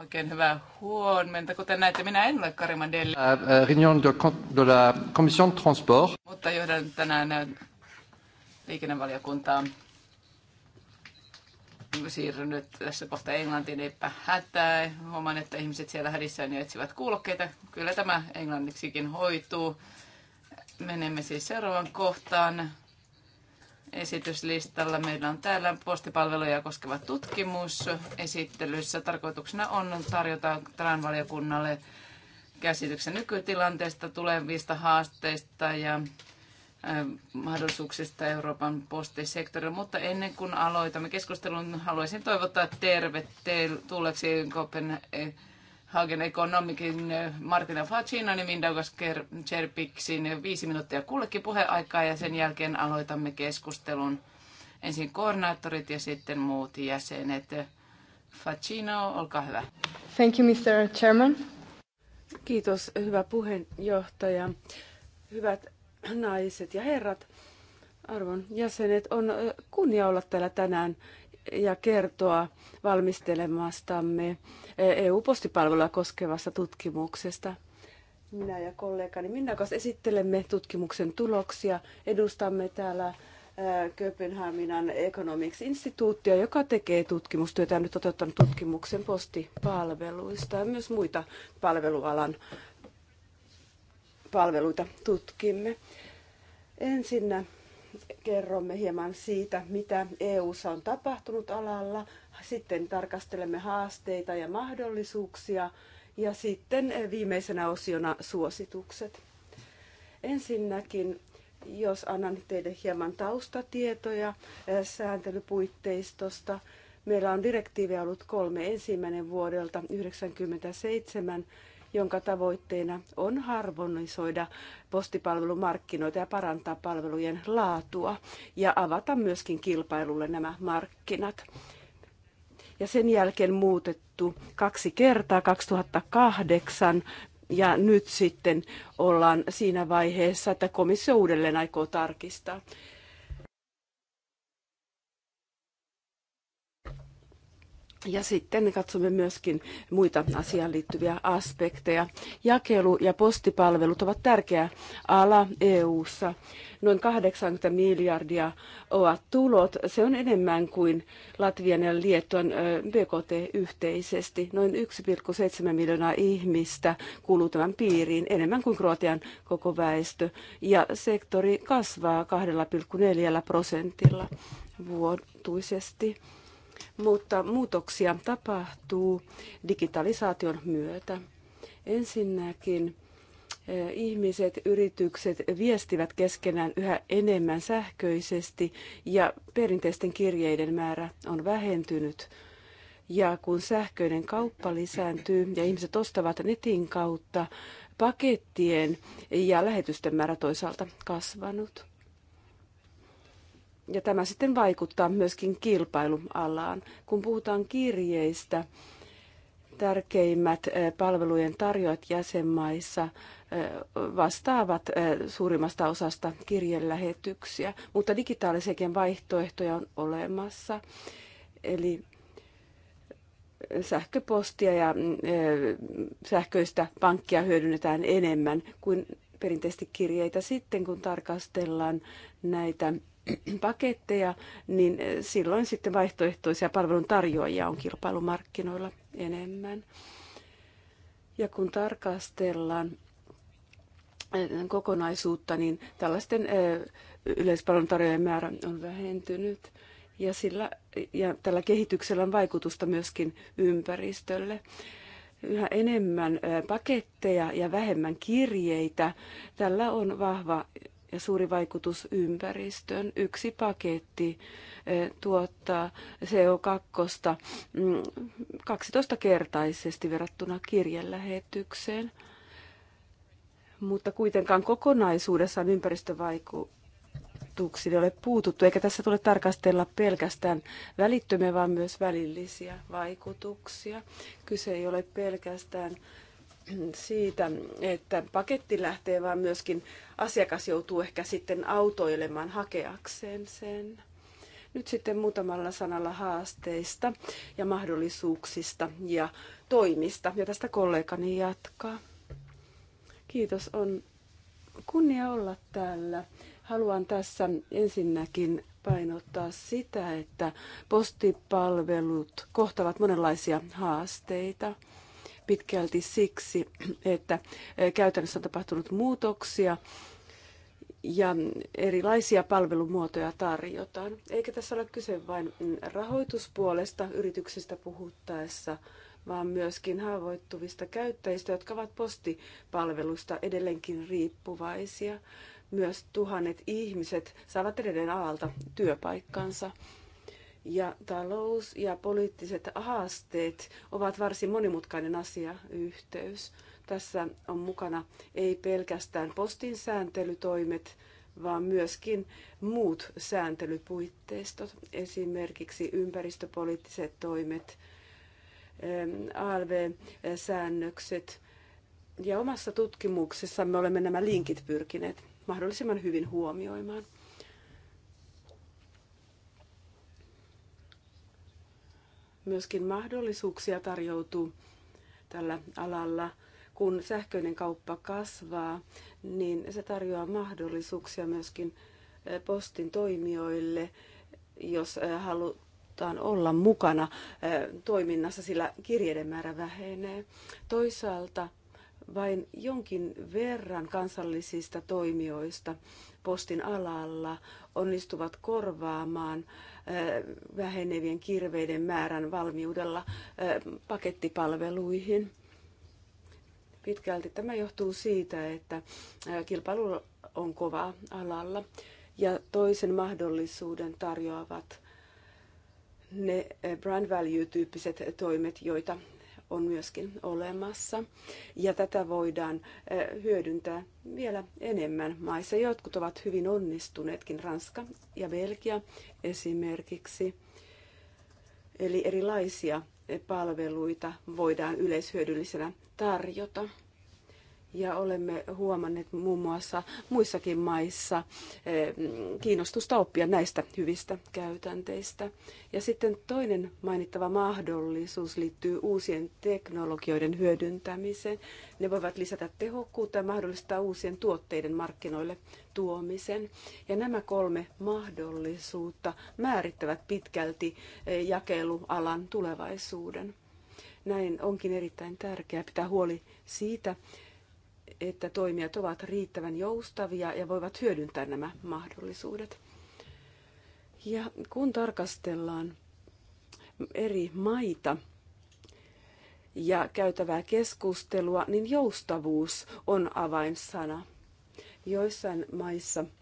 Oikein hyvää huomenta. Kuten näette, minä en ole Karima Delli. Réunion de, de la Commission de Transport. Mutta johdan tänään äh, liikennevaliokuntaa. Siirryn nyt tässä kohta Englantiin, eipä hätää. Huomaan, että ihmiset siellä hädissään jo etsivät kuulokkeita. Kyllä tämä englanniksikin hoituu. Menemme siis seuraavaan kohtaan esityslistalla. Meillä on täällä postipalveluja koskeva tutkimus esittelyssä. Tarkoituksena on tarjota tämän valiokunnalle käsityksen nykytilanteesta, tulevista haasteista ja mahdollisuuksista Euroopan postisektorilla. Mutta ennen kuin aloitamme keskustelun, haluaisin toivottaa tervetulleeksi Kopenhagen Hagen Economicin eh, Martina Facinan niin ja Mindaugas Serpiksin viisi minuuttia kullekin puheaikaa ja sen jälkeen aloitamme keskustelun. Ensin koordinaattorit ja sitten muut jäsenet. Facino, olkaa hyvä. Thank you, Mr. Chairman. Kiitos, hyvä puheenjohtaja. Hyvät naiset ja herrat, arvon jäsenet, on eh, kunnia olla täällä tänään ja kertoa valmistelemastamme EU-postipalvelua koskevasta tutkimuksesta. Minä ja kollegani Minna kanssa esittelemme tutkimuksen tuloksia. Edustamme täällä Kööpenhaminan Economics Instituuttia, joka tekee tutkimustyötä ja nyt toteuttanut tutkimuksen postipalveluista ja myös muita palvelualan palveluita tutkimme. Ensinnä kerromme hieman siitä, mitä EU:ssa on tapahtunut alalla. Sitten tarkastelemme haasteita ja mahdollisuuksia ja sitten eh, viimeisenä osiona suositukset. Ensinnäkin jos annan teille hieman taustatietoja eh, sääntelypuitteistosta. Meillä on direktiivi ollut kolme ensimmäinen vuodelta 1997 jonka tavoitteena on harmonisoida postipalvelumarkkinoita ja parantaa palvelujen laatua ja avata myöskin kilpailulle nämä markkinat ja sen jälkeen muutettu kaksi kertaa 2008 ja nyt sitten ollaan siinä vaiheessa, että komissio uudelleen aikoo tarkistaa Ja sitten katsomme myöskin muita asiaan liittyviä aspekteja. Jakelu- ja postipalvelut ovat tärkeä ala EU:ssa. Noin 80 miljardia ovat tulot. Se on enemmän kuin Latvian ja Liettuan BKT yhteisesti. Noin 1,7 miljoonaa ihmistä kuuluu tämän piiriin, enemmän kuin Kroatian koko väestö. Ja sektori kasvaa 2,4 prosentilla vuotuisesti mutta muutoksia tapahtuu digitalisaation myötä. Ensinnäkin eh, ihmiset, yritykset viestivät keskenään yhä enemmän sähköisesti ja perinteisten kirjeiden määrä on vähentynyt. Ja kun sähköinen kauppa lisääntyy ja ihmiset ostavat netin kautta, pakettien ja lähetysten määrä toisaalta kasvanut. Ja tämä sitten vaikuttaa myöskin kilpailualaan. Kun puhutaan kirjeistä, tärkeimmät palvelujen tarjoajat jäsenmaissa vastaavat suurimmasta osasta kirjelähetyksiä, mutta digitaalisiakin vaihtoehtoja on olemassa. Eli sähköpostia ja mm, sähköistä pankkia hyödynnetään enemmän kuin perinteisesti kirjeitä sitten, kun tarkastellaan näitä paketteja, niin silloin sitten vaihtoehtoisia palveluntarjoajia on kilpailumarkkinoilla enemmän. Ja kun tarkastellaan eh, kokonaisuutta, niin tällaisten eh, yleispalveluntarjoajien määrä on vähentynyt ja, sillä, ja tällä kehityksellä on vaikutusta myöskin ympäristölle yhä enemmän eh, paketteja ja vähemmän kirjeitä. Tällä on vahva ja suuri vaikutus ympäristöön. Yksi paketti eh, tuottaa CO2 12-kertaisesti mm, verrattuna kirjelähetykseen. Mutta kuitenkaan kokonaisuudessaan ympäristövaikutuksille ei ole puututtu, eikä tässä tule tarkastella pelkästään välittömiä, vaan myös välillisiä vaikutuksia. Kyse ei ole pelkästään siitä, että paketti lähtee, vaan myöskin asiakas joutuu ehkä sitten autoilemaan hakeakseen sen. Nyt sitten muutamalla sanalla haasteista ja mahdollisuuksista ja toimista. Ja tästä kollegani jatkaa. Kiitos, on kunnia olla täällä. Haluan tässä ensinnäkin painottaa sitä, että postipalvelut kohtavat monenlaisia haasteita pitkälti siksi, että käytännössä on tapahtunut muutoksia ja erilaisia palvelumuotoja tarjotaan. Eikä tässä ole kyse vain rahoituspuolesta yrityksistä puhuttaessa, vaan myöskin haavoittuvista käyttäjistä, jotka ovat postipalvelusta edelleenkin riippuvaisia. Myös tuhannet ihmiset saavat edelleen alalta työpaikkansa ja talous ja poliittiset haasteet ovat varsin monimutkainen asia, yhteys. Tässä on mukana ei pelkästään postin sääntelytoimet, vaan myöskin muut sääntelypuitteistot, esimerkiksi ympäristöpoliittiset toimet, ALV-säännökset. Ja omassa tutkimuksessamme olemme nämä linkit pyrkineet mahdollisimman hyvin huomioimaan. myöskin mahdollisuuksia tarjoutuu tällä alalla. Kun sähköinen kauppa kasvaa, niin se tarjoaa mahdollisuuksia myöskin eh, postin toimijoille, jos eh, halutaan olla mukana eh, toiminnassa, sillä kirjeiden määrä vähenee. Toisaalta vain jonkin verran kansallisista toimijoista postin alalla onnistuvat korvaamaan vähenevien kirveiden määrän valmiudella pakettipalveluihin. Pitkälti tämä johtuu siitä, että kilpailu on kova alalla ja toisen mahdollisuuden tarjoavat ne brand value-tyyppiset toimet, joita on myöskin olemassa. Ja tätä voidaan eh, hyödyntää vielä enemmän maissa. Jotkut ovat hyvin onnistuneetkin, Ranska ja Belgia esimerkiksi. Eli erilaisia eh, palveluita voidaan yleishyödyllisenä tarjota ja olemme huomanneet muun muassa muissakin maissa eh, kiinnostusta oppia näistä hyvistä käytänteistä. Ja sitten toinen mainittava mahdollisuus liittyy uusien teknologioiden hyödyntämiseen. Ne voivat lisätä tehokkuutta ja mahdollistaa uusien tuotteiden markkinoille tuomisen. Ja nämä kolme mahdollisuutta määrittävät pitkälti eh, jakelualan tulevaisuuden näin onkin erittäin tärkeää pitää huoli siitä, että toimijat ovat riittävän joustavia ja voivat hyödyntää nämä mahdollisuudet. Ja kun tarkastellaan eri maita ja käytävää keskustelua, niin joustavuus on avainsana. Joissain maissa –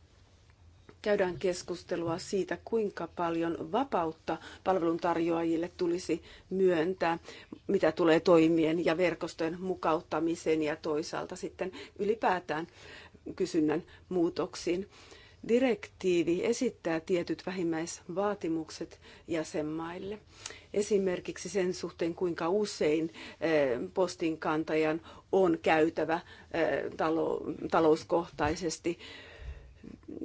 käydään keskustelua siitä, kuinka paljon vapautta palveluntarjoajille tulisi myöntää, mitä tulee toimien ja verkostojen mukauttamiseen ja toisaalta sitten ylipäätään kysynnän muutoksiin. Direktiivi esittää tietyt vähimmäisvaatimukset jäsenmaille. Esimerkiksi sen suhteen, kuinka usein eh, postinkantajan on käytävä eh, talouskohtaisesti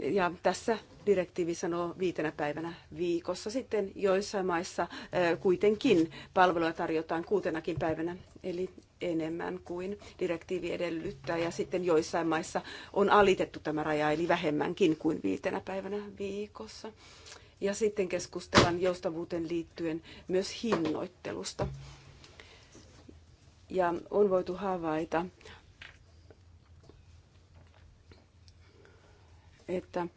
ja tässä direktiivi sanoo viitenä päivänä viikossa. Sitten joissain maissa kuitenkin palveluja tarjotaan kuutenakin päivänä, eli enemmän kuin direktiivi edellyttää. Ja sitten joissain maissa on alitettu tämä raja, eli vähemmänkin kuin viitenä päivänä viikossa. Ja sitten keskustellaan joustavuuteen liittyen myös hinnoittelusta. Ja on voitu havaita että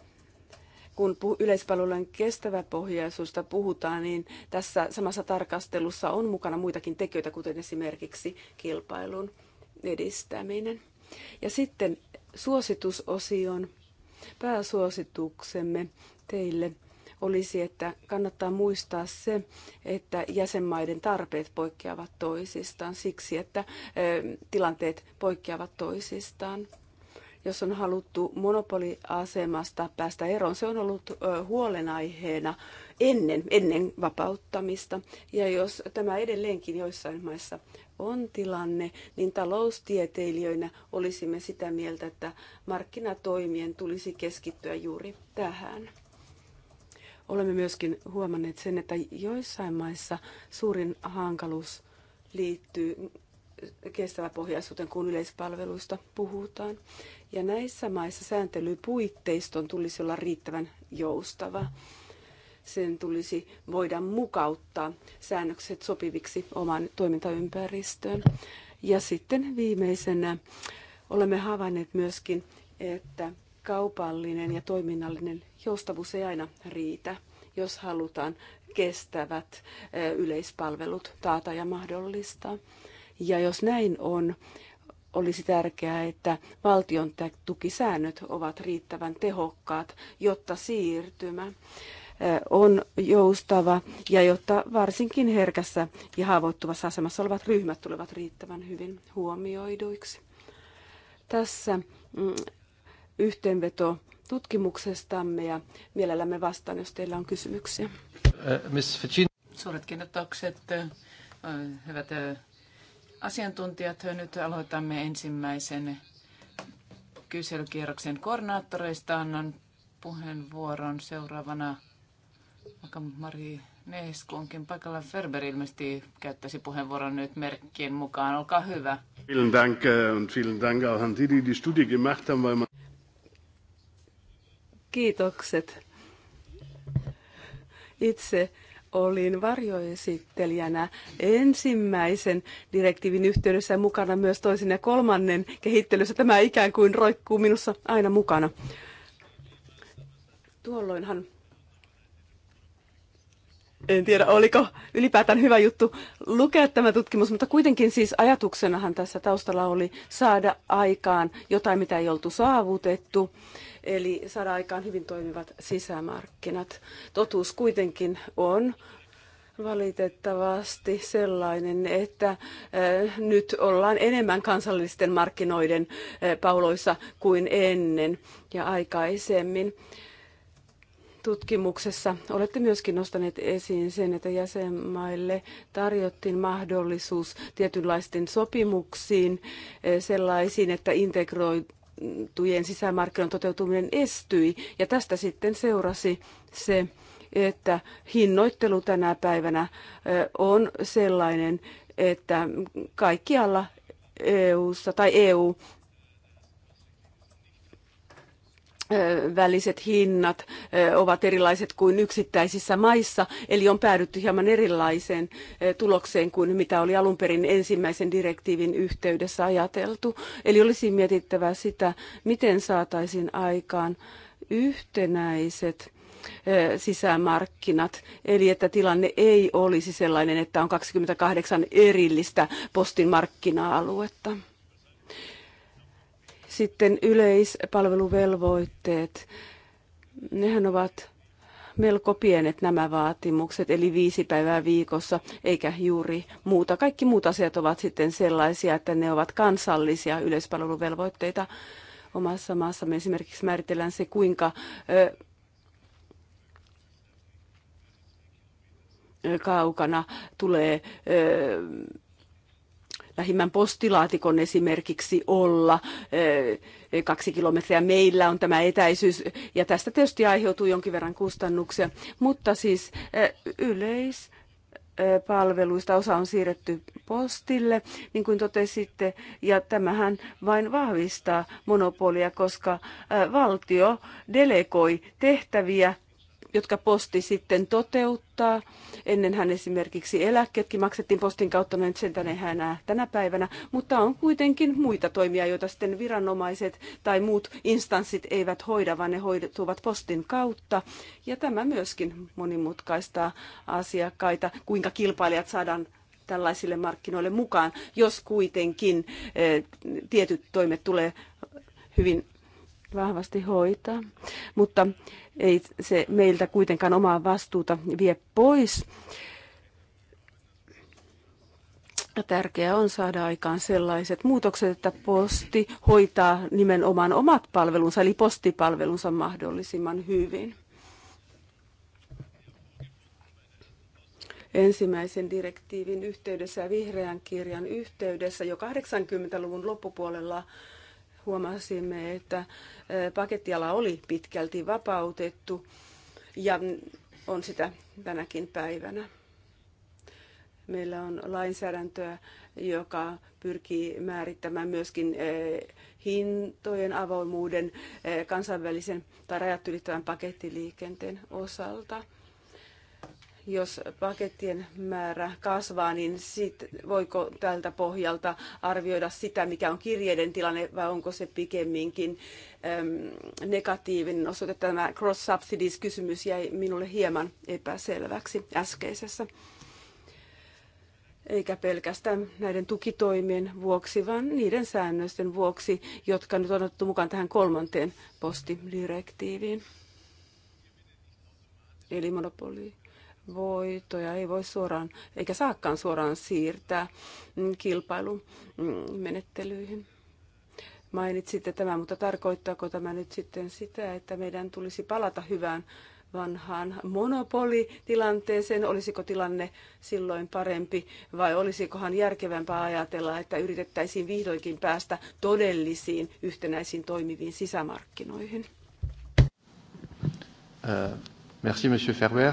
kun yleispalvelujen kestäväpohjaisuudesta puhutaan, niin tässä samassa tarkastelussa on mukana muitakin tekijöitä, kuten esimerkiksi kilpailun edistäminen. Ja sitten suositusosion pääsuosituksemme teille olisi, että kannattaa muistaa se, että jäsenmaiden tarpeet poikkeavat toisistaan siksi, että tilanteet poikkeavat toisistaan jos on haluttu monopoliasemasta päästä eroon. Se on ollut huolenaiheena ennen, ennen vapauttamista. Ja jos tämä edelleenkin joissain maissa on tilanne, niin taloustieteilijöinä olisimme sitä mieltä, että markkinatoimien tulisi keskittyä juuri tähän. Olemme myöskin huomanneet sen, että joissain maissa suurin hankaluus liittyy kestävä pohjaisuuteen, kun yleispalveluista puhutaan. Ja näissä maissa sääntelypuitteiston tulisi olla riittävän joustava. Sen tulisi voida mukauttaa säännökset sopiviksi oman toimintaympäristöön. Ja sitten viimeisenä olemme havainneet myöskin, että kaupallinen ja toiminnallinen joustavuus ei aina riitä, jos halutaan kestävät yleispalvelut taata ja mahdollistaa. Ja jos näin on, olisi tärkeää, että valtion tukisäännöt ovat riittävän tehokkaat, jotta siirtymä on joustava ja jotta varsinkin herkässä ja haavoittuvassa asemassa olevat ryhmät tulevat riittävän hyvin huomioiduiksi. Tässä mm, yhteenveto tutkimuksestamme ja mielellämme vastaan, jos teillä on kysymyksiä. Suuret kiinnostukset. hyvät asiantuntijat. Nyt aloitamme ensimmäisen kyselykierroksen koordinaattoreista. Annan puheenvuoron seuraavana vaikka Mari Neesku onkin paikalla. Ferber ilmeisesti käyttäisi puheenvuoron nyt merkkien mukaan. Olkaa hyvä. Vielen Dank äh, und vielen Dank auch an die, die die Studie gemacht haben, weil man... Kiitokset. Itse olin varjoesittelijänä ensimmäisen direktiivin yhteydessä mukana myös toisen ja kolmannen kehittelyssä. Tämä ikään kuin roikkuu minussa aina mukana. Tuolloinhan en tiedä, oliko ylipäätään hyvä juttu lukea tämä tutkimus, mutta kuitenkin siis ajatuksenahan tässä taustalla oli saada aikaan jotain, mitä ei oltu saavutettu, eli saada aikaan hyvin toimivat sisämarkkinat. Totuus kuitenkin on valitettavasti sellainen, että eh, nyt ollaan enemmän kansallisten markkinoiden eh, pauloissa kuin ennen ja aikaisemmin tutkimuksessa olette myöskin nostaneet esiin sen, että jäsenmaille tarjottiin mahdollisuus tietynlaisten sopimuksiin eh, sellaisiin, että integroitujen sisämarkkinoiden toteutuminen estyi. Ja tästä sitten seurasi se, että hinnoittelu tänä päivänä eh, on sellainen, että kaikkialla EU-ssa tai EU väliset hinnat ovat erilaiset kuin yksittäisissä maissa, eli on päädytty hieman erilaiseen tulokseen kuin mitä oli alun perin ensimmäisen direktiivin yhteydessä ajateltu. Eli olisi mietittävä sitä, miten saataisiin aikaan yhtenäiset sisämarkkinat, eli että tilanne ei olisi sellainen, että on 28 erillistä postin markkina-aluetta. Sitten yleispalveluvelvoitteet, nehän ovat melko pienet nämä vaatimukset, eli viisi päivää viikossa, eikä juuri muuta. Kaikki muut asiat ovat sitten sellaisia, että ne ovat kansallisia yleispalveluvelvoitteita. Omassa maassamme esimerkiksi määritellään se, kuinka kaukana tulee lähimmän postilaatikon esimerkiksi olla eh, kaksi kilometriä. Meillä on tämä etäisyys ja tästä tietysti aiheutuu jonkin verran kustannuksia, mutta siis eh, yleis eh, palveluista osa on siirretty postille, niin kuin totesitte, ja tämähän vain vahvistaa monopolia, koska valtio delegoi tehtäviä jotka posti sitten toteuttaa. Ennenhän esimerkiksi eläkkeetkin maksettiin postin kautta, noin sen tänne tänä päivänä, mutta on kuitenkin muita toimia, joita sitten viranomaiset tai muut instanssit eivät hoida, vaan ne hoituvat postin kautta. Ja tämä myöskin monimutkaistaa asiakkaita, kuinka kilpailijat saadaan tällaisille markkinoille mukaan, jos kuitenkin eh, tietyt toimet tulee hyvin vahvasti hoitaa, mutta ei se meiltä kuitenkaan omaa vastuuta vie pois. Tärkeää on saada aikaan sellaiset muutokset, että posti hoitaa nimenomaan omat palvelunsa, eli postipalvelunsa mahdollisimman hyvin. ensimmäisen direktiivin yhteydessä ja vihreän kirjan yhteydessä jo 80-luvun loppupuolella huomasimme, että pakettiala oli pitkälti vapautettu ja on sitä tänäkin päivänä. Meillä on lainsäädäntöä, joka pyrkii määrittämään myöskin hintojen avoimuuden kansainvälisen tai rajat ylittävän pakettiliikenteen osalta – jos pakettien määrä kasvaa, niin sit, voiko tältä pohjalta arvioida sitä, mikä on kirjeiden tilanne, vai onko se pikemminkin äm, negatiivinen osoite? Tämä cross-subsidies-kysymys jäi minulle hieman epäselväksi äskeisessä. Eikä pelkästään näiden tukitoimien vuoksi, vaan niiden säännösten vuoksi, jotka nyt on otettu mukaan tähän kolmanteen postidirektiiviin. Eli monopoliin voittoja ei voi suoraan, eikä saakaan suoraan siirtää mm, kilpailumenettelyihin. Mainitsitte tämän, mutta tarkoittaako tämä nyt sitten sitä, että meidän tulisi palata hyvään vanhaan monopolitilanteeseen? Olisiko tilanne silloin parempi vai olisikohan järkevämpää ajatella, että yritettäisiin vihdoinkin päästä todellisiin yhtenäisiin toimiviin sisämarkkinoihin? Euh, merci, Monsieur Ferber.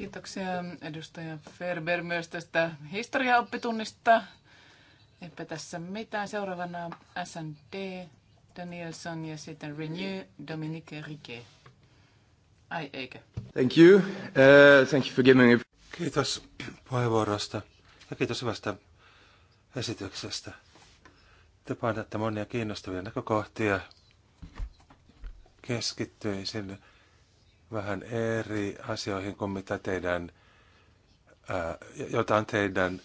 Kiitoksia edustaja Ferber myös tästä historiaoppitunnista. Eipä tässä mitään. Seuraavana S&D Danielson ja sitten Renew, Dominique Riquet. Ai eikö? Thank you. Uh, thank you for giving me... Kiitos puheenvuorosta ja kiitos hyvästä esityksestä. Te painatte monia kiinnostavia näkökohtia. Keskittyisin vähän eri asioihin kuin mitä teidän, ää, jotain teidän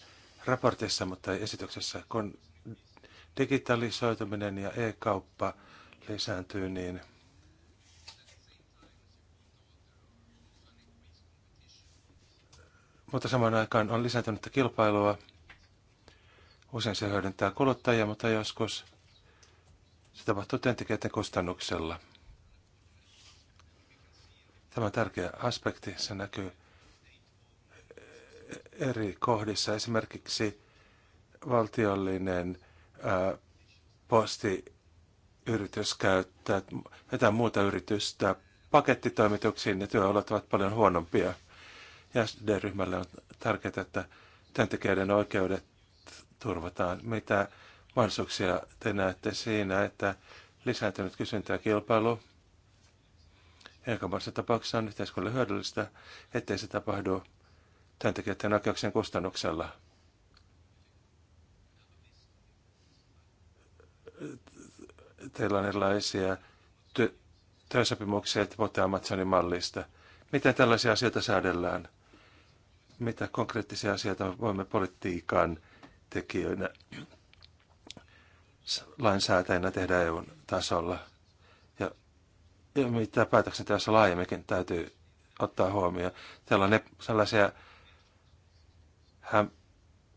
raportissa, mutta ei esityksessä. Kun digitalisoituminen ja e-kauppa lisääntyy, niin mutta samaan aikaan on lisääntynyttä kilpailua. Usein se hyödyntää kuluttajia, mutta joskus se tapahtuu työntekijöiden kustannuksella. Tämä on tärkeä aspekti, se näkyy eri kohdissa. Esimerkiksi valtiollinen postiyritys käyttää jotain muuta yritystä pakettitoimituksiin ja työolot ovat paljon huonompia. Ja SD-ryhmälle on tärkeää, että työntekijöiden oikeudet turvataan. Mitä mahdollisuuksia te näette siinä, että lisääntynyt kysyntä ja kilpailu Heikommassa tapauksessa on yhteiskunnalle hyödyllistä, ettei se tapahdu työntekijöiden oikeuksien kustannuksella. Teillä on erilaisia työ- työsopimuksia, puhutte Amazonin mallista. Miten tällaisia asioita säädellään? Mitä konkreettisia asioita voimme politiikan tekijöinä, lainsäätäjinä tehdä EUn tasolla? mitä päätöksenteossa laajemminkin täytyy ottaa huomioon. Täällä on ne, sellaisia äh,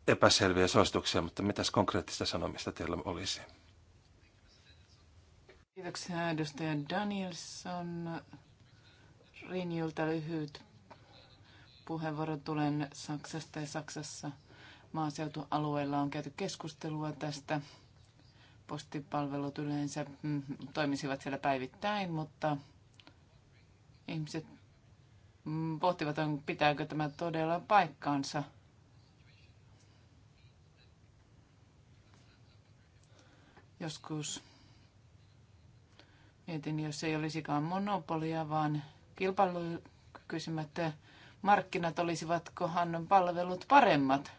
epäselviä suosituksia, mutta mitäs konkreettista sanomista teillä olisi? Kiitoksia edustaja Danielson. Rinjulta lyhyt puheenvuoro. Tulen Saksasta ja Saksassa maaseutualueella on käyty keskustelua tästä postipalvelut yleensä mm, toimisivat siellä päivittäin, mutta ihmiset mm, pohtivat, on pitääkö tämä todella paikkaansa. Joskus mietin, jos ei olisikaan monopolia, vaan kilpailukykyisimmät markkinat, olisivatkohan palvelut paremmat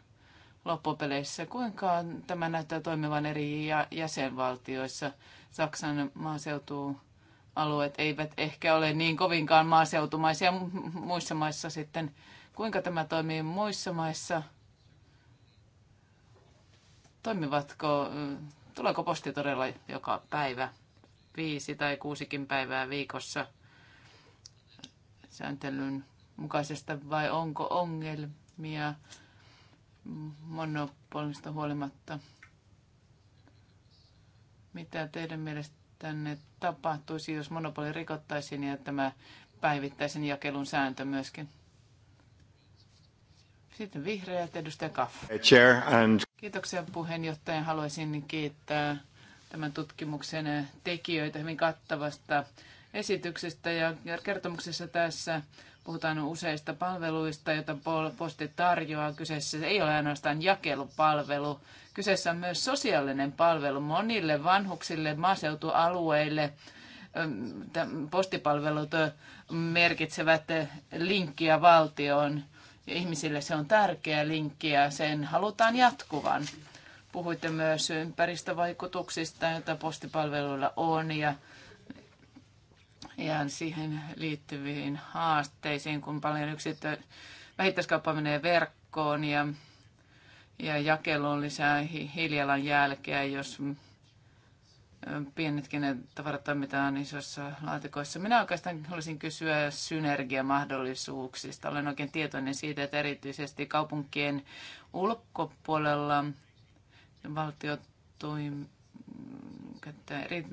loppupeleissä. Kuinka tämä näyttää toimivan eri jäsenvaltioissa? Saksan maaseutualueet eivät ehkä ole niin kovinkaan maaseutumaisia muissa maissa sitten. Kuinka tämä toimii muissa maissa? Toimivatko, tuleeko posti todella joka päivä? Viisi tai kuusikin päivää viikossa sääntelyn mukaisesta vai onko ongelmia? monopolista huolimatta. Mitä teidän mielestänne tapahtuisi, jos monopoli rikottaisiin ja tämä päivittäisen jakelun sääntö myöskin? Sitten vihreät, edustaja Kaff. Chair and... Kiitoksia puheenjohtaja. Haluaisin kiittää tämän tutkimuksen tekijöitä hyvin kattavasta esityksestä ja kertomuksessa tässä Puhutaan useista palveluista, joita posti tarjoaa. Kyseessä ei ole ainoastaan jakelupalvelu. Kyseessä on myös sosiaalinen palvelu monille vanhuksille, maaseutualueille. Postipalvelut merkitsevät linkkiä valtioon. ihmisille se on tärkeä linkki ja sen halutaan jatkuvan. Puhuitte myös ympäristövaikutuksista, joita postipalveluilla on ja ja siihen liittyviin haasteisiin, kun paljon yksittö, vähittäiskauppa menee verkkoon ja, ja jakelu on lisää hi, jälkeä, jos pienetkin ne tavarat toimitaan isoissa laatikoissa. Minä oikeastaan haluaisin kysyä synergiamahdollisuuksista. Olen oikein tietoinen siitä, että erityisesti kaupunkien ulkopuolella valtio toimii eri,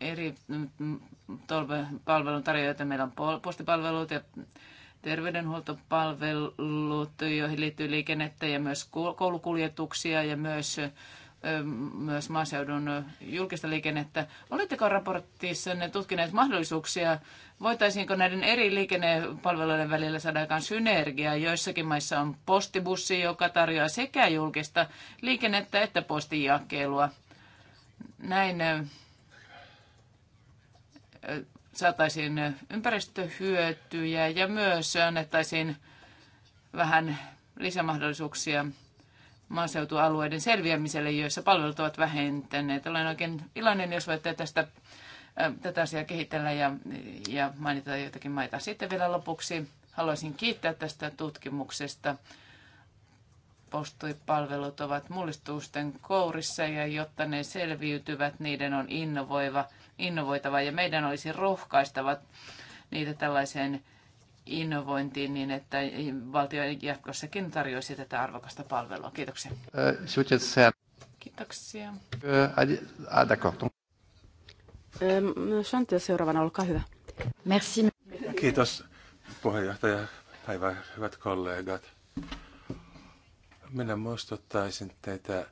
eri palveluntarjoajia. Meillä on postipalvelut ja terveydenhuoltopalvelut, joihin liittyy liikennettä ja myös koulukuljetuksia ja myös myös maaseudun julkista liikennettä. Oletteko raporttissanne tutkineet mahdollisuuksia? Voitaisiinko näiden eri liikennepalveluiden välillä saada aikaan synergiaa? Joissakin maissa on postibussi, joka tarjoaa sekä julkista liikennettä että postijakelua. Näin saataisiin ympäristöhyötyjä ja myös annettaisiin vähän lisämahdollisuuksia maaseutualueiden selviämiselle, joissa palvelut ovat vähentäneet. Olen oikein iloinen, jos voitte tästä, tätä asiaa kehitellä ja, ja mainita joitakin maita. Sitten vielä lopuksi haluaisin kiittää tästä tutkimuksesta. Postipalvelut ovat mullistusten kourissa ja jotta ne selviytyvät, niiden on innovoiva – innovoitava ja meidän olisi rohkaistava niitä tällaiseen innovointiin niin, että valtio jatkossakin tarjoaisi tätä arvokasta palvelua. Kiitoksia. Kiitoksia. Chantia seuraavana, olkaa hyvä. Merci. Kiitos puheenjohtaja. Päivää, hyvät kollegat. Minä muistuttaisin teitä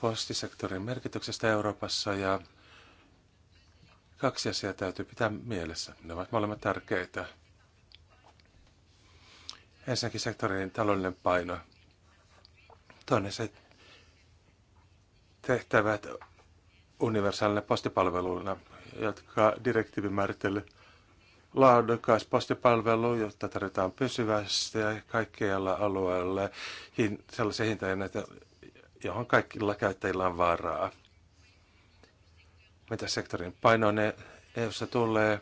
postisektorin merkityksestä Euroopassa ja Kaksi asiaa täytyy pitää mielessä. Ne ovat molemmat tärkeitä. Ensinnäkin sektorin taloudellinen paino. Toinen se tehtävät universaalinen postipalveluna, jotka direktiivi määrittelee laadukas postipalvelu, jotta tarvitaan pysyvästi ja kaikkialla alueella sellaisia hintoja, johon kaikilla käyttäjillä on varaa mitä sektorin painoon EU-ssa tulee.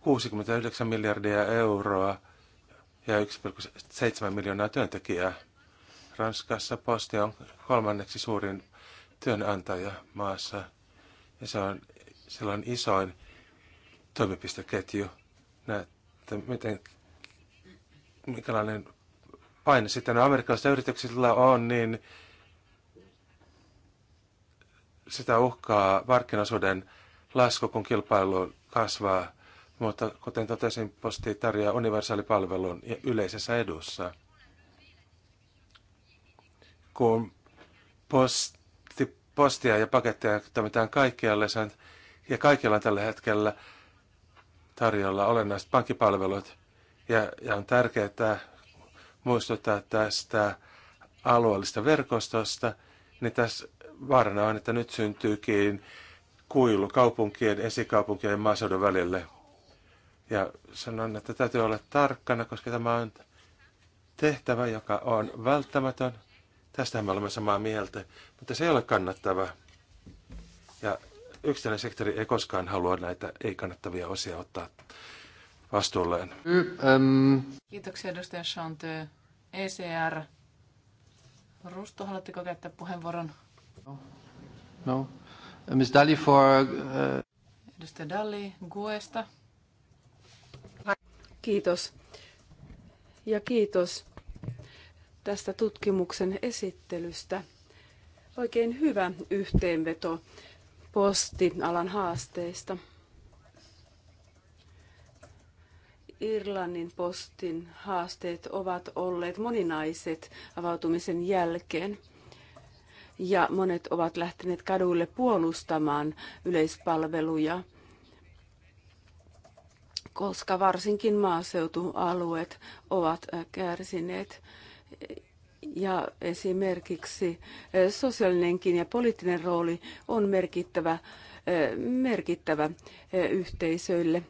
69 miljardia euroa ja 1,7 miljoonaa työntekijää. Ranskassa posti on kolmanneksi suurin työnantaja maassa ja se on, silloin isoin toimipisteketju. Näette, miten, mikälainen paine sitten amerikkalaisilla yrityksillä on, niin sitä uhkaa markkinasuuden lasku, kun kilpailu kasvaa, mutta kuten totesin, posti tarjoaa universaalipalvelun yleisessä edussa. Kun posti, postia ja paketteja toimitaan kaikkialle, ja kaikilla on tällä hetkellä tarjolla olennaiset pankkipalvelut, ja, ja on tärkeää muistuttaa tästä alueellista verkostosta, niin tässä vaarana on, että nyt syntyykin kuilu kaupunkien, esikaupunkien ja maaseudun välille. Ja sanon, että täytyy olla tarkkana, koska tämä on tehtävä, joka on välttämätön. Tästä me olemme samaa mieltä, mutta se ei ole kannattava. Ja yksityinen sektori ei koskaan halua näitä ei-kannattavia osia ottaa vastuulleen. Y- mm, äm. Kiitoksia edustaja Chante. ECR. Rusto, haluatteko käyttää puheenvuoron? No. no. Uh, Ms. Dali for... Uh... Edustaja Dali Guesta. Kiitos. Ja kiitos tästä tutkimuksen esittelystä. Oikein hyvä yhteenveto postialan haasteista. Irlannin postin haasteet ovat olleet moninaiset avautumisen jälkeen ja monet ovat lähteneet kaduille puolustamaan yleispalveluja, koska varsinkin maaseutualueet ovat kärsineet ja esimerkiksi sosiaalinenkin ja poliittinen rooli on merkittävä, merkittävä yhteisöille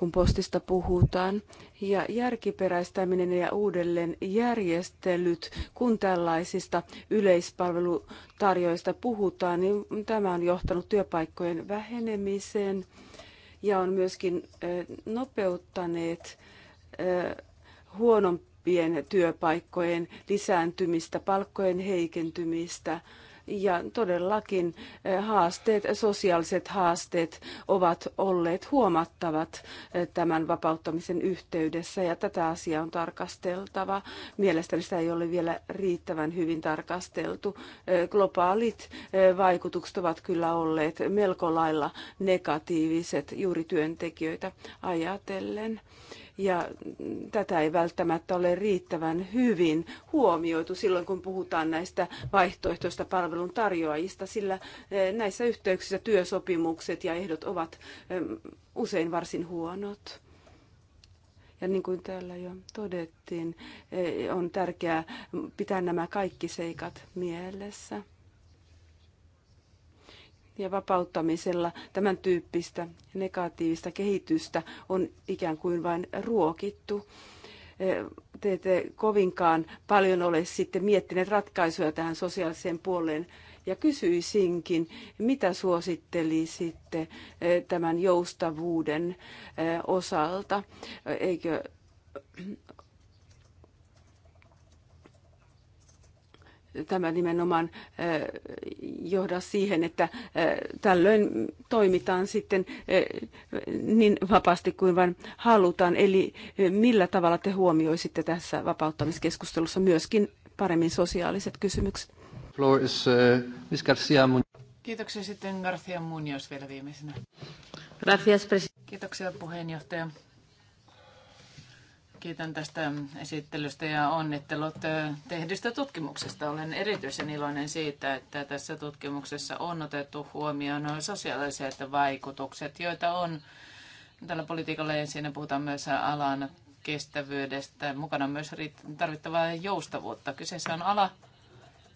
kun postista puhutaan, ja järkiperäistäminen ja uudelleen järjestelyt, kun tällaisista yleispalvelutarjoista puhutaan, niin tämä on johtanut työpaikkojen vähenemiseen ja on myöskin nopeuttaneet huonompien työpaikkojen lisääntymistä, palkkojen heikentymistä ja todellakin eh, haasteet, sosiaaliset haasteet ovat olleet huomattavat eh, tämän vapauttamisen yhteydessä ja tätä asiaa on tarkasteltava. Mielestäni sitä ei ole vielä riittävän hyvin tarkasteltu. Eh, globaalit vaikutukset ovat kyllä olleet melko lailla negatiiviset juuri työntekijöitä ajatellen ja tätä ei välttämättä ole riittävän hyvin huomioitu silloin, kun puhutaan näistä vaihtoehtoista palvelun tarjoajista, sillä eh, näissä yhteyksissä työsopimukset ja ehdot ovat usein varsin huonot. Ja niin kuin täällä jo todettiin, eh, on tärkeää pitää nämä kaikki seikat mielessä ja vapauttamisella tämän tyyppistä negatiivista kehitystä on ikään kuin vain ruokittu. Te ette kovinkaan paljon ole sitten miettineet ratkaisuja tähän sosiaaliseen puoleen ja kysyisinkin, mitä suosittelisitte tämän joustavuuden osalta? Eikö tämä nimenomaan johda siihen, että tällöin toimitaan sitten niin vapaasti kuin vain halutaan. Eli millä tavalla te huomioisitte tässä vapauttamiskeskustelussa myöskin paremmin sosiaaliset kysymykset? Floor is, uh, Ms. Garcia Kiitoksia sitten Garcia Munoz vielä viimeisenä. Gracias, Kiitoksia puheenjohtaja. Kiitän tästä esittelystä ja onnittelut tehdystä tutkimuksesta. Olen erityisen iloinen siitä, että tässä tutkimuksessa on otettu huomioon sosiaaliset vaikutukset, joita on tällä politiikalla ja siinä puhutaan myös alan kestävyydestä. Mukana on myös tarvittavaa joustavuutta. Kyseessä on ala,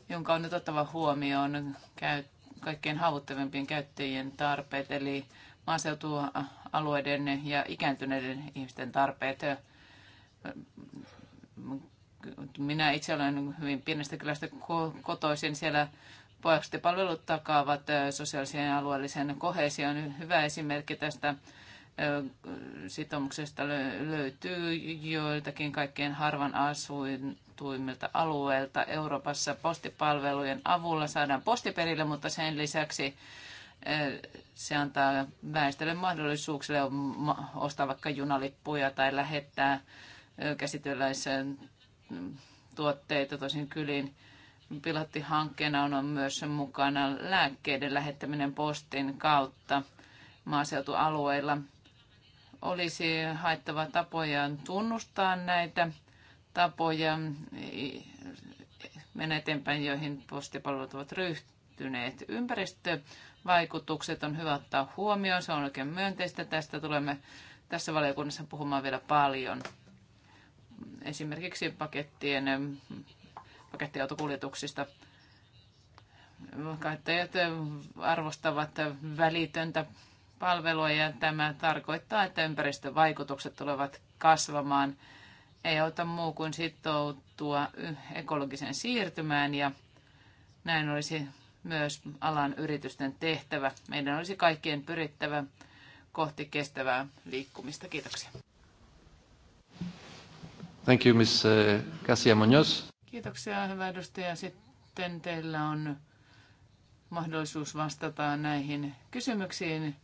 jonka on nyt ottava huomioon kaikkein haavoittuvimpien käyttäjien tarpeet, eli maaseutualueiden ja ikääntyneiden ihmisten tarpeet minä itse olen hyvin pienestä kylästä kotoisin siellä palvelut takaavat sosiaalisen ja alueellisen kohesion. Hyvä esimerkki tästä sitoumuksesta löytyy joiltakin kaikkein harvan asuituimmilta alueilta Euroopassa. Postipalvelujen avulla saadaan postiperille, mutta sen lisäksi se antaa väestölle mahdollisuuksille ostaa vaikka junalippuja tai lähettää käsitelläisen tuotteita tosin kyliin. Pilottihankkeena on myös mukana lääkkeiden lähettäminen postin kautta maaseutualueilla. Olisi haettava tapoja tunnustaa näitä tapoja mennä eteenpäin, joihin postipalvelut ovat ryhtyneet. Ympäristövaikutukset on hyvä ottaa huomioon. Se on oikein myönteistä. Tästä tulemme tässä valiokunnassa puhumaan vielä paljon esimerkiksi pakettien, pakettiautokuljetuksista. Kattajat arvostavat välitöntä palvelua ja tämä tarkoittaa, että ympäristövaikutukset tulevat kasvamaan. Ei auta muu kuin sitoutua ekologiseen siirtymään ja näin olisi myös alan yritysten tehtävä. Meidän olisi kaikkien pyrittävä kohti kestävää liikkumista. Kiitoksia. Thank you, Ms. Kasia eh, Munoz. Kiitoksia, hyvä edustaja. Sitten teillä on mahdollisuus vastata näihin kysymyksiin,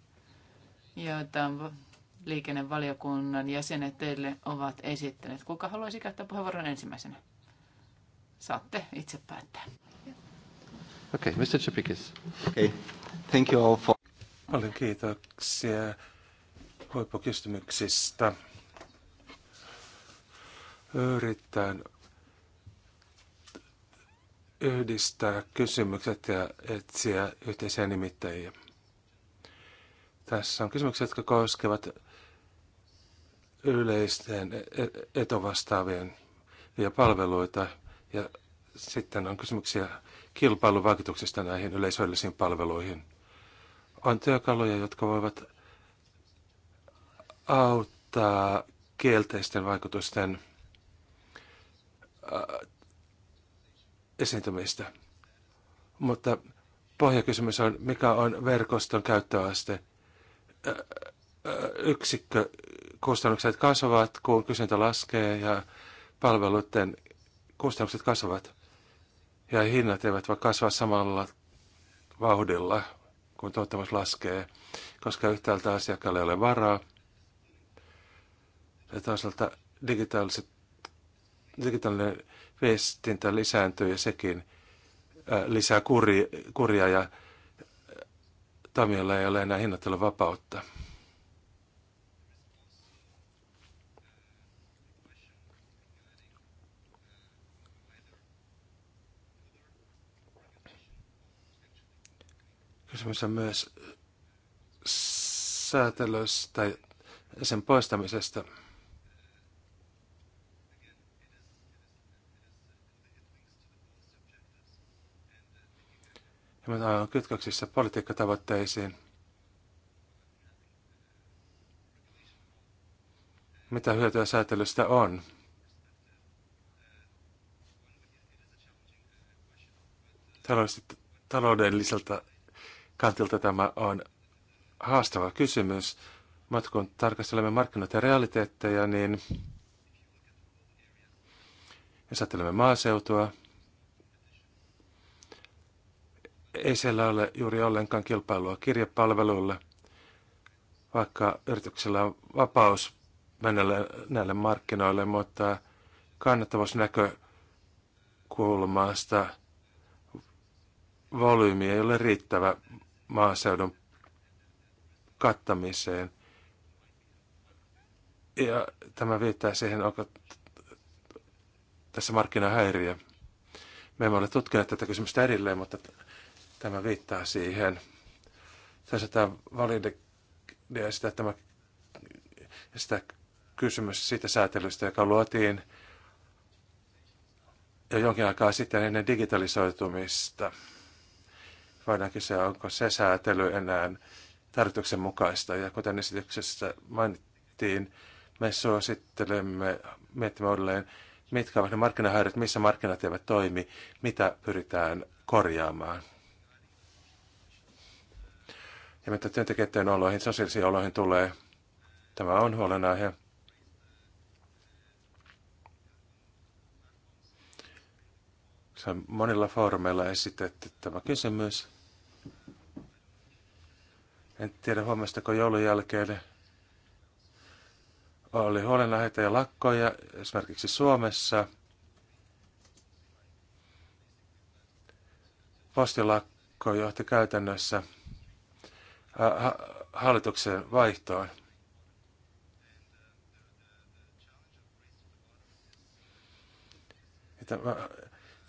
joita liikennevaliokunnan jäsenet teille ovat esittäneet. Kuka haluaisi käyttää puheenvuoron ensimmäisenä? Saatte itse päättää. Okei, okay, Mr. Chapikis. okay. thank you all for... Paljon kiitoksia huippukysymyksistä yritän yhdistää kysymykset ja etsiä yhteisiä nimittäjiä. Tässä on kysymyksiä, jotka koskevat yleisten e-, etovastaavien ja palveluita. Ja sitten on kysymyksiä kilpailun vaikutuksista näihin yleisöllisiin palveluihin. On työkaluja, jotka voivat auttaa kielteisten vaikutusten Äh, esiintymistä. Mutta pohjakysymys on, mikä on verkoston käyttöaste. Äh, äh, Yksikkökustannukset kasvavat, kun kysyntä laskee ja palveluiden kustannukset kasvavat. Ja hinnat eivät voi kasvaa samalla vauhdilla, kun tuottamus laskee, koska yhtäältä asiakkaalle ei ole varaa. Ja toisaalta digitaaliset tällainen viestintä lisääntyy ja sekin äh, lisää kuri, kuria ja äh, Tamiolla ei ole enää hinnoittelun vapautta. Kysymys on myös säätelöstä ja sen poistamisesta. Mutta on kytköksissä politiikkatavoitteisiin. Mitä hyötyä säätelystä on? Taloudelliselta kantilta tämä on haastava kysymys. Mutta kun tarkastelemme markkinoita ja realiteetteja, niin jos ajattelemme maaseutua, ei siellä ole juuri ollenkaan kilpailua kirjapalveluille, vaikka yrityksellä on vapaus mennä näille markkinoille, mutta kannattavuusnäkökulmasta volyymi ei ole riittävä maaseudun kattamiseen. Ja tämä viittaa siihen, onko tässä markkinahäiriö. Me emme ole tutkineet tätä kysymystä erilleen, mutta Tämä viittaa siihen. Tässä tämä valide ja sitä, tämä, sitä kysymys siitä säätelystä, joka luotiin jo jonkin aikaa sitten ennen digitalisoitumista. Voidaankin se, onko se säätely enää tarkoituksenmukaista. Ja kuten esityksessä mainittiin, me suosittelemme miettimään uudelleen, mitkä ovat ne markkinahäiriöt, missä markkinat eivät toimi, mitä pyritään korjaamaan ja mitä työntekijöiden oloihin, sosiaalisiin oloihin tulee. Tämä on huolenaihe. Se on monilla foorumeilla esitetty tämä kysymys. En tiedä huomastako joulun jälkeen oli huolenaiheita ja lakkoja esimerkiksi Suomessa. Postilakko johti käytännössä Äh, hallituksen vaihtoon.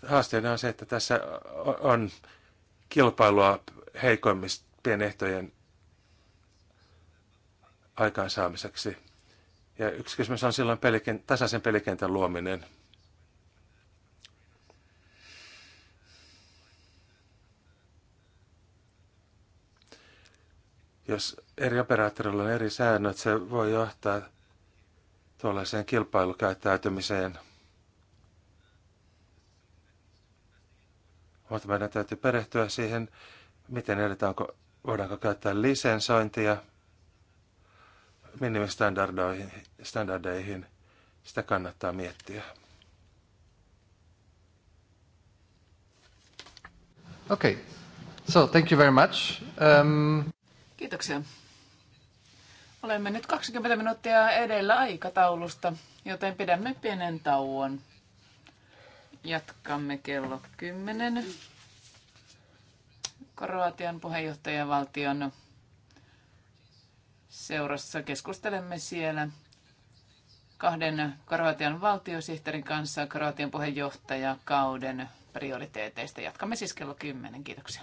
Haasteena on se, että tässä on kilpailua heikoimmista pienehtojen aikaansaamiseksi. Ja yksi kysymys on silloin peliken, tasaisen pelikentän luominen – Jos eri operaattoreilla on eri säännöt, se voi johtaa tuollaiseen kilpailukäyttäytymiseen. Mutta meidän täytyy perehtyä siihen, miten edetään, voidaanko käyttää lisensointia minimistandardeihin. Sitä kannattaa miettiä. Okay. So thank you very much. Um... Kiitoksia. Olemme nyt 20 minuuttia edellä aikataulusta, joten pidämme pienen tauon. Jatkamme kello 10. Kroatian puheenjohtajavaltion seurassa keskustelemme siellä kahden Kroatian valtiosihteerin kanssa Kroatian puheenjohtajakauden prioriteeteista. Jatkamme siis kello 10. Kiitoksia.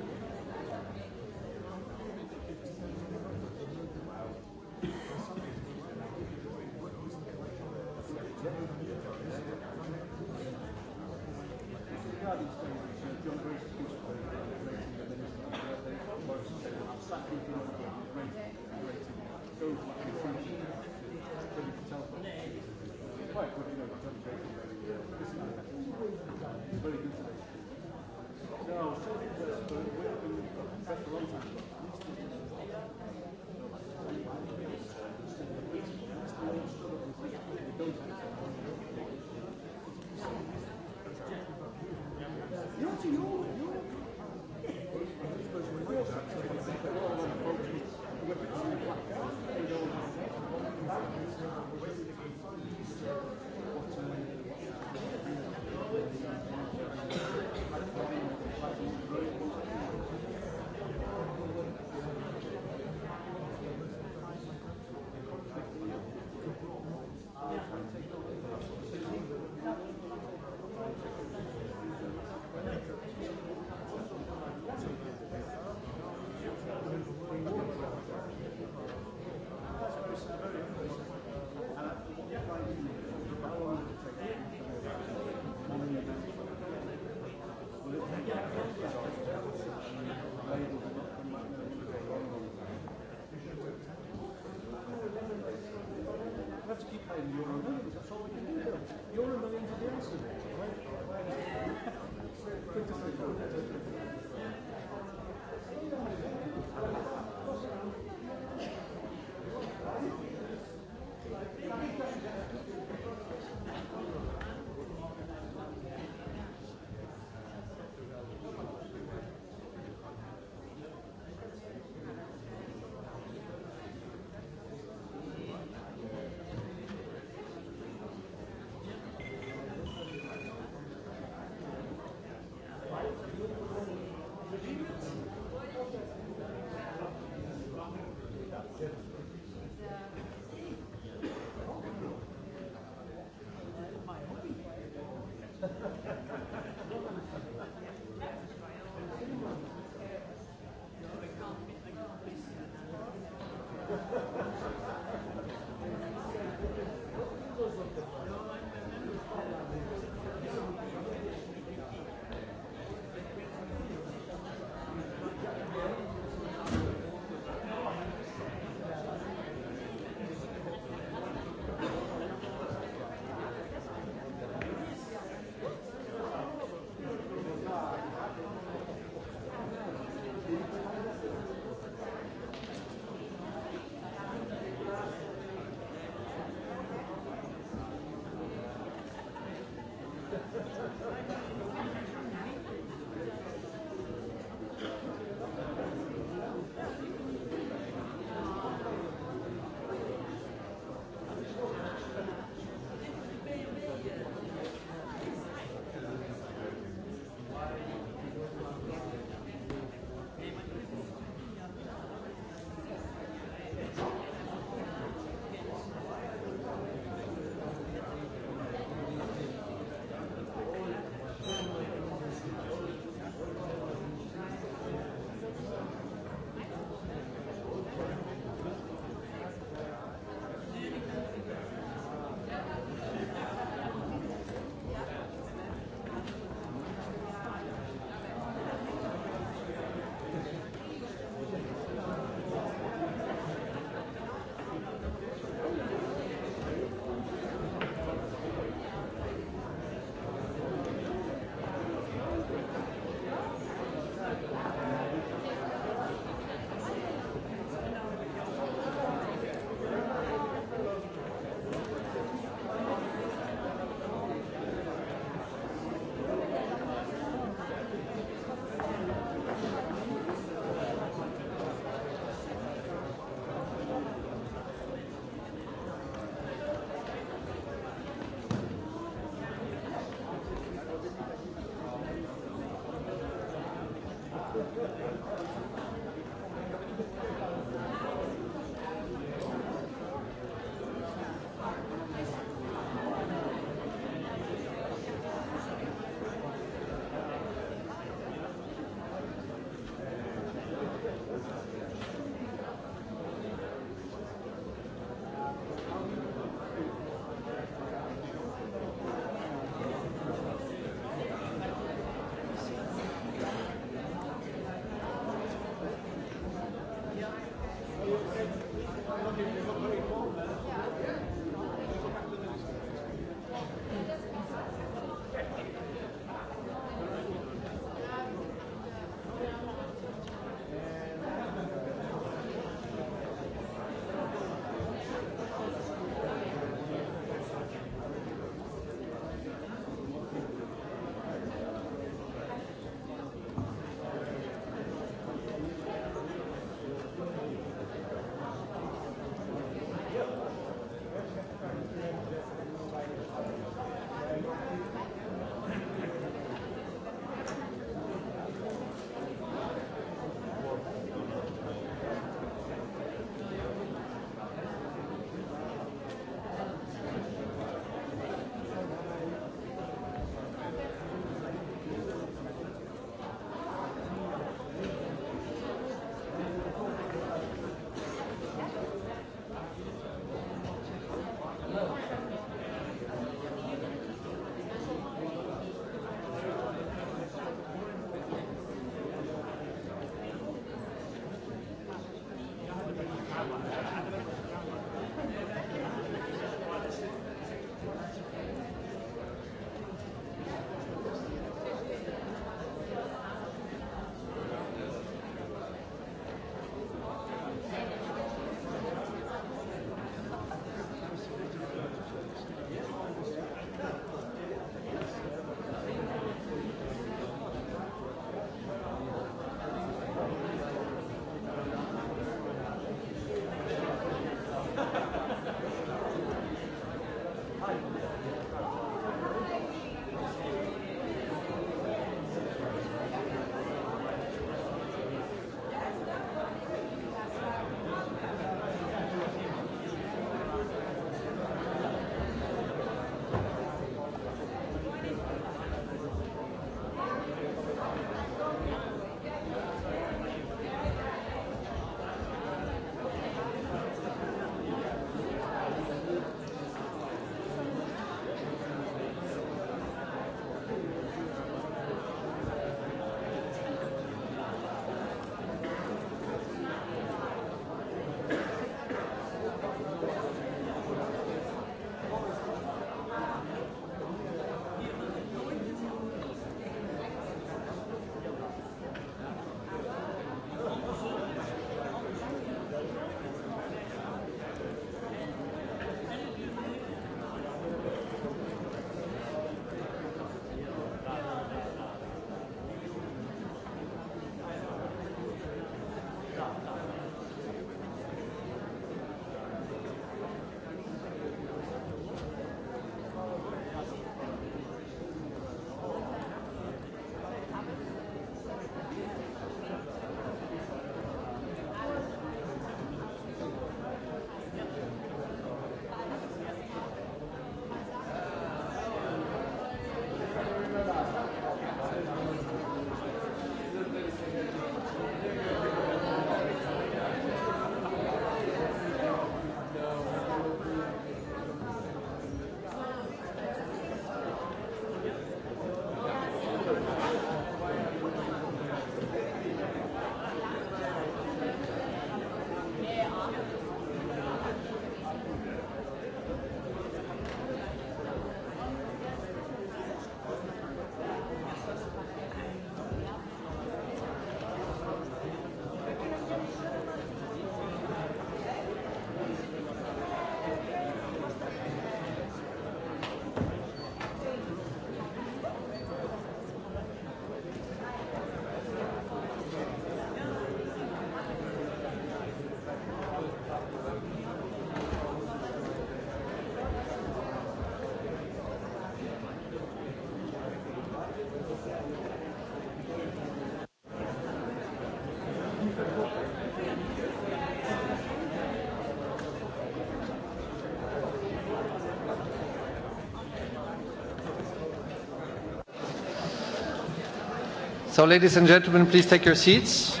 So ladies and gentlemen, please take your seats.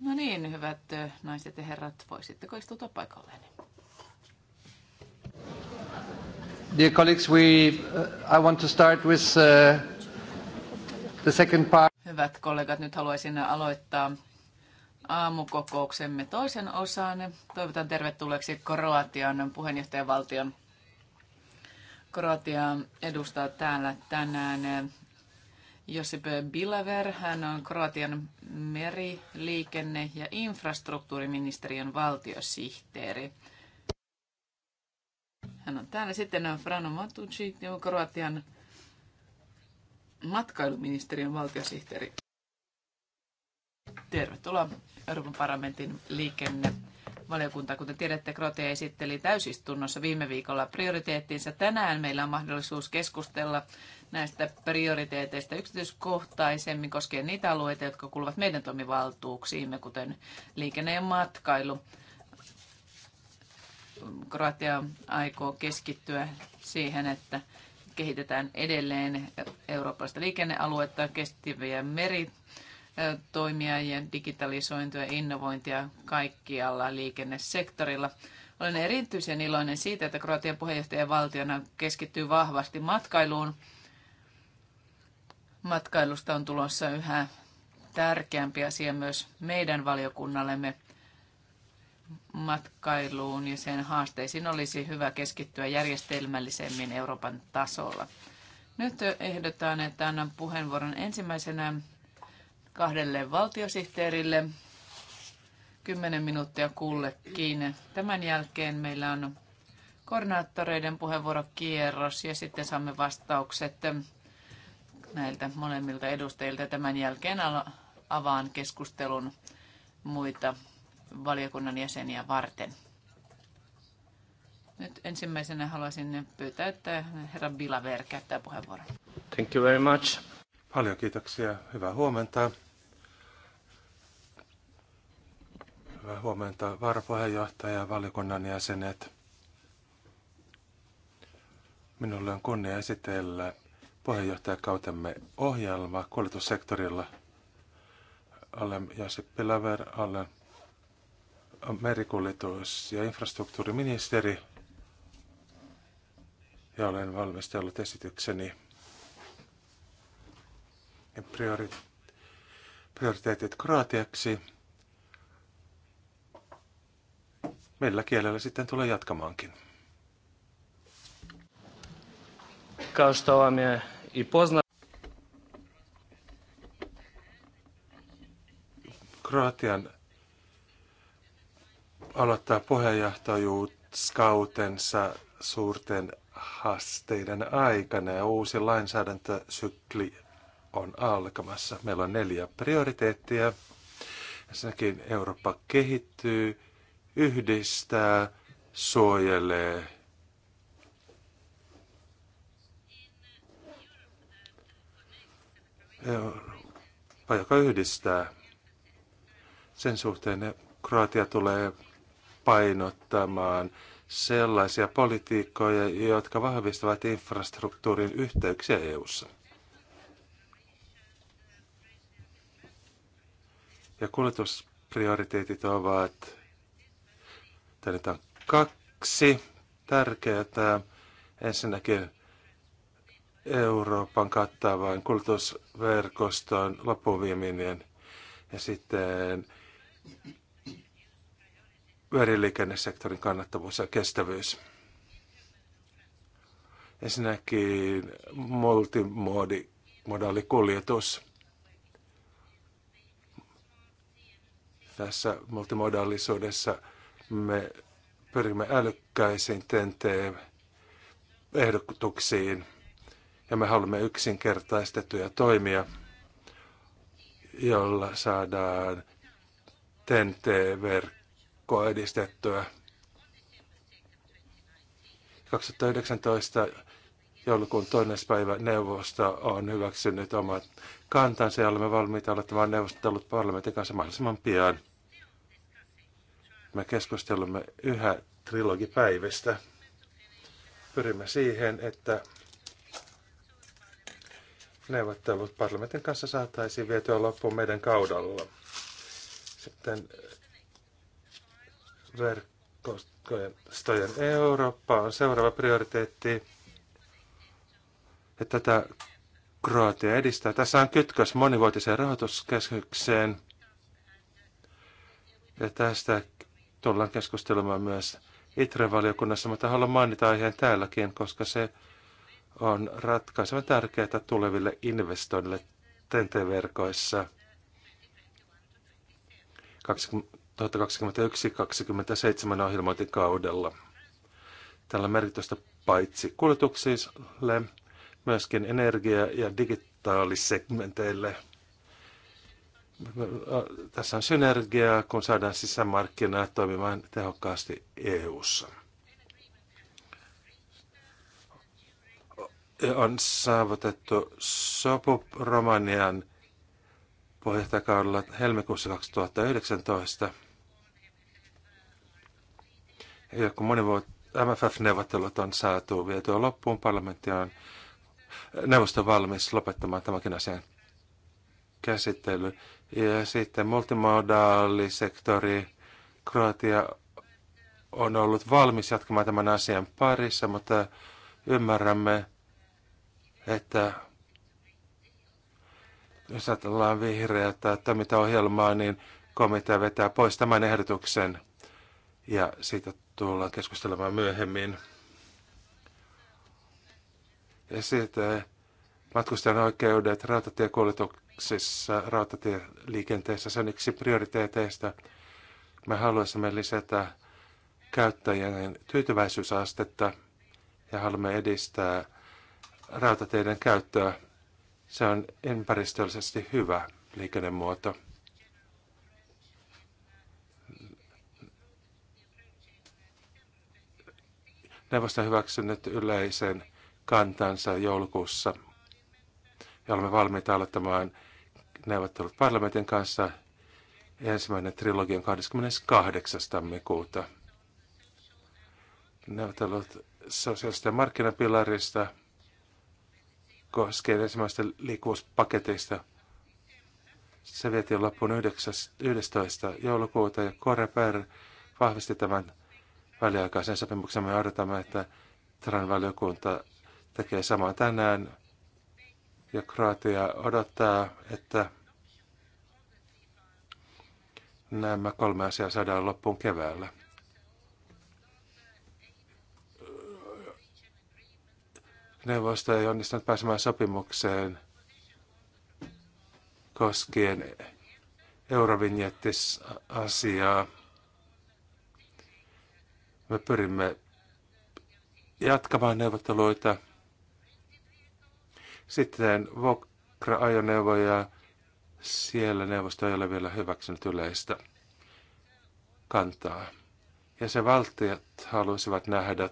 No niin, hyvät naiset ja herrat, voisitteko istua paikalleen? Dear colleagues, we, uh, I want to start with uh, the second part. Hyvät kollegat, nyt haluaisin aloittaa aamukokouksemme toisen osan. Toivotan tervetulleeksi Kroatian puheenjohtajavaltion. Kroatia edustaa täällä tänään Josip Bilaver. Hän on Kroatian meri, liikenne ja infrastruktuuriministeriön valtiosihteeri. Hän on täällä. Sitten on Frano Matucci, Kroatian matkailuministeriön valtiosihteeri. Tervetuloa Euroopan parlamentin liikenne valiokunta. Kuten tiedätte, Kroatia esitteli täysistunnossa viime viikolla prioriteettinsa. Tänään meillä on mahdollisuus keskustella näistä prioriteeteista yksityiskohtaisemmin koskien niitä alueita, jotka kuuluvat meidän toimivaltuuksiimme, kuten liikenne ja matkailu. Kroatia aikoo keskittyä siihen, että kehitetään edelleen eurooppalaista liikennealuetta, kestäviä meritoimia ja digitalisointia ja innovointia kaikkialla liikennesektorilla. Olen erityisen iloinen siitä, että Kroatian puheenjohtajavaltiona keskittyy vahvasti matkailuun Matkailusta on tulossa yhä tärkeämpi asia myös meidän valiokunnallemme matkailuun ja sen haasteisiin olisi hyvä keskittyä järjestelmällisemmin Euroopan tasolla. Nyt ehdotan, että annan puheenvuoron ensimmäisenä kahdelle valtiosihteerille. Kymmenen minuuttia kullekin. Tämän jälkeen meillä on koordinaattoreiden puheenvuorokierros ja sitten saamme vastaukset näiltä molemmilta edustajilta. Tämän jälkeen avaan keskustelun muita valiokunnan jäseniä varten. Nyt ensimmäisenä haluaisin pyytää, että herra Bilaver käyttää puheenvuoron. Thank you very much. Paljon kiitoksia. Hyvää huomenta. Hyvää huomenta varapuheenjohtaja ja valiokunnan jäsenet. Minulle on kunnia esitellä puheenjohtajakautemme ohjelma kuljetussektorilla. Olen Jasi Pilaver, olen merikuljetus- ja infrastruktuuriministeri ja olen valmistellut esitykseni priori, prioriteetit kroatiaksi. Millä kielellä sitten tulee jatkamaankin? Kao i poznat... Kroatian aloittaa puheenjohtajuuskautensa suurten haasteiden aikana ja uusi lainsäädäntösykli on alkamassa. Meillä on neljä prioriteettia. Ensinnäkin Eurooppa kehittyy, yhdistää, suojelee Eurooppa, joka yhdistää. Sen suhteen Kroatia tulee painottamaan sellaisia politiikkoja, jotka vahvistavat infrastruktuurin yhteyksiä EU-ssa. Ja kuljetusprioriteetit ovat, tänne on kaksi tärkeää. Ensinnäkin Euroopan kattavaan kulutusverkostoon loppuviiminen ja sitten veriliikennesektorin kannattavuus ja kestävyys. Ensinnäkin multimodaalikuljetus. Tässä multimodaalisuudessa me pyrimme älykkäisiin tenteen ehdotuksiin – ja me haluamme yksinkertaistettuja toimia, jolla saadaan TNT-verkkoa edistettyä. 2019 joulukuun toinen päivä neuvosto on hyväksynyt omat kantansa ja olemme valmiita aloittamaan neuvostelut parlamentin kanssa mahdollisimman pian. Me keskustelemme yhä trilogipäivistä. Pyrimme siihen, että neuvottelut parlamentin kanssa saataisiin vietyä loppuun meidän kaudella. Sitten verkostojen Eurooppa on seuraava prioriteetti. Ja tätä Kroatia edistää. Tässä on kytkös monivuotiseen rahoituskeskykseen. Ja tästä tullaan keskustelemaan myös ITRE-valiokunnassa, mutta haluan mainita aiheen täälläkin, koska se on ratkaisevan tärkeää tuleville investoinnille TNT-verkoissa 2021-2027 ohjelmointikaudella. Tällä merkitystä paitsi kuljetuksille, myöskin energia- ja digitaalisegmenteille. Tässä on synergiaa, kun saadaan sisämarkkinaa toimimaan tehokkaasti EU:ssa. ssa on saavutettu sopu Romanian puheenjohtajakaudella helmikuussa 2019. Ja kun monivuot, MFF-neuvottelut on saatu vietyä loppuun, parlamentti on neuvosto valmis lopettamaan tämänkin asian käsittely. Ja sitten multimodaalisektori Kroatia on ollut valmis jatkamaan tämän asian parissa, mutta ymmärrämme, että jos ajatellaan vihreää tai ohjelmaa niin komitea vetää pois tämän ehdotuksen ja siitä tullaan keskustelemaan myöhemmin. Ja sitten matkustajan oikeudet rautatiekuljetuksissa, rautatieliikenteessä, se on yksi prioriteeteista. Me haluaisimme lisätä käyttäjien tyytyväisyysastetta ja haluamme edistää rautateiden käyttöä. Se on ympäristöllisesti hyvä liikennemuoto. Neuvosto on hyväksynyt yleisen kantansa joulukuussa ja olemme valmiita aloittamaan neuvottelut parlamentin kanssa. Ensimmäinen trilogi on 28. tammikuuta. Neuvottelut sosiaalisten markkinapilarista – koskee ensimmäistä liikkuvuuspaketeista. Se vietiin loppuun 11. joulukuuta ja Koreper vahvisti tämän väliaikaisen sopimuksen. Me odotamme, että Tran valiokunta tekee samaa tänään ja Kroatia odottaa, että nämä kolme asiaa saadaan loppuun keväällä. neuvosto ei onnistunut pääsemään sopimukseen koskien eurovinjettisasiaa. asiaa Me pyrimme jatkamaan neuvotteluita. Sitten Vokra-ajoneuvoja. Siellä neuvosto ei ole vielä hyväksynyt yleistä kantaa. Ja se valtiot haluaisivat nähdä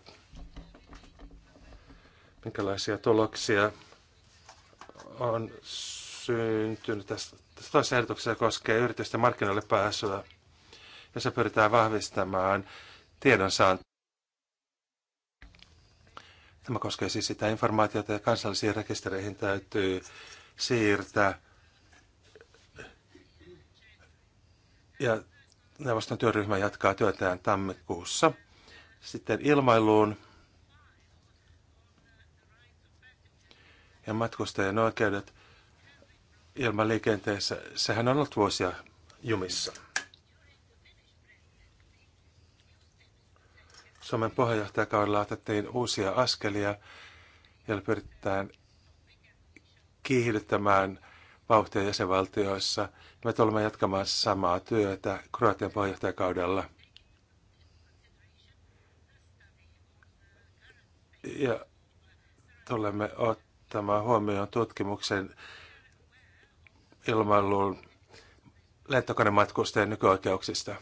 minkälaisia tuloksia on syntynyt tästä, tästä toisessa ehdotuksessa koskee yritysten markkinoille pääsyä, jossa pyritään vahvistamaan tiedonsaantia. Tämä koskee siis sitä informaatiota, ja kansallisiin rekistereihin täytyy siirtää. Ja neuvoston työryhmä jatkaa työtään tammikuussa. Sitten ilmailuun. ja matkustajien oikeudet ilman liikenteessä, sehän on ollut vuosia jumissa. Suomen puheenjohtajakaudella otettiin uusia askelia, joilla pyritään kiihdyttämään vauhtia jäsenvaltioissa. Me tulemme jatkamaan samaa työtä Kroatian puheenjohtajakaudella. Ja tulemme ottaa ottamaan huomioon tutkimuksen ilmailuun lentokonematkustajien nykyoikeuksista.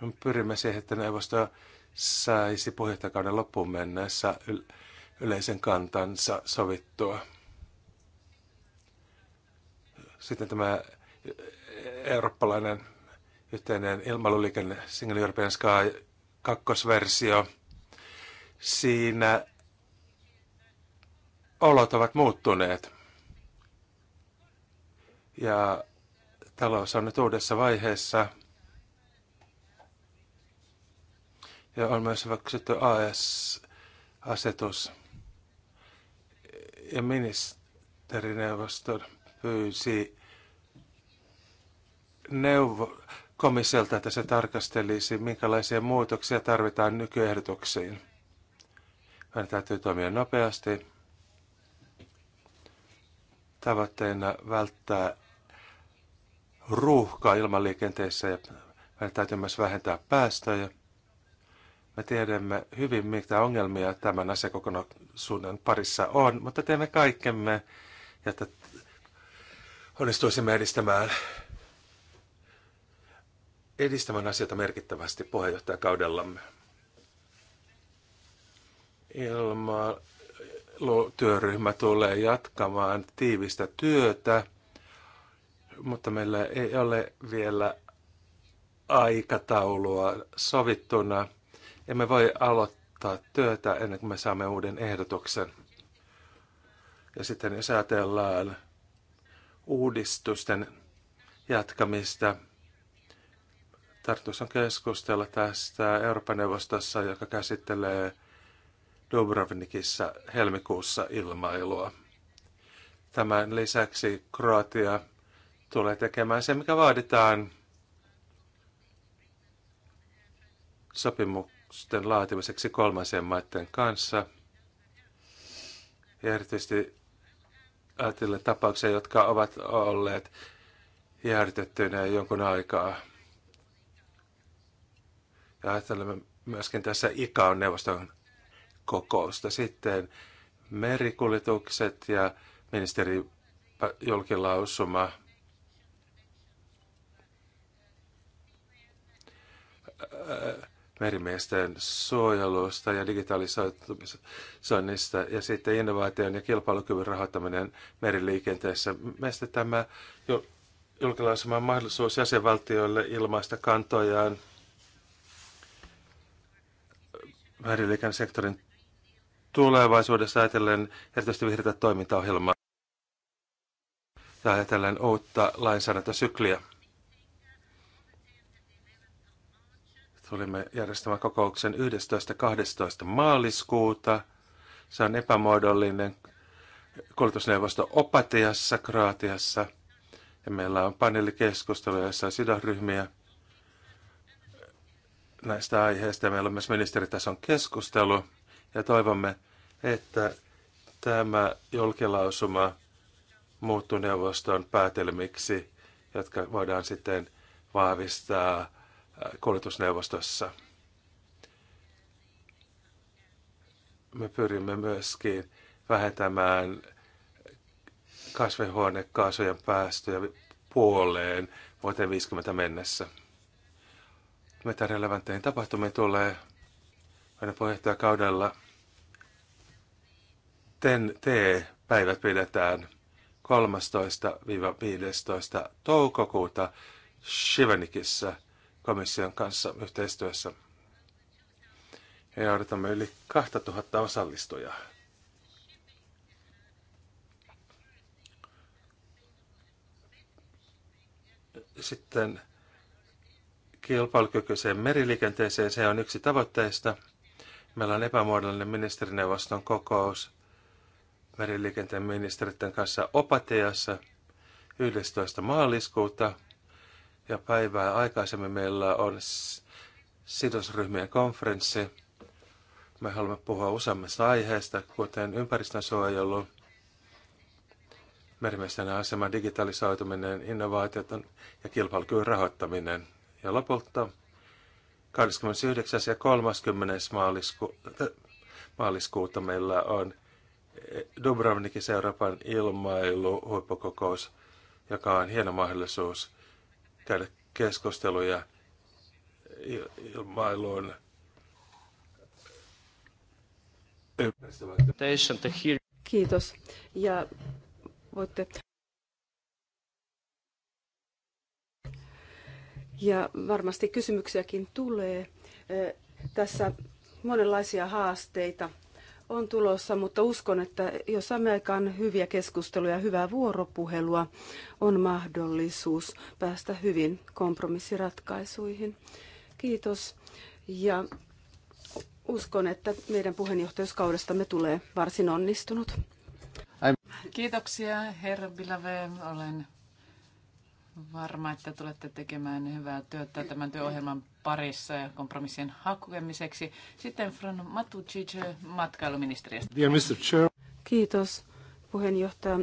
Me pyrimme siihen, että neuvosto saisi puheenjohtajakauden loppuun mennessä yleisen kantansa sovittua. Sitten tämä eurooppalainen yhteinen ilmailuliikenne Single European Sky kakkosversio. Siinä olot ovat muuttuneet. Ja talous on nyt uudessa vaiheessa. Ja on myös hyväksytty AS-asetus. Ja ministerineuvosto pyysi neuvo komissiolta, että se tarkastelisi, minkälaisia muutoksia tarvitaan nykyehdotuksiin. Meidän täytyy toimia nopeasti tavoitteena välttää ruuhkaa ilmaliikenteessä ja meidän täytyy myös vähentää päästöjä. Me tiedämme hyvin, mitä ongelmia tämän asiakokonaisuuden parissa on, mutta teemme kaikkemme, jotta onnistuisimme edistämään, edistämään asioita merkittävästi puheenjohtajakaudellamme. Ilma, työryhmä tulee jatkamaan tiivistä työtä, mutta meillä ei ole vielä aikataulua sovittuna. Emme voi aloittaa työtä ennen kuin me saamme uuden ehdotuksen. Ja sitten jos ajatellaan uudistusten jatkamista, tarkoitus on keskustella tästä Euroopan neuvostossa, joka käsittelee Dubrovnikissa helmikuussa ilmailua. Tämän lisäksi Kroatia tulee tekemään se, mikä vaaditaan sopimusten laatimiseksi kolmansien maiden kanssa. Ja erityisesti ajatellen tapauksia, jotka ovat olleet jäädytettynä jonkun aikaa. Ja ajattelemme myöskin tässä ICAO-neuvoston kokousta. Sitten merikuljetukset ja ministeri julkilausuma. merimiesten suojelusta ja digitalisoinnista ja sitten innovaation ja kilpailukyvyn rahoittaminen meriliikenteessä. Meistä tämä julkilausuma mahdollisuus jäsenvaltioille ilmaista kantojaan meriliikennesektorin tulevaisuudessa ajatellen erityisesti vihreitä toimintaohjelmaa ja ajatellen uutta lainsäädäntösykliä. Tulimme järjestämään kokouksen 11.12. maaliskuuta. Se on epämuodollinen koulutusneuvosto Opatiassa, Kroatiassa. Ja meillä on paneelikeskustelu, jossa on sidosryhmiä näistä aiheista. meillä on myös ministeritason keskustelu ja toivomme, että tämä julkilausuma muuttuu neuvoston päätelmiksi, jotka voidaan sitten vahvistaa äh, koulutusneuvostossa. Me pyrimme myöskin vähentämään kasvihuonekaasujen päästöjä puoleen vuoteen 50 mennessä. Mitä relevantteihin tapahtumiin tulee, puheenjohtaja kaudella. TEN-T-päivät pidetään 13-15 toukokuuta Shivanikissa komission kanssa yhteistyössä. Ja odotamme yli 2000 osallistujaa. Sitten kilpailukykyiseen meriliikenteeseen, se on yksi tavoitteista – Meillä on epämuodollinen ministerineuvoston kokous meriliikenteen ministeritten kanssa Opateassa 11. maaliskuuta. Ja päivää aikaisemmin meillä on sidosryhmien konferenssi. Me haluamme puhua useammasta aiheesta, kuten ympäristönsuojelu, merimiesten asema, digitalisoituminen, innovaatiot ja kilpailukyvyn rahoittaminen. Ja lopulta 29. ja 30. Maalisku, maaliskuuta meillä on Dubrovnikin Euroopan huippukokous, joka on hieno mahdollisuus käydä keskusteluja ilmailuun. Kiitos. Ja voitte Ja varmasti kysymyksiäkin tulee. Tässä monenlaisia haasteita on tulossa, mutta uskon, että jos saamme aikaan hyviä keskusteluja ja hyvää vuoropuhelua, on mahdollisuus päästä hyvin kompromissiratkaisuihin. Kiitos ja uskon, että meidän puheenjohtajuuskaudestamme tulee varsin onnistunut. Kiitoksia, herra Bilave. Olen varma, että tulette tekemään hyvää työtä tämän työohjelman parissa ja kompromissien hakukemiseksi. Sitten Fran Matucic matkailuministeriöstä. Kiitos puheenjohtaja.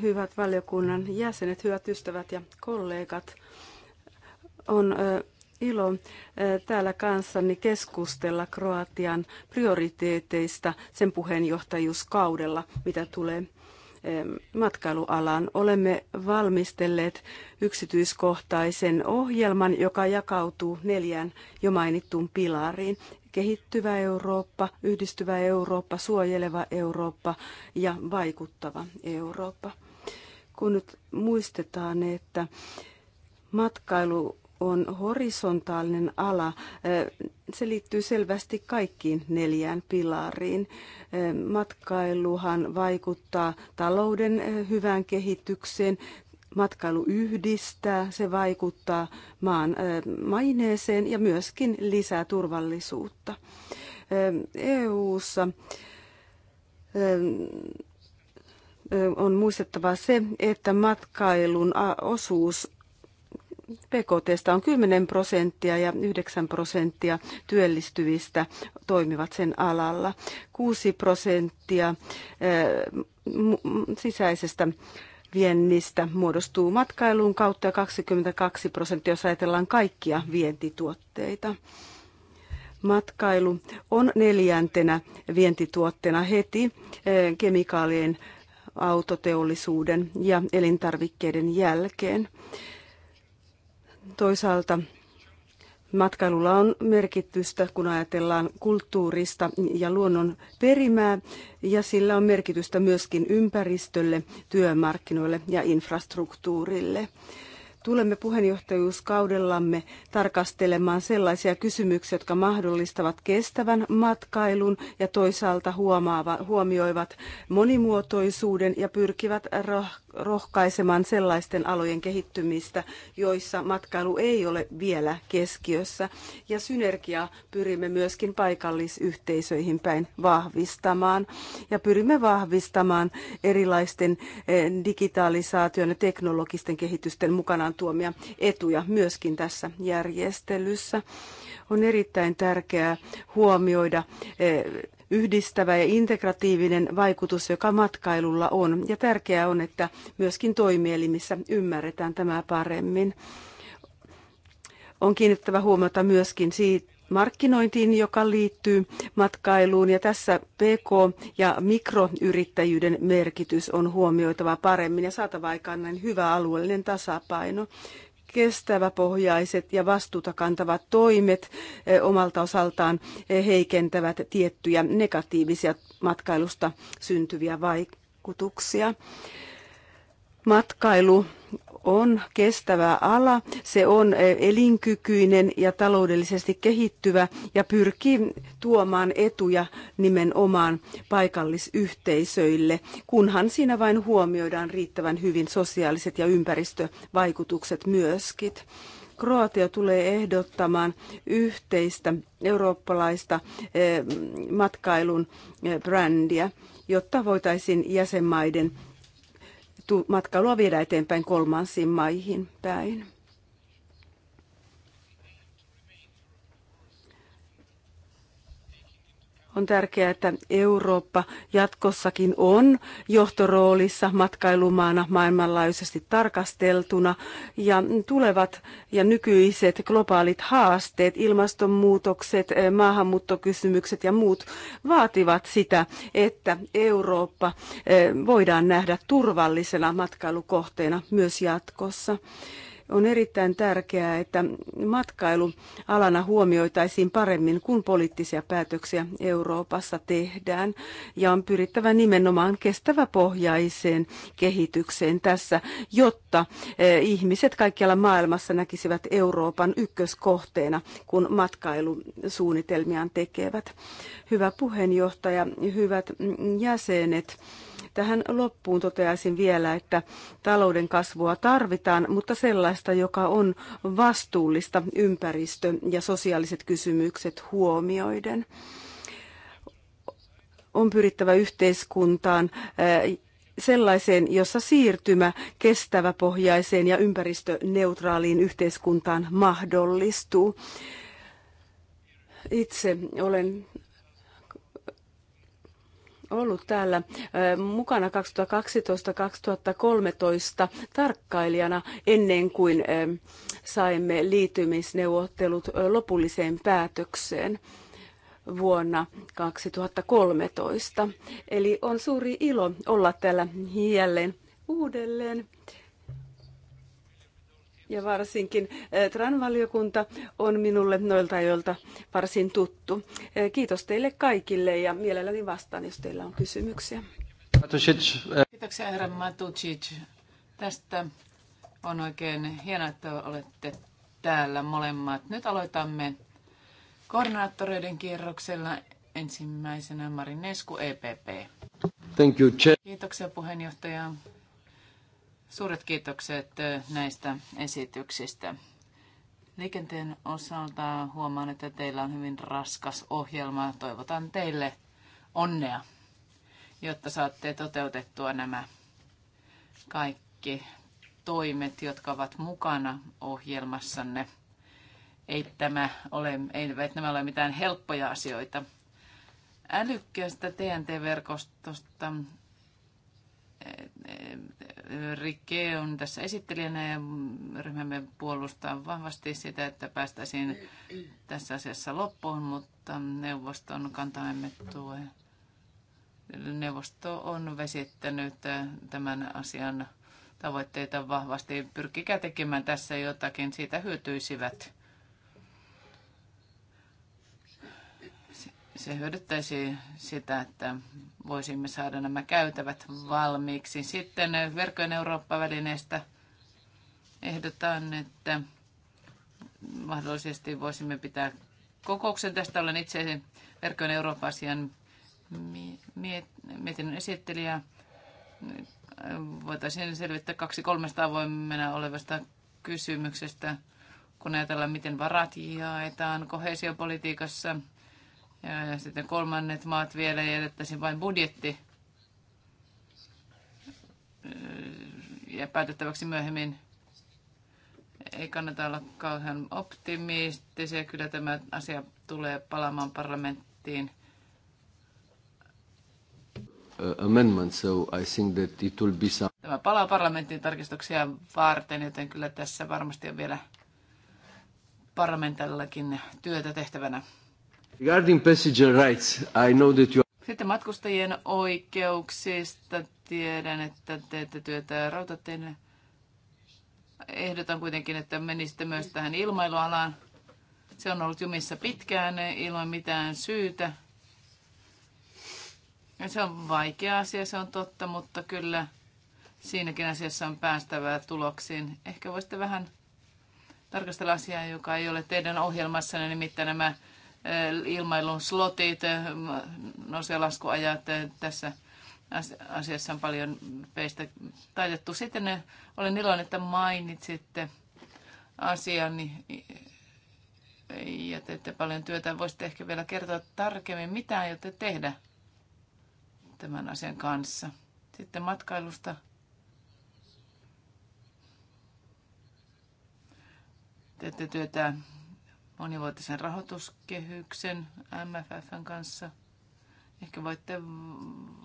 Hyvät valiokunnan jäsenet, hyvät ystävät ja kollegat. On ilo täällä kanssani keskustella Kroatian prioriteeteista sen puheenjohtajuuskaudella, mitä tulee matkailualaan. Olemme valmistelleet yksityiskohtaisen ohjelman, joka jakautuu neljään jo mainittuun pilariin. Kehittyvä Eurooppa, yhdistyvä Eurooppa, suojeleva Eurooppa ja vaikuttava Eurooppa. Kun nyt muistetaan, että matkailu on horisontaalinen ala, se liittyy selvästi kaikkiin neljään pilariin. Matkailuhan vaikuttaa talouden eh, hyvään kehitykseen, matkailu yhdistää, se vaikuttaa maan eh, maineeseen ja myöskin lisää turvallisuutta. EU:ssa e on muistettava se, että matkailun osuus PKTstä on 10 prosenttia ja 9 prosenttia työllistyvistä toimivat sen alalla. 6 prosenttia eh, sisäisestä viennistä muodostuu matkailuun kautta ja 22 prosenttia, jos ajatellaan kaikkia vientituotteita. Matkailu on neljäntenä vientituotteena heti eh, kemikaalien, autoteollisuuden ja elintarvikkeiden jälkeen. Toisaalta matkailulla on merkitystä, kun ajatellaan kulttuurista ja luonnon perimää, ja sillä on merkitystä myöskin ympäristölle, työmarkkinoille ja infrastruktuurille tulemme puheenjohtajuuskaudellamme tarkastelemaan sellaisia kysymyksiä, jotka mahdollistavat kestävän matkailun ja toisaalta huomioivat monimuotoisuuden ja pyrkivät rohkaisemaan sellaisten alojen kehittymistä, joissa matkailu ei ole vielä keskiössä. Ja synergiaa pyrimme myöskin paikallisyhteisöihin päin vahvistamaan. Ja pyrimme vahvistamaan erilaisten eh, digitalisaation ja teknologisten kehitysten mukanaan tuomia etuja myöskin tässä järjestelyssä. On erittäin tärkeää huomioida eh, yhdistävä ja integratiivinen vaikutus, joka matkailulla on. Ja tärkeää on, että myöskin toimielimissä ymmärretään tämä paremmin. On kiinnittävä huomiota myöskin siitä, markkinointiin, joka liittyy matkailuun ja tässä PK- ja mikroyrittäjyyden merkitys on huomioitava paremmin ja saatava aikaan näin hyvä alueellinen tasapaino kestäväpohjaiset ja vastuuta kantavat toimet eh, omalta osaltaan eh, heikentävät tiettyjä negatiivisia matkailusta syntyviä vaikutuksia. Matkailu on kestävä ala, se on e, elinkykyinen ja taloudellisesti kehittyvä ja pyrkii tuomaan etuja nimenomaan paikallisyhteisöille, kunhan siinä vain huomioidaan riittävän hyvin sosiaaliset ja ympäristövaikutukset myöskin. Kroatia tulee ehdottamaan yhteistä eurooppalaista e, matkailun e, brändiä, jotta voitaisiin jäsenmaiden matkailua viedä eteenpäin kolmansiin maihin päin. On tärkeää, että Eurooppa jatkossakin on johtoroolissa matkailumaana maailmanlaajuisesti tarkasteltuna ja tulevat ja nykyiset globaalit haasteet, ilmastonmuutokset, eh, maahanmuuttokysymykset ja muut vaativat sitä, että Eurooppa eh, voidaan nähdä turvallisena matkailukohteena myös jatkossa. On erittäin tärkeää, että matkailualana huomioitaisiin paremmin, kun poliittisia päätöksiä Euroopassa tehdään. Ja on pyrittävä nimenomaan kestäväpohjaiseen kehitykseen tässä, jotta e, ihmiset kaikkialla maailmassa näkisivät Euroopan ykköskohteena, kun matkailusuunnitelmiaan tekevät. Hyvä puheenjohtaja, hyvät jäsenet. Tähän loppuun toteaisin vielä, että talouden kasvua tarvitaan, mutta sellaista, joka on vastuullista ympäristö- ja sosiaaliset kysymykset huomioiden. On pyrittävä yhteiskuntaan eh, sellaiseen, jossa siirtymä kestäväpohjaiseen ja ympäristöneutraaliin yhteiskuntaan mahdollistuu. Itse olen ollut täällä mukana 2012-2013 tarkkailijana ennen kuin saimme liitymisneuvottelut lopulliseen päätökseen vuonna 2013. Eli on suuri ilo olla täällä jälleen uudelleen ja varsinkin eh, TRAN-valiokunta on minulle noilta ajoilta varsin tuttu. Eh, kiitos teille kaikille ja mielelläni vastaan, jos teillä on kysymyksiä. Eh. Kiitoksia herra Matucic. Tästä on oikein hienoa, että olette täällä molemmat. Nyt aloitamme koordinaattoreiden kierroksella. Ensimmäisenä Marinesku EPP. Thank you, Kiitoksia puheenjohtaja. Suuret kiitokset näistä esityksistä. Liikenteen osalta huomaan, että teillä on hyvin raskas ohjelma. Toivotan teille onnea, jotta saatte toteutettua nämä kaikki toimet, jotka ovat mukana ohjelmassanne. Ei tämä ole, ei, nämä ole mitään helppoja asioita. Älykkäästä TNT-verkostosta Rikke on tässä esittelijänä ja ryhmämme puolustaa vahvasti sitä, että päästäisiin tässä asiassa loppuun, mutta neuvoston kantaa emme tue. Neuvosto on vesittänyt tämän asian tavoitteita vahvasti. Pyrkikää tekemään tässä jotakin, siitä hyötyisivät Se hyödyttäisi sitä, että voisimme saada nämä käytävät valmiiksi. Sitten verkkojen Eurooppa-välineestä ehdotan, että mahdollisesti voisimme pitää kokouksen. Tästä olen itse verkkojen Eurooppa-asian mietinnön esittelijä. Voitaisiin selvittää kaksi kolmesta avoimena olevasta kysymyksestä, kun ajatellaan, miten varat jaetaan kohesiopolitiikassa – ja, ja sitten kolmannet maat vielä jätettäisiin vain budjetti ja päätettäväksi myöhemmin. Ei kannata olla kauhean optimistisia. Kyllä tämä asia tulee palaamaan parlamenttiin. amendment, so I think that it will be some... Tämä palaa parlamentin tarkistuksia varten, joten kyllä tässä varmasti on vielä parlamentillakin työtä tehtävänä. Sitten matkustajien oikeuksista tiedän, että teette työtä rautateille. Ehdotan kuitenkin, että menisitte myös tähän ilmailualaan. Se on ollut jumissa pitkään ilman mitään syytä. Se on vaikea asia, se on totta, mutta kyllä siinäkin asiassa on päästävää tuloksiin. Ehkä voisitte vähän tarkastella asiaa, joka ei ole teidän ohjelmassanne, nimittäin nämä Eh, ilmailun slotit, eh, nousu- laskuajat. Eh, tässä asiassa on paljon peistä taitettu. Sitten olen iloinen, että mainitsitte asian ja teette paljon työtä. Voisitte ehkä vielä kertoa tarkemmin, mitä aiotte tehdä tämän asian kanssa. Sitten matkailusta. Teette työtä monivuotisen rahoituskehyksen MFFn kanssa. Ehkä voitte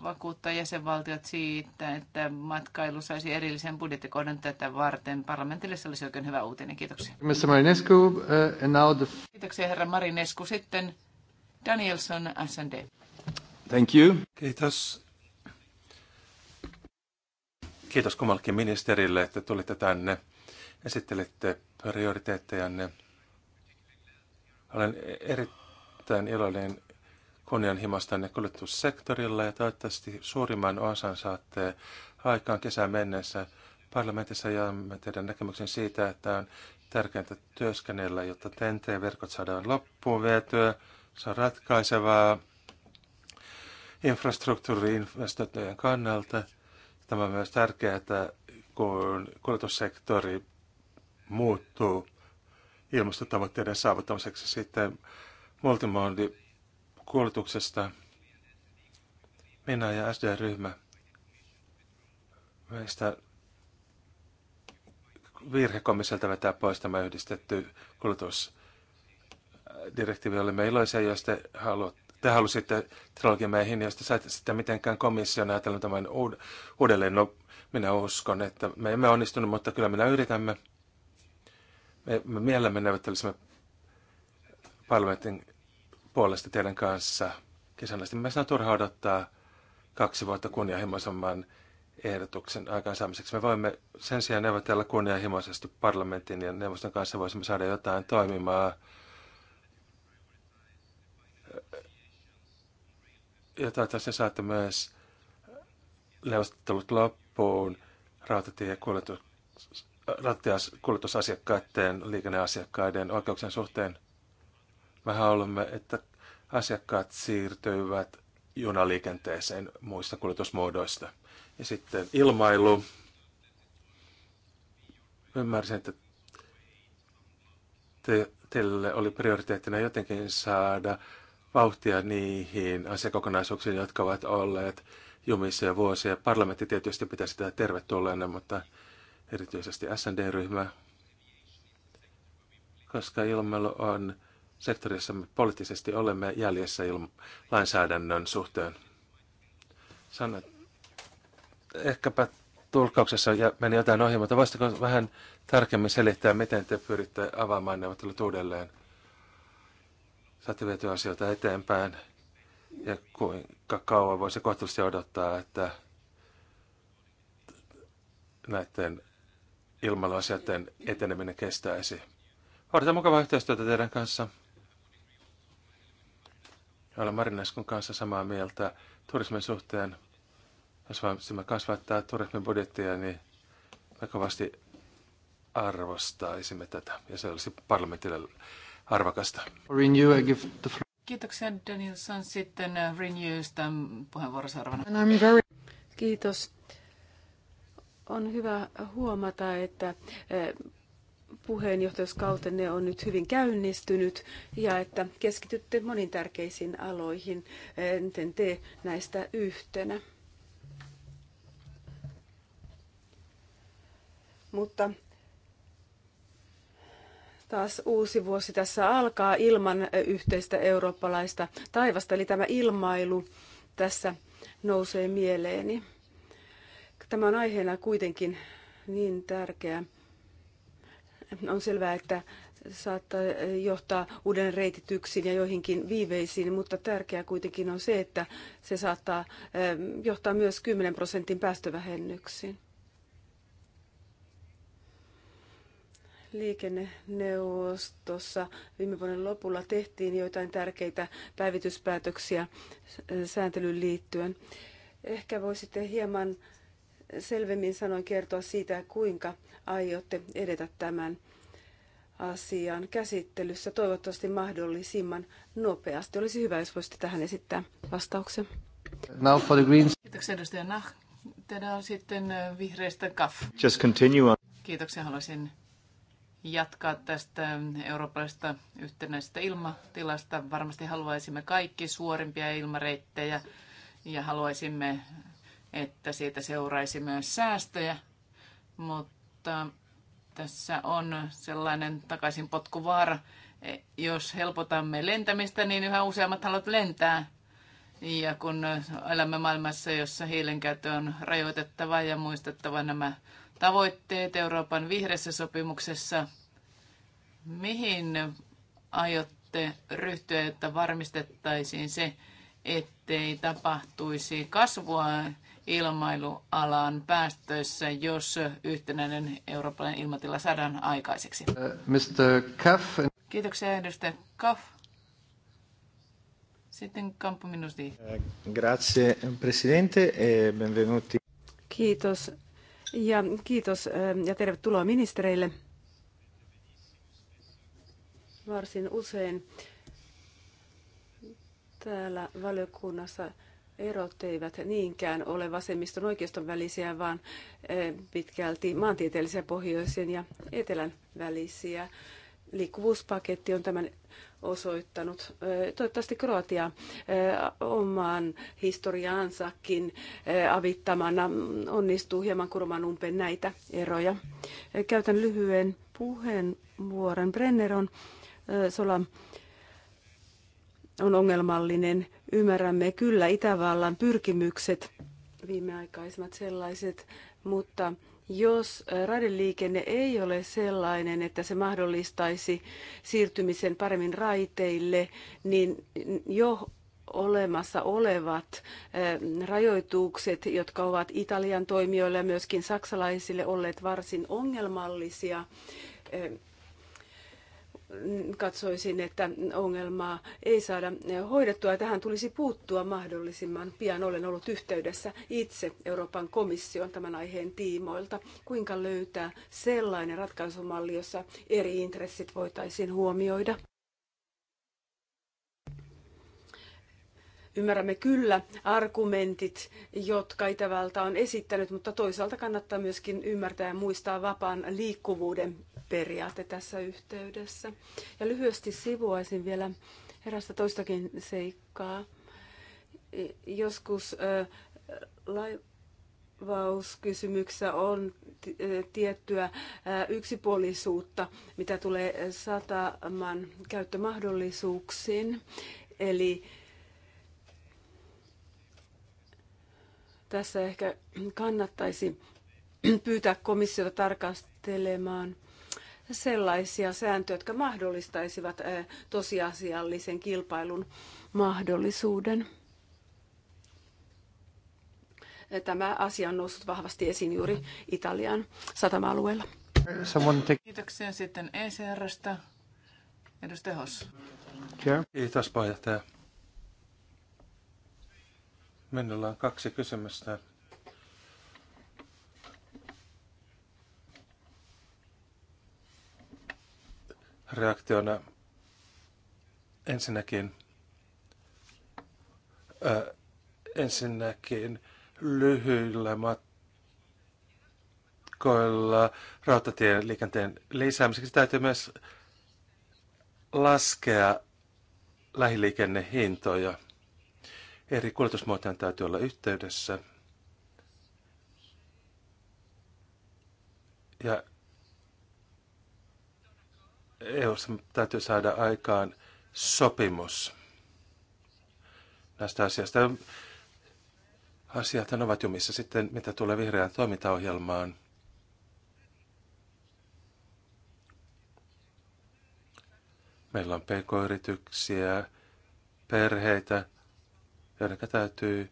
vakuuttaa jäsenvaltiot siitä, että matkailu saisi erillisen budjettikohdan tätä varten. Parlamentille se olisi oikein hyvä uutinen. Kiitoksia. Marinescu, uh, and now the... Kiitoksia herra Marinescu. Sitten Danielson, S&D. Thank you. Kiitos. Kiitos kummallekin ministerille, että tulitte tänne. Esittelitte prioriteettejanne olen erittäin iloinen kunnianhimostanne kuljetussektorilla ja toivottavasti suurimman osan saatte aikaan kesän mennessä. Parlamentissa jaamme teidän näkemyksen siitä, että on tärkeintä työskennellä, jotta TNT-verkot saadaan loppuun vietyä. Se on ratkaisevaa infrastruktuuriinvestointien kannalta. Tämä on myös tärkeää, kun kuljetussektori muuttuu ilmastotavoitteiden saavuttamiseksi. Sitten multimondi kuulutuksesta. Minä ja SD-ryhmä. Meistä virhekomiselta vetää pois tämä yhdistetty kulutusdirektiivi. Olemme iloisia, jos te, haluat, te halusitte meihin, jos te saitte sitä mitenkään komission ajatellut tämän uudelleen. No, minä uskon, että me emme onnistunut, mutta kyllä minä yritämme. Me, me mielemme neuvottelisimme parlamentin puolesta teidän kanssa kesänä. Mielestäni on turha odottaa kaksi vuotta kunnianhimoisemman ehdotuksen aikaansaamiseksi. Me voimme sen sijaan neuvotella kunnianhimoisesti parlamentin ja neuvoston kanssa. Voisimme saada jotain toimimaan, Ja toivottavasti saatte myös neuvottelut loppuun rautatiekuljetus rattiaskuljetusasiakkaiden, liikenneasiakkaiden oikeuksien suhteen. Me haluamme, että asiakkaat siirtyvät junaliikenteeseen muista kuljetusmuodoista. Ja sitten ilmailu. Ymmärsin, että te, teille oli prioriteettina jotenkin saada vauhtia niihin asiakokonaisuuksiin, jotka ovat olleet jumissa jo vuosia. Parlamentti tietysti pitäisi sitä tervetulleena, mutta erityisesti SND-ryhmä, koska ilmailu on sektorissa, me poliittisesti olemme jäljessä ilma- lainsäädännön suhteen. Sanna, ehkäpä tulkauksessa meni jotain ohi, mutta voisitko vähän tarkemmin selittää, miten te pyritte avaamaan neuvottelut uudelleen? Saatte vietyä asioita eteenpäin ja kuinka kauan voisi kohtuullisesti odottaa, että näiden ilmalla asioiden eteneminen kestäisi. Odotan mukavaa yhteistyötä teidän kanssa. Olen Marineskun kanssa samaa mieltä turismin suhteen. Jos voisimme kasvattaa turismin budjettia, niin me kovasti arvostaisimme tätä. Ja se olisi parlamentille arvokasta. Renew, I give the floor. Kiitoksia Danielson. Sitten Renewstä puheenvuorossa arvana. Kiitos. On hyvä huomata, että eh, puheenjohtajuuskautenne on nyt hyvin käynnistynyt ja että keskitytte monin tärkeisiin aloihin. Eh, miten te näistä yhtenä? Mutta taas uusi vuosi tässä alkaa ilman eh, yhteistä eurooppalaista taivasta, eli tämä ilmailu tässä nousee mieleeni. Tämä on aiheena kuitenkin niin tärkeä. On selvää, että saattaa johtaa uuden reitityksiin ja joihinkin viiveisiin, mutta tärkeää kuitenkin on se, että se saattaa eh, johtaa myös 10 prosentin päästövähennyksiin. liikenneneuvostossa viime vuoden lopulla tehtiin joitain tärkeitä päivityspäätöksiä eh, sääntelyyn liittyen. Ehkä voisitte hieman selvemmin sanoin kertoa siitä, kuinka aiotte edetä tämän asian käsittelyssä, toivottavasti mahdollisimman nopeasti. Olisi hyvä, jos voisitte tähän esittää vastauksen. Now for the Greens. Kiitoksia edustaja Nah. Tänään on sitten vihreistä Kaff. Just continue on. Kiitoksia. Haluaisin jatkaa tästä eurooppalaisesta yhtenäisestä ilmatilasta. Varmasti haluaisimme kaikki suorimpia ilmareittejä ja haluaisimme että siitä seuraisi myös säästöjä, mutta tässä on sellainen potkuvaara. E, jos helpotamme lentämistä, niin yhä useammat haluat lentää. Ja kun elämme maailmassa, jossa hiilen käyttö on rajoitettava ja muistettava nämä tavoitteet Euroopan vihreässä sopimuksessa, mihin aiotte ryhtyä, että varmistettaisiin se, ettei tapahtuisi kasvua ilmailualan päästöissä, jos yhtenäinen eurooppalainen ilmatila saadaan aikaiseksi. Uh, Mr. Kaff. Kiitoksia edustaja Kaff. Sitten Campo Minusti. Uh, grazie Presidente e benvenuti. Kiitos ja kiitos uh, ja tervetuloa ministereille. Varsin usein täällä valiokunnassa erot eivät niinkään ole vasemmiston oikeiston välisiä, vaan eh, pitkälti maantieteellisiä pohjoisen ja etelän välisiä. Liikkuvuuspaketti on tämän osoittanut. Eh, toivottavasti Kroatia eh, omaan historiaansakin avittamana onnistuu hieman kurman umpeen näitä eroja. Käytän lyhyen puheenvuoron. Brenner on Solan on ongelmallinen. Ymmärrämme kyllä Itävallan pyrkimykset, viimeaikaisemmat sellaiset, mutta jos äh, raideliikenne ei ole sellainen, että se mahdollistaisi siirtymisen paremmin raiteille, niin jo olemassa olevat äh, rajoitukset, jotka ovat Italian toimijoille ja myöskin saksalaisille olleet varsin ongelmallisia, äh, katsoisin, että ongelmaa ei saada hoidettua ja tähän tulisi puuttua mahdollisimman pian. Olen ollut yhteydessä itse Euroopan komission tämän aiheen tiimoilta. Kuinka löytää sellainen ratkaisumalli, jossa eri intressit voitaisiin huomioida? Ymmärrämme kyllä argumentit, jotka Itävalta on esittänyt, mutta toisaalta kannattaa myöskin ymmärtää ja muistaa vapaan liikkuvuuden periaate tässä yhteydessä. Ja lyhyesti sivuaisin vielä erästä toistakin seikkaa. Joskus laivauskysymyksessä on tiettyä yksipuolisuutta, mitä tulee sataman käyttömahdollisuuksiin. Eli Tässä ehkä kannattaisi pyytää komissiota tarkastelemaan sellaisia sääntöjä, jotka mahdollistaisivat tosiasiallisen kilpailun mahdollisuuden. Tämä asia on noussut vahvasti esiin juuri Italian satama-alueella. Kiitoksia sitten ECRstä. Edustaja Hoss. Kiitos puheenjohtaja. Minulla on kaksi kysymystä. Reaktiona ensinnäkin, ö, ensinnäkin lyhyillä matkoilla rautatien liikenteen lisäämiseksi täytyy myös laskea lähiliikennehintoja. Eri kuljetusmuotojen täytyy olla yhteydessä. Ja EUssa täytyy saada aikaan sopimus näistä asioista. Asiat ovat jumissa sitten, mitä tulee vihreään toimintaohjelmaan. Meillä on pk-yrityksiä, perheitä, joiden täytyy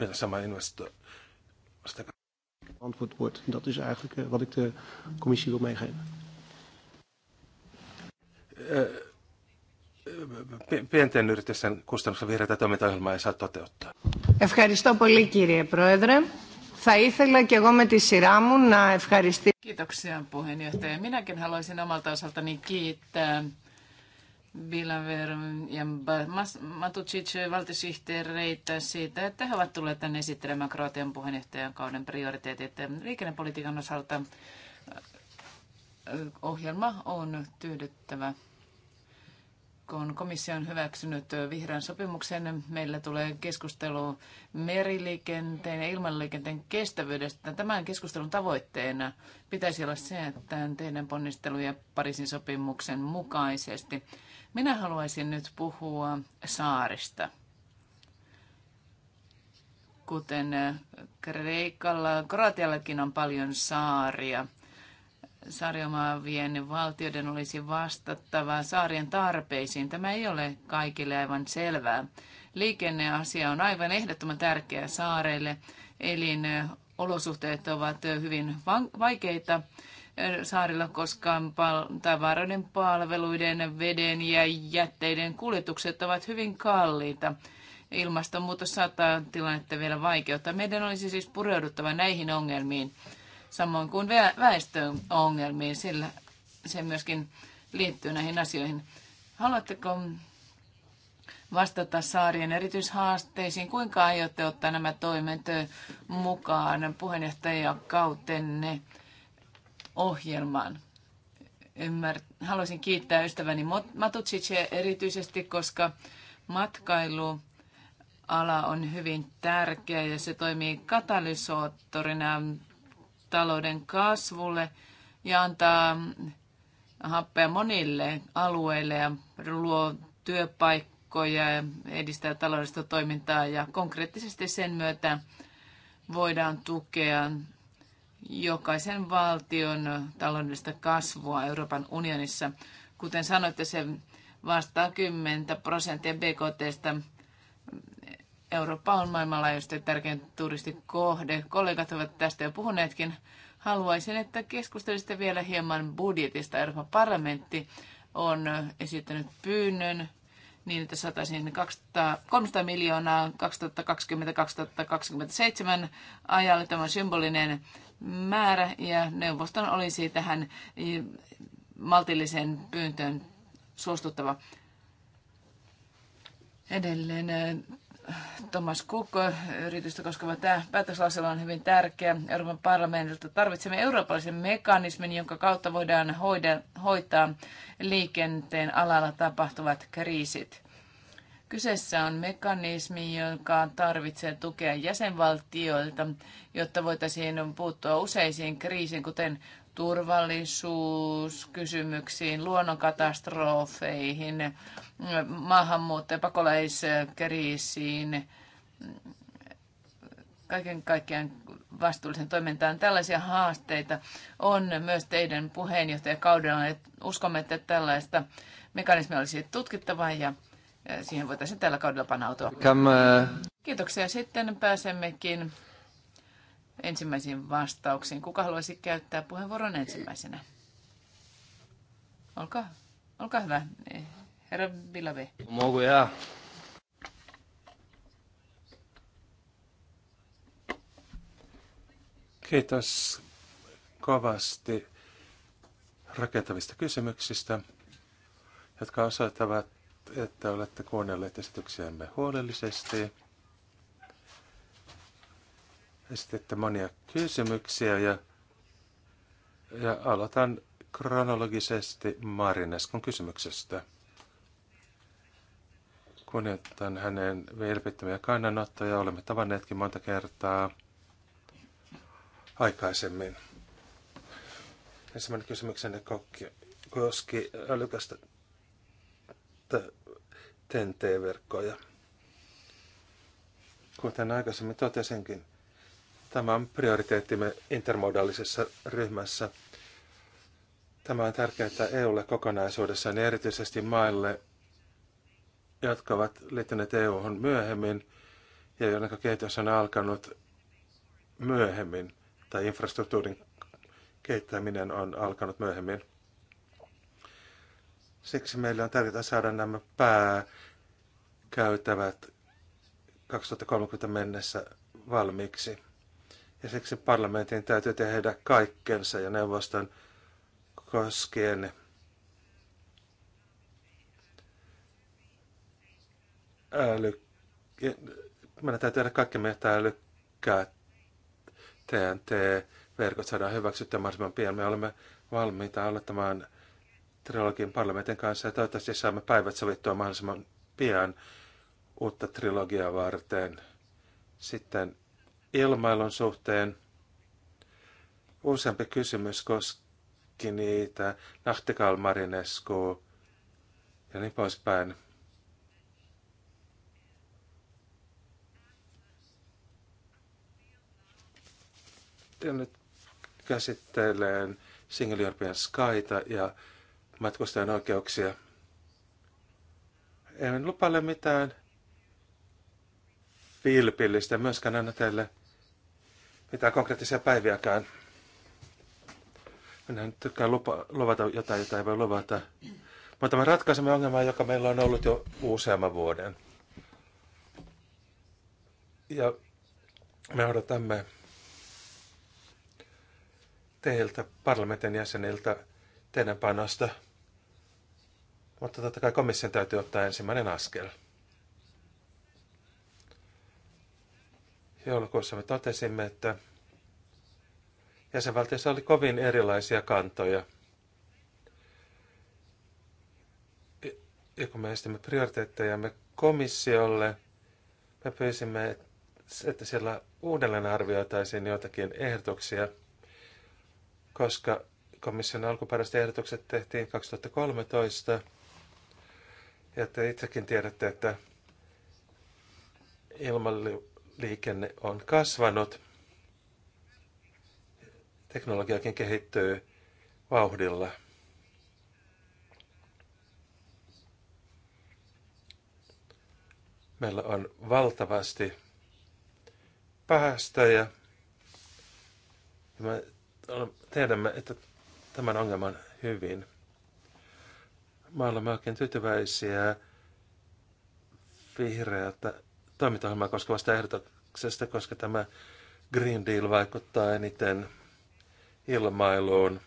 met zeg Antwoord wordt. Dat is eigenlijk eh, wat ik de commissie wil meegeven. Eh, eh, pienten yritysten kustannuksen kustannusten vihreätä toimintaohjelmaa ei saa toteuttaa. Ευχαριστώ πολύ κύριε Πρόεδρε. Θα ήθελα και εγώ με τη σειρά μου να ευχαριστήσω. Kiitoksia puheenjohtaja. Minäkin haluaisin omalta osaltani kiittää Bilaver ja Matucic valtisihteereitä siitä, että he ovat tulleet tänne esittelemään Kroatian puheenjohtajan kauden prioriteetit liikennepolitiikan osalta. Ohjelma on tyydyttävä. Kun komissio on hyväksynyt vihreän sopimuksen, meillä tulee keskustelu meriliikenteen ja ilmanliikenteen kestävyydestä. Tämän keskustelun tavoitteena pitäisi olla se, että tehdään ponnisteluja Pariisin sopimuksen mukaisesti. Minä haluaisin nyt puhua saarista. Kuten äh, Kreikalla, Kroatiallakin on paljon saaria. Saariomaavien valtioiden olisi vastattava saarien tarpeisiin. Tämä ei ole kaikille aivan selvää. Liikenneasia on aivan ehdottoman tärkeä saareille. Elinolosuhteet äh, ovat äh, hyvin vaikeita saarilla, koska tavaroiden, palveluiden, veden ja jätteiden kuljetukset ovat hyvin kalliita. Ilmastonmuutos saattaa tilannetta vielä vaikeuttaa. Meidän olisi siis pureuduttava näihin ongelmiin, samoin kuin väestön ongelmiin, sillä se myöskin liittyy näihin asioihin. Haluatteko vastata saarien erityishaasteisiin? Kuinka aiotte ottaa nämä toimet mukaan puheenjohtajakautenne? kautenne? ohjelmaan. Ymmär- Haluaisin kiittää ystäväni Matutsitsiä erityisesti, koska matkailuala on hyvin tärkeä ja se toimii katalysoottorina talouden kasvulle ja antaa happea monille alueille ja luo työpaikkoja ja edistää taloudellista toimintaa ja konkreettisesti sen myötä voidaan tukea jokaisen valtion taloudellista kasvua Euroopan unionissa. Kuten sanoitte, se vastaa 10 prosenttia BKTstä. Eurooppa on maailmanlaajuisesti tärkein turistikohde. Kollegat ovat tästä jo puhuneetkin. Haluaisin, että keskustelisitte vielä hieman budjetista. Euroopan parlamentti on esittänyt pyynnön niin, että saataisiin 200, 300 miljoonaa 2020-2027 ajalle. Tämä on symbolinen määrä ja neuvoston olisi tähän maltilliseen pyyntöön suostuttava. Edelleen Thomas Cook yritystä koskeva tämä päätöslausela on hyvin tärkeä Euroopan parlamentilta. Tarvitsemme eurooppalaisen mekanismin, jonka kautta voidaan hoida, hoitaa liikenteen alalla tapahtuvat kriisit. Kyseessä on mekanismi, joka tarvitsee tukea jäsenvaltioilta, jotta voitaisiin puuttua useisiin kriisiin, kuten turvallisuuskysymyksiin, luonnonkatastrofeihin, maahanmuutto- ja pakolaiskriisiin, kaiken kaikkiaan vastuullisen toimintaan. Tällaisia haasteita on myös teidän puheenjohtajakaudella. uskomme, että tällaista mekanismia olisi tutkittava ja siihen voitaisiin tällä kaudella panautua. Uh, Kiitoksia. Sitten pääsemmekin ensimmäisiin vastauksiin. Kuka haluaisi käyttää puheenvuoron ensimmäisenä? Olkaa, olkaa hyvä, herra Villave. Mogu Kiitos kovasti rakentavista kysymyksistä, jotka osoittavat, että olette kuunnelleet esityksiämme huolellisesti Esititte monia kysymyksiä ja, ja aloitan kronologisesti Marineskon kysymyksestä. Kunnioitan hänen vilpittömiä kannanottoja. Olemme tavanneetkin monta kertaa aikaisemmin. Ensimmäinen kysymyksenne koski älykästä TNT-verkkoja. Kuten aikaisemmin totesinkin, Tämä on prioriteettimme intermodaalisessa ryhmässä. Tämä on tärkeää EUlle kokonaisuudessaan niin erityisesti maille, jotka ovat liittyneet EUhun myöhemmin ja joiden kehitys on alkanut myöhemmin tai infrastruktuurin kehittäminen on alkanut myöhemmin. Siksi meillä on tärkeää saada nämä pääkäytävät 2030 mennessä valmiiksi. Ja siksi parlamentin täytyy tehdä kaikkensa ja neuvoston koskien äly... Meidän täytyy tehdä kaikki meitä älykkää TNT-verkot saadaan hyväksyttyä mahdollisimman pian. Me olemme valmiita aloittamaan trilogin parlamentin kanssa ja toivottavasti saamme päivät sovittua mahdollisimman pian uutta trilogiaa varten. Sitten ilmailun suhteen useampi kysymys koski niitä Nachtigalmarinesku ja niin poispäin. Ja nyt käsittelen Single European Skyta ja matkustajan oikeuksia. En lupaile mitään vilpillistä myöskään anna teille mitään konkreettisia päiviäkään. Minä en tykkään lupa, luvata jotain, jota ei voi luvata. Mutta me ratkaisemme ongelmaa, joka meillä on ollut jo useamman vuoden. Ja me odotamme teiltä, parlamentin jäseniltä, teidän panosta. Mutta totta kai komission täytyy ottaa ensimmäinen askel. Joulukuussa me totesimme, että jäsenvaltiossa oli kovin erilaisia kantoja. Ja kun me estimme prioriteettejamme komissiolle, me pyysimme, että siellä uudelleen arvioitaisiin joitakin ehdotuksia, koska komission alkuperäiset ehdotukset tehtiin 2013. Ja te itsekin tiedätte, että ilmailu liikenne on kasvanut. Teknologiakin kehittyy vauhdilla. Meillä on valtavasti päästöjä. Me tiedämme, että tämän ongelman hyvin. Me olemme oikein tyytyväisiä vihreältä toimintaohjelmaa koskevasta ehdotuksesta, koska tämä Green Deal vaikuttaa eniten ilmailuun.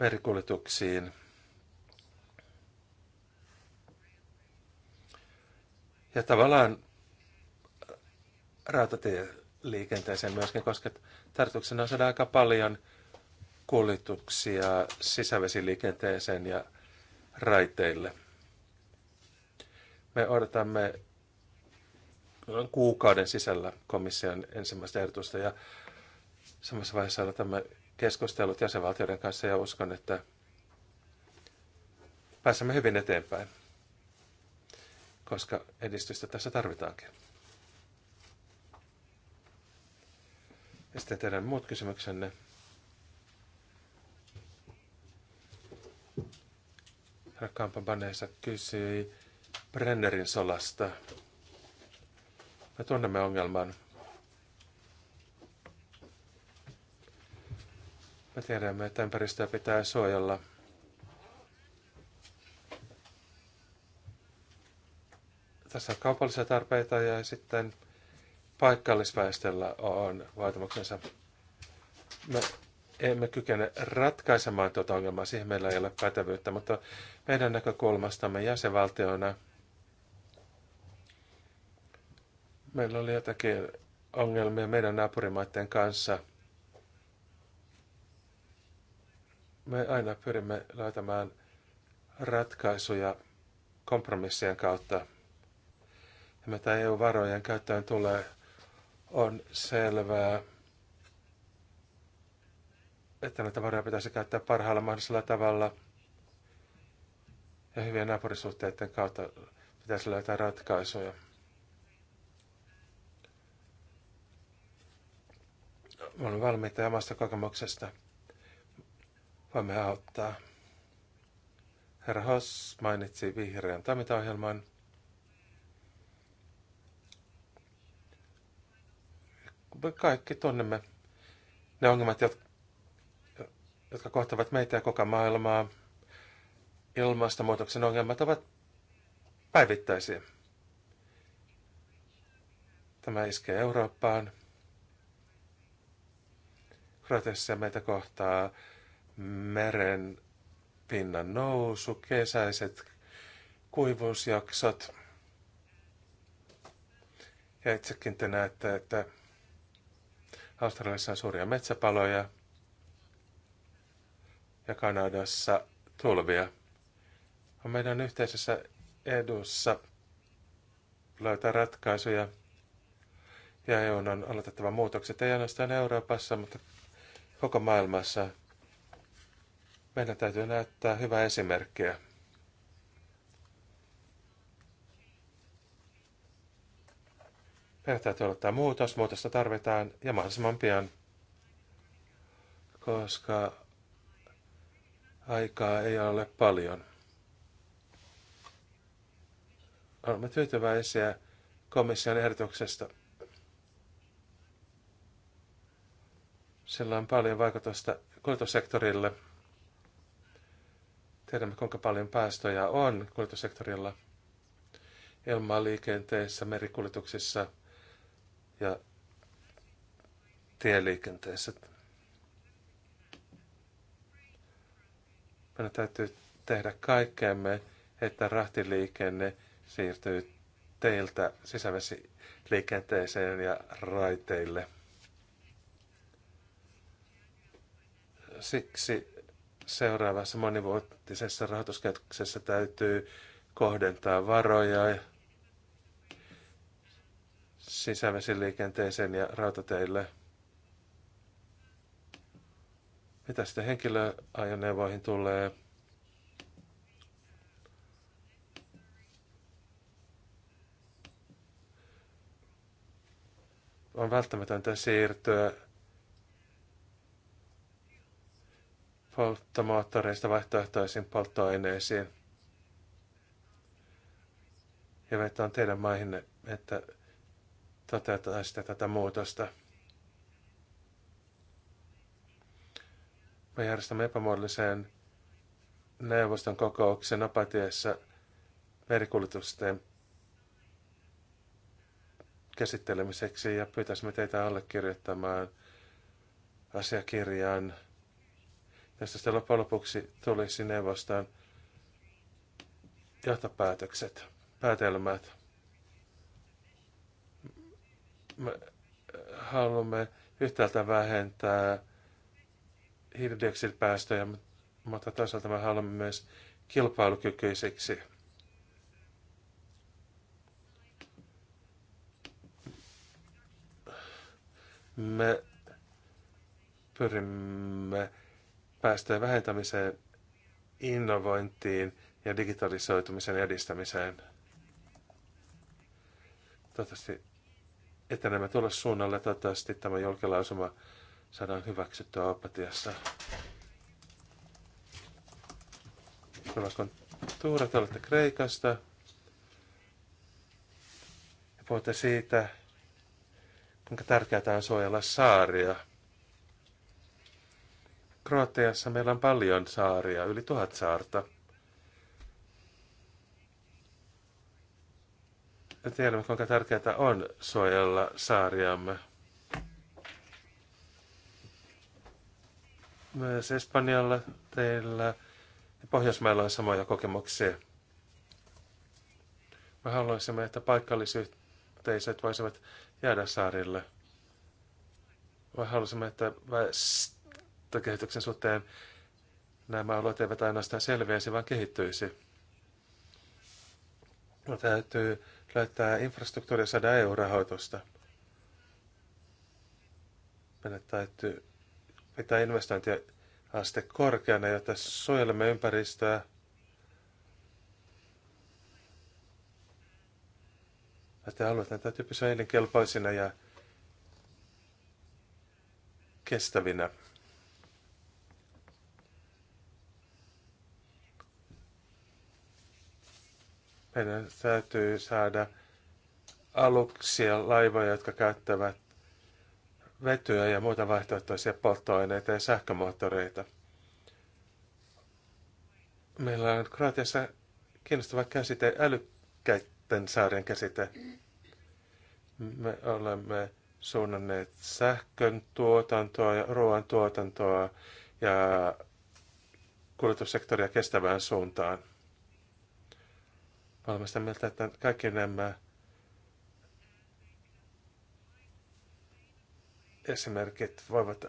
merikuljetuksiin. Ja tavallaan rautatieliikenteeseen myöskin, koska tarkoituksena on saada aika paljon kuljetuksia sisävesiliikenteeseen ja raiteille. Me odotamme noin kuukauden sisällä komission ensimmäistä ehdotusta ja samassa vaiheessa odotamme keskustelut jäsenvaltioiden kanssa ja uskon, että pääsemme hyvin eteenpäin, koska edistystä tässä tarvitaankin. Ja sitten teidän muut kysymyksenne. Rakkaampa Baneensa kysyi Brennerin solasta. Me tunnemme ongelman. Me tiedämme, että ympäristöä pitää suojella. Tässä on kaupallisia tarpeita ja sitten paikallisväestöllä on vaatimuksensa. Me emme kykene ratkaisemaan tuota ongelmaa, siihen meillä ei ole pätevyyttä, mutta meidän näkökulmastamme jäsenvaltiona meillä oli jotakin ongelmia meidän naapurimaiden kanssa. Me aina pyrimme löytämään ratkaisuja kompromissien kautta. Ja mitä EU-varojen käyttöön tulee, on selvää, että näitä varoja pitäisi käyttää parhaalla mahdollisella tavalla ja hyvien naapurisuhteiden kautta pitäisi löytää ratkaisuja. Olen valmiita omasta kokemuksesta. Voimme auttaa. Herra Hoss mainitsi vihreän toimintaohjelman. Me kaikki tunnemme ne ongelmat, jotka jotka kohtavat meitä ja koko maailmaa. Ilmastonmuutoksen ongelmat ovat päivittäisiä. Tämä iskee Eurooppaan. Kroatiassa meitä kohtaa meren pinnan nousu, kesäiset kuivuusjaksot. Ja itsekin te näette, että Australiassa on suuria metsäpaloja, ja Kanadassa tulvia. On meidän yhteisessä edussa löytää ratkaisuja ja EUn on aloitettava muutokset, ei ainoastaan Euroopassa, mutta koko maailmassa. Meidän täytyy näyttää hyvää esimerkkiä. Meidän täytyy aloittaa muutos, muutosta tarvitaan ja mahdollisimman pian, koska Aikaa ei ole paljon. Olemme tyytyväisiä komission ehdotuksesta. Sillä on paljon vaikutusta kuljetussektorille. Tiedämme, kuinka paljon päästöjä on kuljetussektorilla ilmaliikenteessä, merikuljetuksissa ja tieliikenteessä. Meidän täytyy tehdä kaikkemme, että rahtiliikenne siirtyy teiltä sisävesiliikenteeseen ja raiteille. Siksi seuraavassa monivuotisessa rahoituskehityksessä täytyy kohdentaa varoja sisävesiliikenteeseen ja rautateille – Mitä sitten henkilöajoneuvoihin tulee? On välttämätöntä siirtyä polttomoottoreista vaihtoehtoisiin polttoaineisiin. Ja vetoan teidän maihinne, että toteuttaisitte tätä muutosta. Me järjestämme epämuodollisen neuvoston kokouksen apatiessa merikuljetusten käsittelemiseksi ja pyytäisimme teitä allekirjoittamaan asiakirjan, josta sitten loppujen lopuksi tulisi neuvoston johtopäätökset, päätelmät. Me haluamme yhtäältä vähentää hiilidioksidipäästöjä, mutta toisaalta me haluamme myös kilpailukykyiseksi. Me pyrimme päästöjen vähentämiseen, innovointiin ja digitalisoitumisen edistämiseen. Toivottavasti etenemme tuolle suunnalle. Toivottavasti tämä julkilausuma saadaan hyväksyttyä apatiassa. Kun Tuura, te olette Kreikasta. Ja puhutte siitä, kuinka tärkeää on suojella saaria. Kroatiassa meillä on paljon saaria, yli tuhat saarta. Ja tiedämme, kuinka tärkeää on suojella saariamme. Myös Espanjalla, teillä ja Pohjoismailla on samoja kokemuksia. Me haluaisimme, että paikallisyhteisöt voisivat jäädä saarille. Me haluaisimme, että väestökehityksen suhteen nämä alueet eivät ainoastaan selviäisi, vaan kehittyisi. Me täytyy löytää infrastruktuuri ja saada EU-rahoitusta. Meidän täytyy pitää investointiaste korkeana, jotta suojelemme ympäristöä. Näitä alueita täytyy pysyä elinkelpoisina ja kestävinä. Meidän täytyy saada aluksia, laivoja, jotka käyttävät vetyä ja muita vaihtoehtoisia polttoaineita ja sähkömoottoreita. Meillä on Kroatiassa kiinnostava käsite, älykkäiden saarien käsite. Me olemme suunnanneet sähkön tuotantoa ja ruoan tuotantoa ja kuljetussektoria kestävään suuntaan. sitä mieltä, että kaikki nämä esimerkit voivat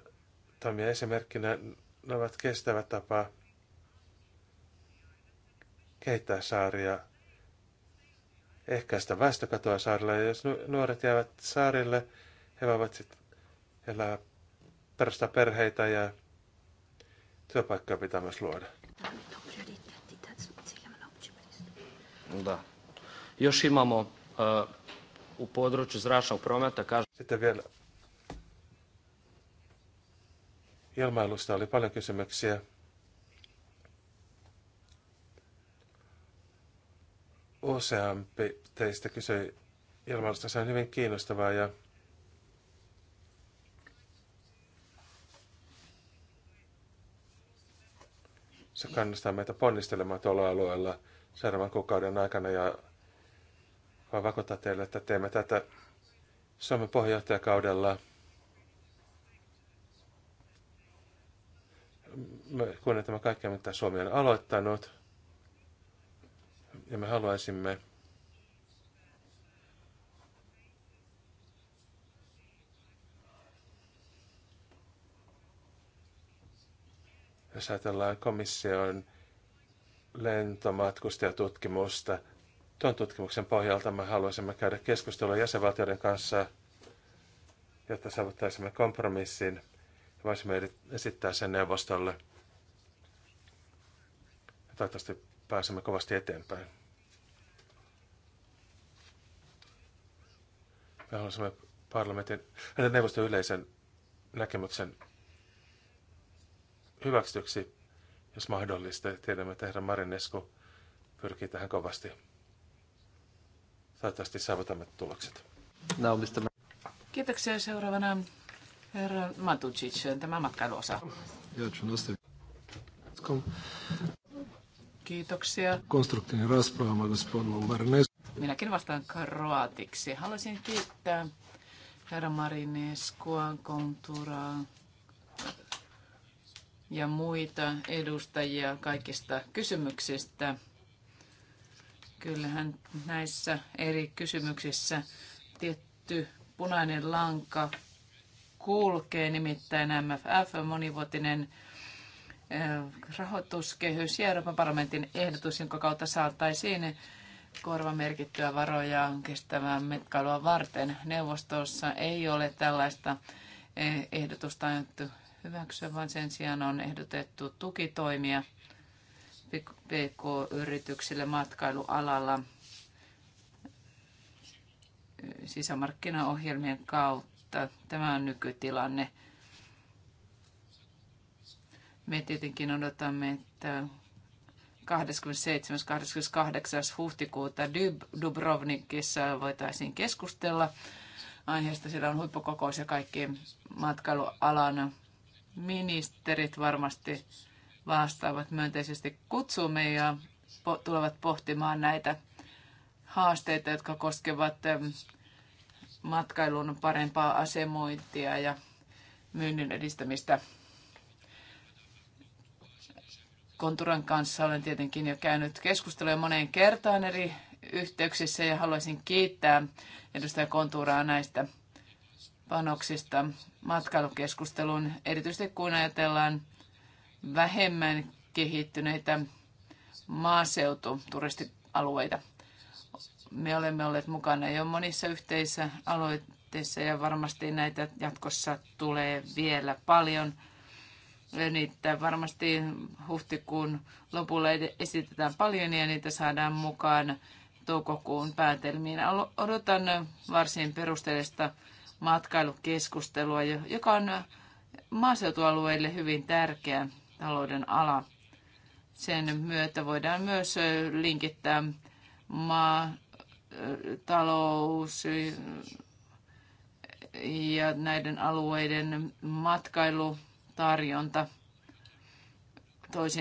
toimia esimerkkinä. Ne ovat kestävä tapa kehittää saaria, ehkäistä väestökatoa saarilla. Ja jos nuoret jäävät saarille, he voivat sitten elää, perustaa perheitä ja työpaikkoja pitää myös luoda. Jos imamo e, u području zračnog prometa, Sitten vielä Ilmailusta oli paljon kysymyksiä. Useampi teistä kysyi ilmailusta. Se on hyvin kiinnostavaa ja se kannustaa meitä ponnistelemaan tuolla alueella seuraavan kuukauden aikana ja voin vakuuttaa teille, että teemme tätä Suomen puheenjohtajakaudella – kun tämä kaikkea, mitä Suomi on aloittanut. Ja me haluaisimme jos ajatellaan komission lentomatkustajatutkimusta, tuon tutkimuksen pohjalta me haluaisimme käydä keskustelua jäsenvaltioiden kanssa, jotta saavuttaisimme kompromissin ja voisimme esittää sen neuvostolle – Toivottavasti pääsemme kovasti eteenpäin. Me haluaisimme parlamentin, äh, neuvoston yleisen näkemyksen hyväksytyksi, jos mahdollista. Tiedämme, että herra Marinesku pyrkii tähän kovasti. Toivottavasti saavutamme tulokset. Kiitoksia seuraavana herra Matucic, tämä matkailuosa. Kiitoksia. Konstruktiivinen raspraama, Minäkin vastaan kroatiksi. Haluaisin kiittää herra Marineskua, Konturaa ja muita edustajia kaikista kysymyksistä. Kyllähän näissä eri kysymyksissä tietty punainen lanka kulkee, nimittäin MFF, monivuotinen rahoituskehys ja Euroopan parlamentin ehdotus, jonka kautta saataisiin korvamerkittyä varoja kestävää metkailua varten. Neuvostossa ei ole tällaista ehdotusta annettu hyväksyä, vaan sen sijaan on ehdotettu tukitoimia PK-yrityksille matkailualalla sisämarkkinaohjelmien kautta. Tämä on nykytilanne. Me tietenkin odotamme, että 27.–28. huhtikuuta Dubrovnikissa voitaisiin keskustella aiheesta. Siellä on huippukokous ja kaikki matkailualan ministerit varmasti vastaavat myönteisesti kutsumme ja tulevat pohtimaan näitä haasteita, jotka koskevat ähm, matkailun parempaa asemointia ja myynnin edistämistä. Konturan kanssa olen tietenkin jo käynyt keskustelua moneen kertaan eri yhteyksissä ja haluaisin kiittää edustaja Konturaa näistä panoksista matkailukeskusteluun, erityisesti kun ajatellaan vähemmän kehittyneitä maaseututuristialueita. Me olemme olleet mukana jo monissa yhteisissä aloitteissa ja varmasti näitä jatkossa tulee vielä paljon – Niitä varmasti huhtikuun lopulla esitetään paljon ja niitä saadaan mukaan toukokuun päätelmiin. Odotan varsin perusteellista matkailukeskustelua, joka on maaseutualueille hyvin tärkeä talouden ala. Sen myötä voidaan myös linkittää talous ja näiden alueiden matkailu tarjonta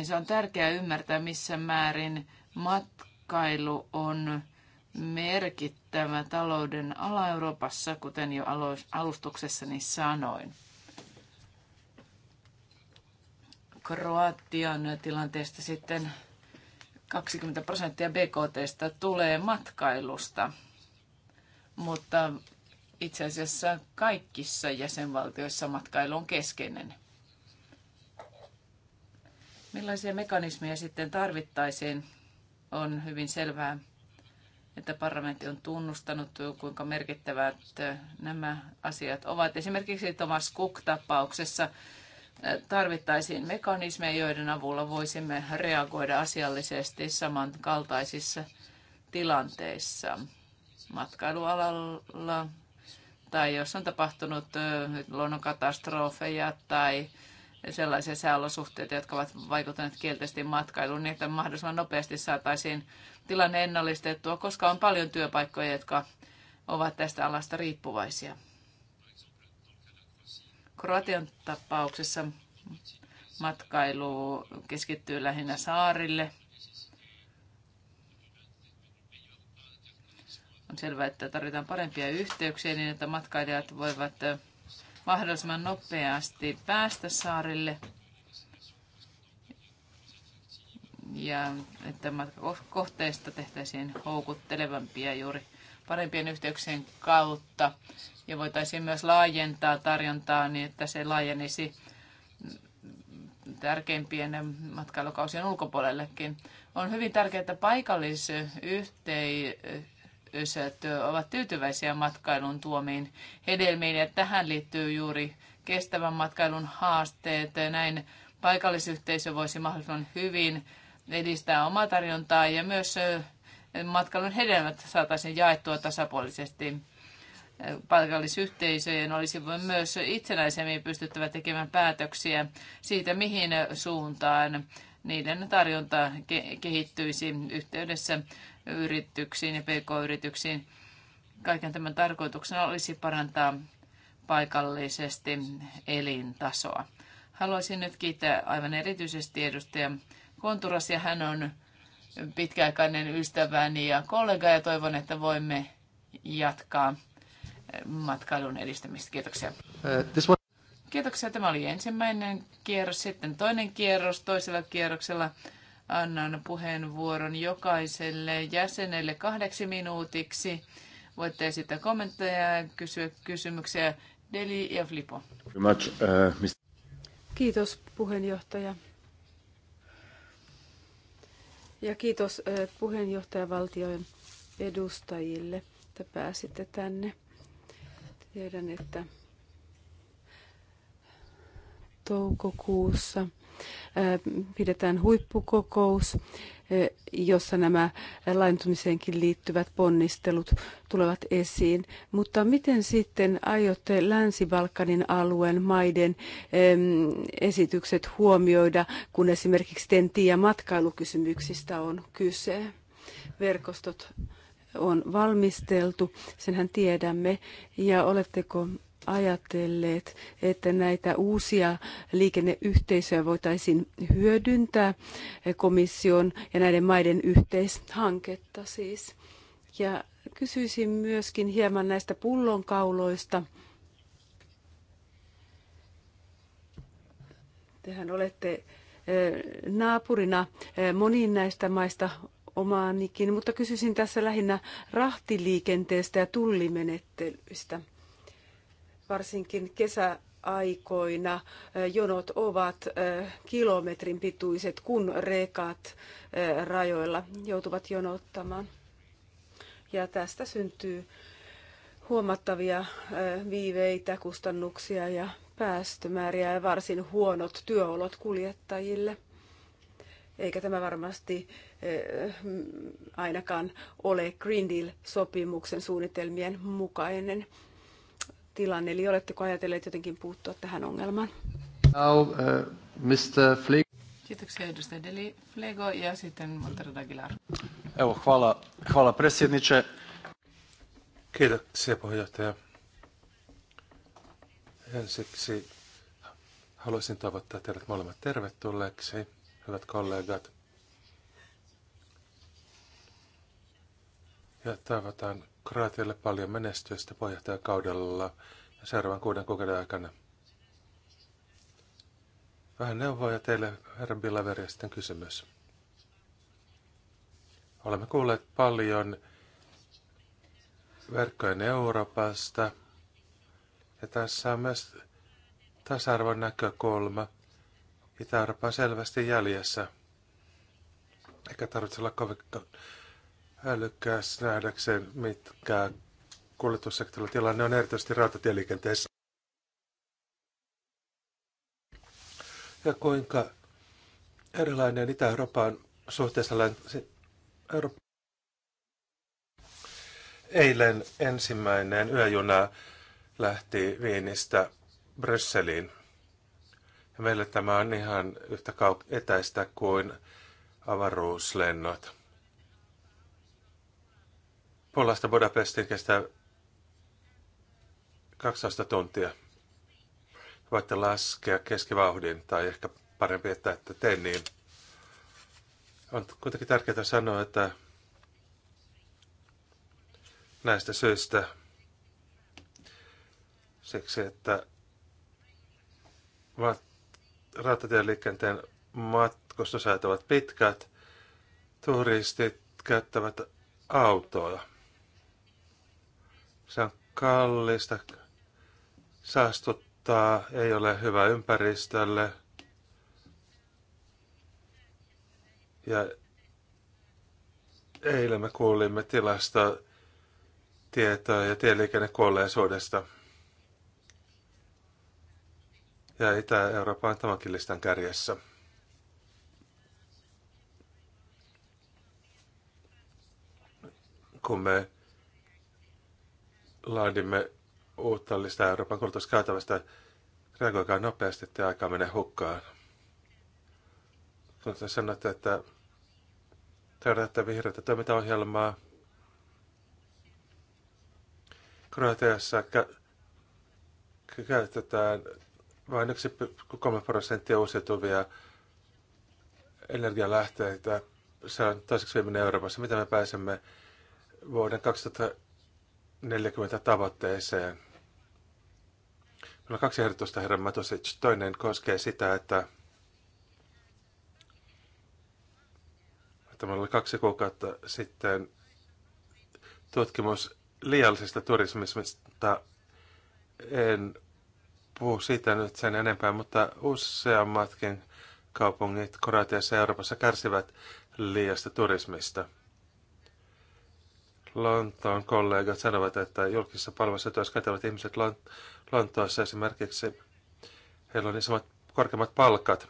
se On tärkeää ymmärtää, missä määrin matkailu on merkittävä talouden ala Euroopassa, kuten jo alustuksessani sanoin. Kroatian tilanteesta sitten 20 prosenttia BKTstä tulee matkailusta, mutta itse asiassa kaikissa jäsenvaltioissa matkailu on keskeinen Millaisia mekanismeja sitten tarvittaisiin? On hyvin selvää, että parlamentti on tunnustanut, kuinka merkittävät nämä asiat ovat. Esimerkiksi Thomas Cook-tapauksessa tarvittaisiin mekanismeja, joiden avulla voisimme reagoida asiallisesti samankaltaisissa tilanteissa matkailualalla tai jos on tapahtunut luonnonkatastrofeja tai sellaisia sääolosuhteita, jotka ovat vaikuttaneet kielteisesti matkailuun, niin että mahdollisimman nopeasti saataisiin tilanne ennallistettua, koska on paljon työpaikkoja, jotka ovat tästä alasta riippuvaisia. Kroatian tapauksessa matkailu keskittyy lähinnä saarille. On selvää, että tarvitaan parempia yhteyksiä niin, että matkailijat voivat mahdollisimman nopeasti päästä saarille ja että kohteista tehtäisiin houkuttelevampia juuri parempien yhteyksien kautta. Ja voitaisiin myös laajentaa tarjontaa niin, että se laajenisi tärkeimpien matkailukausien ulkopuolellekin. On hyvin tärkeää, että paikallisyhteisö yleisöt ovat tyytyväisiä matkailun tuomiin hedelmiin. Ja tähän liittyy juuri kestävän matkailun haasteet. Näin paikallisyhteisö voisi mahdollisimman hyvin edistää omaa tarjontaa ja myös matkailun hedelmät saataisiin jaettua tasapuolisesti. Paikallisyhteisöjen olisi myös itsenäisemmin pystyttävä tekemään päätöksiä siitä, mihin suuntaan niiden tarjonta kehittyisi yhteydessä yrityksiin ja pk-yrityksiin. Kaiken tämän tarkoituksena olisi parantaa paikallisesti elintasoa. Haluaisin nyt kiittää aivan erityisesti edustaja Konturas ja hän on pitkäaikainen ystäväni ja kollega ja toivon, että voimme jatkaa matkailun edistämistä. Kiitoksia. Uh, Kiitoksia. Tämä oli ensimmäinen kierros, sitten toinen kierros toisella kierroksella annan puheenvuoron jokaiselle jäsenelle kahdeksi minuutiksi. Voitte esittää kommentteja ja kysyä kysymyksiä. Deli ja Flipo. Kiitos puheenjohtaja. Ja kiitos eh, puheenjohtajavaltion edustajille, että pääsitte tänne. Tiedän, että toukokuussa – pidetään huippukokous, jossa nämä laintumiseenkin liittyvät ponnistelut tulevat esiin. Mutta miten sitten aiotte Länsi-Balkanin alueen maiden esitykset huomioida, kun esimerkiksi TENTI- ja matkailukysymyksistä on kyse? Verkostot on valmisteltu, senhän tiedämme. Ja oletteko ajatelleet, että näitä uusia liikenneyhteisöjä voitaisiin hyödyntää komission ja näiden maiden yhteishanketta siis. Ja kysyisin myöskin hieman näistä pullonkauloista. Tehän olette naapurina moniin näistä maista omaanikin, mutta kysyisin tässä lähinnä rahtiliikenteestä ja tullimenettelyistä varsinkin kesäaikoina jonot ovat kilometrin pituiset, kun rekat rajoilla joutuvat jonottamaan. Ja tästä syntyy huomattavia viiveitä, kustannuksia ja päästömääriä ja varsin huonot työolot kuljettajille. Eikä tämä varmasti ainakaan ole Green Deal-sopimuksen suunnitelmien mukainen tilanne, eli oletteko ajatelleet jotenkin puuttua tähän ongelmaan? Now, uh, Mr. Flick. Kiitoksia edustaja Deli Flego ja sitten Walter Aguilar. Evo, hvala, hvala presjedniče. Kiitoksia puheenjohtaja. Ensiksi haluaisin toivottaa teidät molemmat tervetulleeksi, hyvät kollegat. Ja toivotan Kroatialle paljon menestystä puheenjohtajakaudella ja seuraavan kuuden kuukauden aikana. Vähän neuvoja teille, herra Bilaveri, ja sitten kysymys. Olemme kuulleet paljon verkkojen Euroopasta, ja tässä on myös tasa-arvon näkökulma. Itä-Eurooppa on selvästi jäljessä, eikä tarvitse olla kovin älykäs nähdäkseen, mitkä kuljetussektorilla tilanne on erityisesti rautatieliikenteessä. Ja kuinka erilainen Itä-Eurooppa on suhteessa Eurooppa. Eilen ensimmäinen yöjuna lähti Viinistä Brysseliin. Ja meille tämä on ihan yhtä kau- etäistä kuin avaruuslennot. Puolasta Budapestin kestää 12 tuntia. Voitte laskea keskivauhdin tai ehkä parempi, että ette tee niin. On kuitenkin tärkeää sanoa, että näistä syistä siksi, että rautatieliikenteen matkustusajat ovat pitkät, turistit käyttävät autoa. Se on kallista, saastuttaa, ei ole hyvä ympäristölle. Ja eilen me kuulimme tilasta tietoa ja tieliikennekuolleisuudesta. Ja Itä-Eurooppa on tämänkin listan kärjessä. Kun me laadimme uutta listaa Euroopan kulutuskäytävästä. Reagoikaa nopeasti, että aika menee hukkaan. Mutta sanotte, että täydätte vihreätä toimintaohjelmaa, Kroatiassa kä- käytetään vain 1,3 prosenttia uusiutuvia energialähteitä. Se on toiseksi viimeinen Euroopassa. Mitä me pääsemme vuoden 2000 40 tavoitteeseen. Meillä on kaksi ehdotusta, herra Matosic. Toinen koskee sitä, että tämä oli kaksi kuukautta sitten tutkimus liiallisesta turismista. En puhu siitä nyt sen enempää, mutta useammatkin kaupungit Kroatiassa ja Euroopassa kärsivät liiasta turismista – Lantaan kollegat sanovat, että julkisessa palvelussa työskentelevät ihmiset Lantaassa esimerkiksi, heillä on niin samat korkeammat palkat.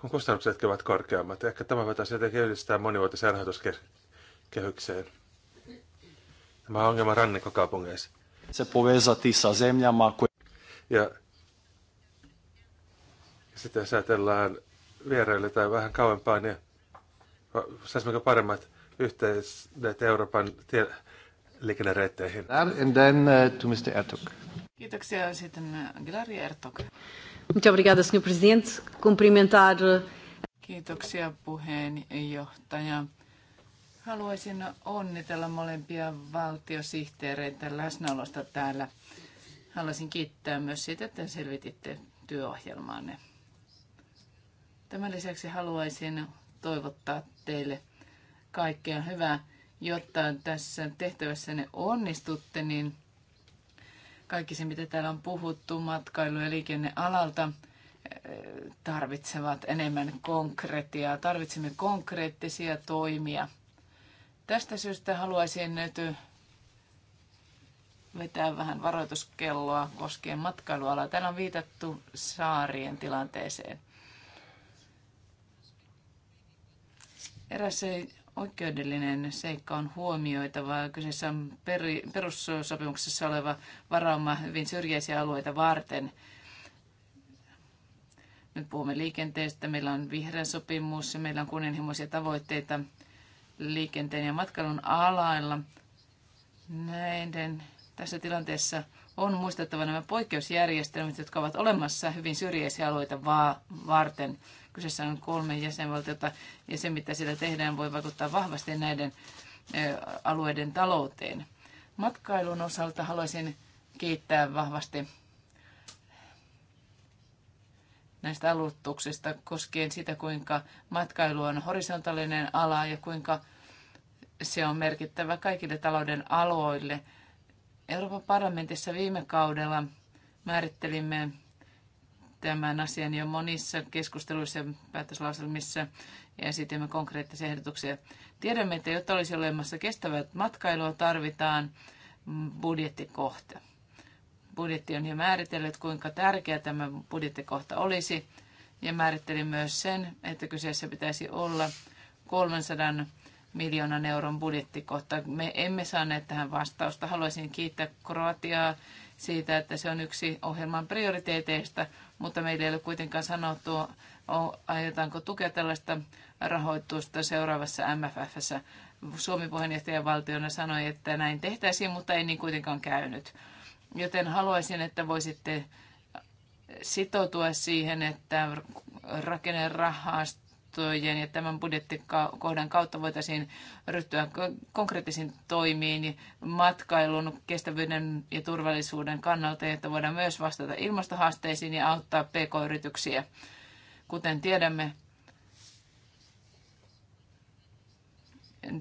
Kun kustannukset ovat korkeammat, ehkä tämä voitaisiin jotenkin yhdistää monivuotiseen rahoituskehykseen. Tämä on ongelma rannikkokaupungeissa. Se povezati sa zemljama, ja sitten jos ajatellaan vieraille tai vähän kauempaa, niin saisimmeko paremmat yhteydet Euroopan tie- liikennereitteihin. And then uh, to Mr. Ertug. Kiitoksia sitten uh, Gilari ja Ertug. Muito obrigada, senhor presidente. Cumprimentar... Uh, Kiitoksia puheenjohtaja. Haluaisin onnitella molempia valtiosihteereitä läsnäolosta täällä. Haluaisin kiittää myös siitä, että selvititte työohjelmaanne. Tämän lisäksi haluaisin toivottaa teille kaikkea hyvää. Jotta tässä ne onnistutte, niin kaikki se, mitä täällä on puhuttu matkailu- ja liikennealalta, eh, tarvitsevat enemmän konkretiaa. Tarvitsemme konkreettisia toimia. Tästä syystä haluaisin nyt vetää vähän varoituskelloa koskien matkailualaa. Täällä on viitattu saarien tilanteeseen. Eräs oikeudellinen seikka on huomioitava. Kyseessä on peri, perussopimuksessa oleva varauma hyvin syrjäisiä alueita varten. Nyt puhumme liikenteestä, meillä on vihreä sopimus ja meillä on kunnianhimoisia tavoitteita liikenteen ja matkailun alailla. Näiden tässä tilanteessa on muistettava nämä poikkeusjärjestelmät, jotka ovat olemassa hyvin syrjäisiä alueita varten. Kyseessä on kolme jäsenvaltiota ja se, mitä siellä tehdään, voi vaikuttaa vahvasti näiden alueiden talouteen. Matkailun osalta haluaisin kiittää vahvasti näistä alustuksista koskien sitä, kuinka matkailu on horisontaalinen ala ja kuinka se on merkittävä kaikille talouden aloille. Euroopan parlamentissa viime kaudella määrittelimme tämän asian jo monissa keskusteluissa ja päätöslauselmissa ja esitimme konkreettisia ehdotuksia. Tiedämme, että jotta olisi olemassa kestävää matkailua, tarvitaan budjettikohta. Budjetti on jo määritellyt, kuinka tärkeä tämä budjettikohta olisi ja määritteli myös sen, että kyseessä pitäisi olla 300 miljoonan euron budjettikohta. Me emme saaneet tähän vastausta. Haluaisin kiittää Kroatiaa siitä, että se on yksi ohjelman prioriteeteista, mutta meillä ei ole kuitenkaan sanottu, aiotaanko tukea tällaista rahoitusta seuraavassa MFFssä. Suomi valtiona sanoi, että näin tehtäisiin, mutta ei niin kuitenkaan käynyt. Joten haluaisin, että voisitte sitoutua siihen, että rakennerahasta ja tämän budjettikohdan kautta voitaisiin ryhtyä konkreettisiin toimiin matkailun kestävyyden ja turvallisuuden kannalta, että voidaan myös vastata ilmastohaasteisiin ja auttaa pk-yrityksiä. Kuten tiedämme,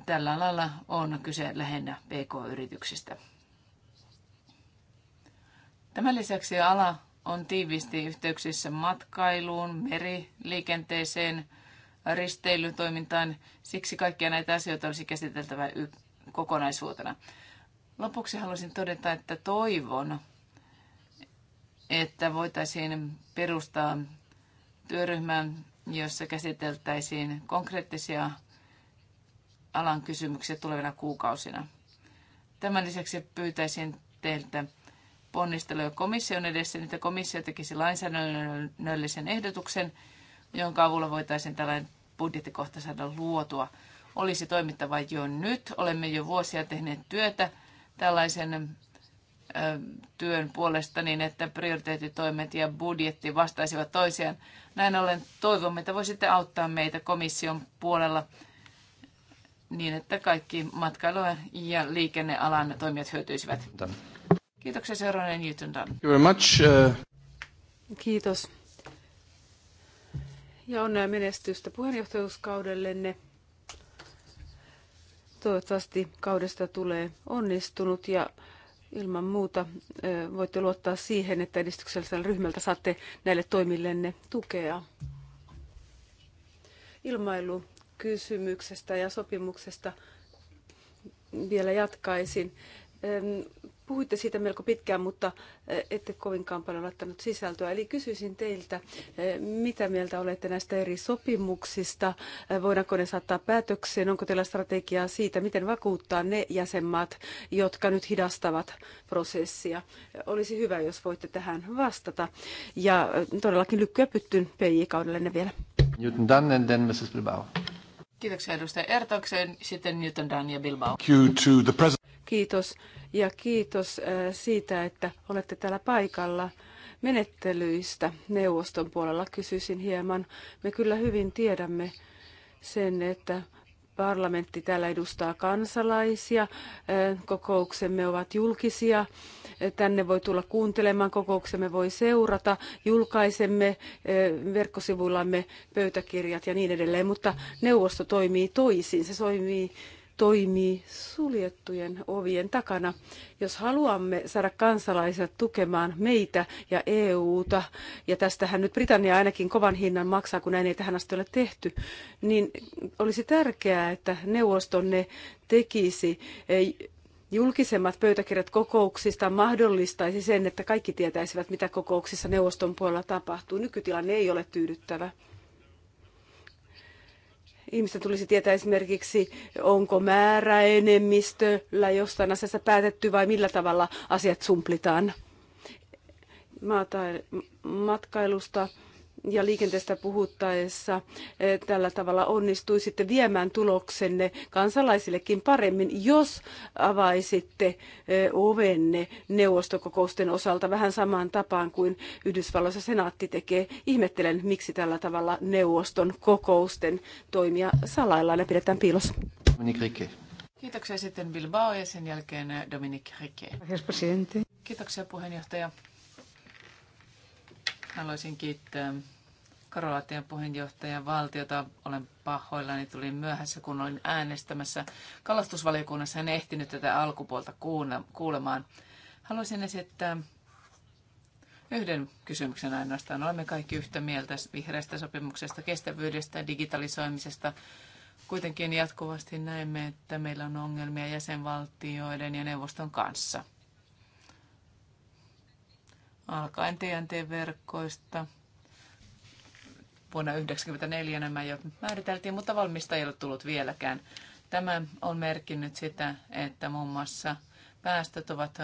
tällä alalla on kyse lähinnä pk-yrityksistä. Tämän lisäksi ala on tiiviisti yhteyksissä matkailuun, meriliikenteeseen risteilytoimintaan. Siksi kaikkia näitä asioita olisi käsiteltävä kokonaisuutena. Lopuksi haluaisin todeta, että toivon, että voitaisiin perustaa työryhmä, jossa käsiteltäisiin konkreettisia alan kysymyksiä tulevina kuukausina. Tämän lisäksi pyytäisin teiltä ponnisteluja komission edessä, että komissio tekisi lainsäädännöllisen ehdotuksen, jonka avulla voitaisiin tällainen budjettikohta saada luotua. Olisi toimittava jo nyt. Olemme jo vuosia tehneet työtä tällaisen työn puolesta niin, että prioriteettitoimet ja budjetti vastaisivat toisiaan. Näin ollen toivomme, että voisitte auttaa meitä komission puolella niin, että kaikki matkailu- ja liikennealan toimijat hyötyisivät. Kiitoksia seuraavana Newton Dunn. Uh, Kiitos ja onnea menestystä puheenjohtajuuskaudellenne. Toivottavasti kaudesta tulee onnistunut ja ilman muuta voitte luottaa siihen, että edistyksellisellä ryhmältä saatte näille toimillenne tukea. kysymyksestä ja sopimuksesta vielä jatkaisin. Puhuitte siitä melko pitkään, mutta eh, ette kovinkaan paljon laittanut sisältöä. Eli kysyisin teiltä, eh, mitä mieltä olette näistä eri sopimuksista? Eh, voidaanko ne saattaa päätökseen? Onko teillä strategiaa siitä, miten vakuuttaa ne jäsenmaat, jotka nyt hidastavat prosessia? Olisi hyvä, jos voitte tähän vastata. Ja todellakin lykkyä pyttyn PJ-kaudellenne vielä. Newton dann, and Mrs. Bilbao. Kiitoksia edustaja Ertokseen, sitten Newton Dan ja Bilbao. Kiitos ja kiitos äh, siitä, että olette täällä paikalla. Menettelyistä neuvoston puolella kysyisin hieman. Me kyllä hyvin tiedämme sen, että parlamentti täällä edustaa kansalaisia, äh, kokouksemme ovat julkisia Tänne voi tulla kuuntelemaan, kokouksemme voi seurata, julkaisemme eh, verkkosivuillamme pöytäkirjat ja niin edelleen, mutta neuvosto toimii toisin. Se toimii toimii suljettujen ovien takana. Jos haluamme saada kansalaiset tukemaan meitä ja EUta, ja tästähän nyt Britannia ainakin kovan hinnan maksaa, kun näin ei tähän asti ole tehty, niin olisi tärkeää, että neuvostonne tekisi eh, julkisemmat pöytäkirjat kokouksista mahdollistaisi sen, että kaikki tietäisivät, mitä kokouksissa neuvoston puolella tapahtuu. Nykytilanne ei ole tyydyttävä. Ihmisten tulisi tietää esimerkiksi, onko määräenemmistöllä jostain asiassa päätetty vai millä tavalla asiat sumplitaan. Maata, matkailusta ja liikenteestä puhuttaessa eh, tällä tavalla onnistuisitte viemään tuloksenne kansalaisillekin paremmin, jos avaisitte eh, ovenne neuvostokokousten osalta vähän samaan tapaan kuin Yhdysvalloissa senaatti tekee. Ihmettelen, miksi tällä tavalla neuvoston kokousten toimia salaillaan ja pidetään piilossa. Kiitoksia sitten Bilbao ja sen jälkeen eh, Dominique Riquet. Kiitoksia puheenjohtaja. Haluaisin kiittää Karolatian puheenjohtajan valtiota. Olen pahoillani, tulin myöhässä, kun olin äänestämässä. Kalastusvaliokunnassa en ehtinyt tätä alkupuolta kuulemaan. Haluaisin esittää yhden kysymyksen ainoastaan. Olemme kaikki yhtä mieltä vihreästä sopimuksesta, kestävyydestä, digitalisoimisesta. Kuitenkin jatkuvasti näemme, että meillä on ongelmia jäsenvaltioiden ja neuvoston kanssa. Alkaen TNT-verkkoista, Vuonna 1994 nämä jo määriteltiin, mutta valmista ei ole tullut vieläkään. Tämä on merkinnyt sitä, että muun muassa päästöt ovat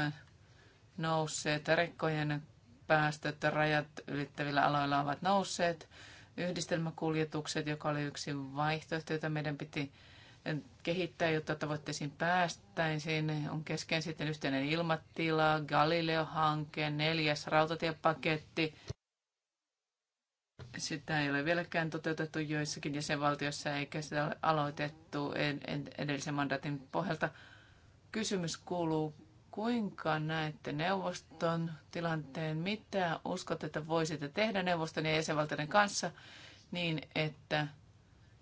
nousseet, rekkojen päästöt rajat ylittävillä aloilla ovat nousseet, yhdistelmäkuljetukset, joka oli yksi vaihtoehto, jota meidän piti kehittää, jotta tavoitteisiin päästäisiin. On kesken sitten yhteinen ilmatila, Galileo-hanke, neljäs rautatiepaketti, sitä ei ole vieläkään toteutettu joissakin jäsenvaltioissa eikä sitä ole aloitettu edellisen mandaatin pohjalta. Kysymys kuuluu, kuinka näette neuvoston tilanteen? Mitä uskot, että voisitte tehdä neuvoston ja jäsenvaltioiden kanssa niin, että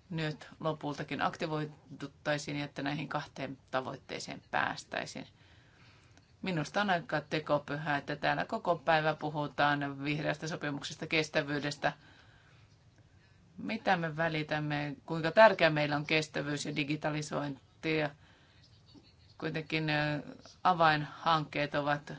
nyt lopultakin aktivoituttaisiin, että näihin kahteen tavoitteeseen päästäisiin? Minusta on aika tekopyhää, että täällä koko päivä puhutaan vihreästä sopimuksesta, kestävyydestä – mitä me välitämme, kuinka tärkeä meillä on kestävyys ja digitalisointi. Ja kuitenkin avainhankkeet ovat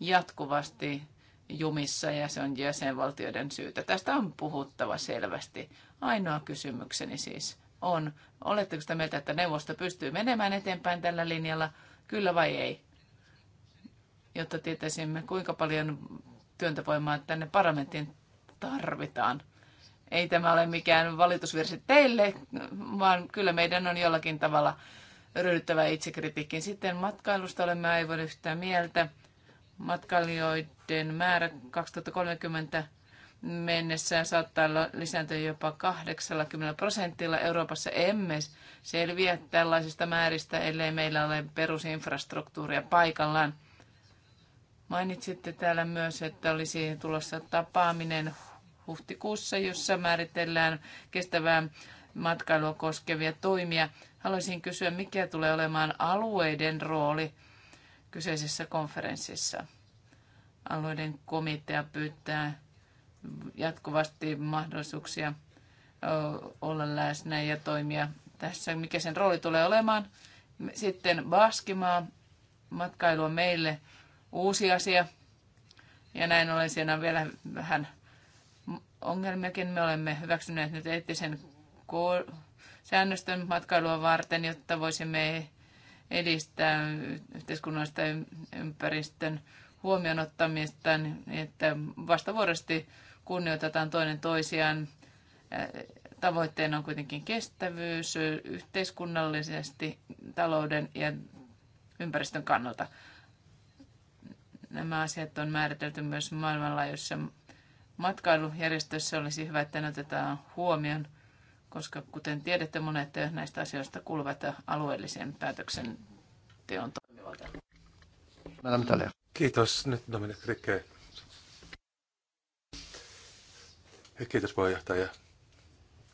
jatkuvasti jumissa ja se on jäsenvaltioiden syytä. Tästä on puhuttava selvästi. Ainoa kysymykseni siis on, oletteko sitä mieltä, että neuvosto pystyy menemään eteenpäin tällä linjalla, kyllä vai ei? Jotta tietäisimme, kuinka paljon työntövoimaa tänne parlamenttiin tarvitaan. Ei tämä ole mikään valitusvirsi teille, vaan kyllä meidän on jollakin tavalla ryhdyttävä itsekritiikkiin. Sitten matkailusta olemme aivan yhtä mieltä. Matkailijoiden määrä 2030 mennessä saattaa lisääntyä jopa 80 prosentilla. Euroopassa emme selviä tällaisista määristä, ellei meillä ole perusinfrastruktuuria paikallaan. Mainitsitte täällä myös, että olisi tulossa tapaaminen huhtikuussa, jossa määritellään kestävää matkailua koskevia toimia. Haluaisin kysyä, mikä tulee olemaan alueiden rooli kyseisessä konferenssissa. Alueiden komitea pyytää jatkuvasti mahdollisuuksia olla läsnä ja toimia tässä. Mikä sen rooli tulee olemaan? Sitten Baskimaa. Matkailu on meille uusi asia. Ja näin ollen siinä on vielä vähän ongelmiakin. Me olemme hyväksyneet nyt eettisen säännöstön matkailua varten, jotta voisimme edistää yhteiskunnallista ympäristön huomioon ottamista, niin että vastavuoroisesti kunnioitetaan toinen toisiaan. Tavoitteena on kuitenkin kestävyys yhteiskunnallisesti, talouden ja ympäristön kannalta. Nämä asiat on määritelty myös maailmanlaajuisessa matkailujärjestössä olisi hyvä, että ne otetaan huomioon, koska kuten tiedätte, monet näistä asioista kuuluvat alueellisen päätöksenteon toimivaltaan. Madame Kiitos. Nyt Dominik Rikke. Kiitos puheenjohtaja.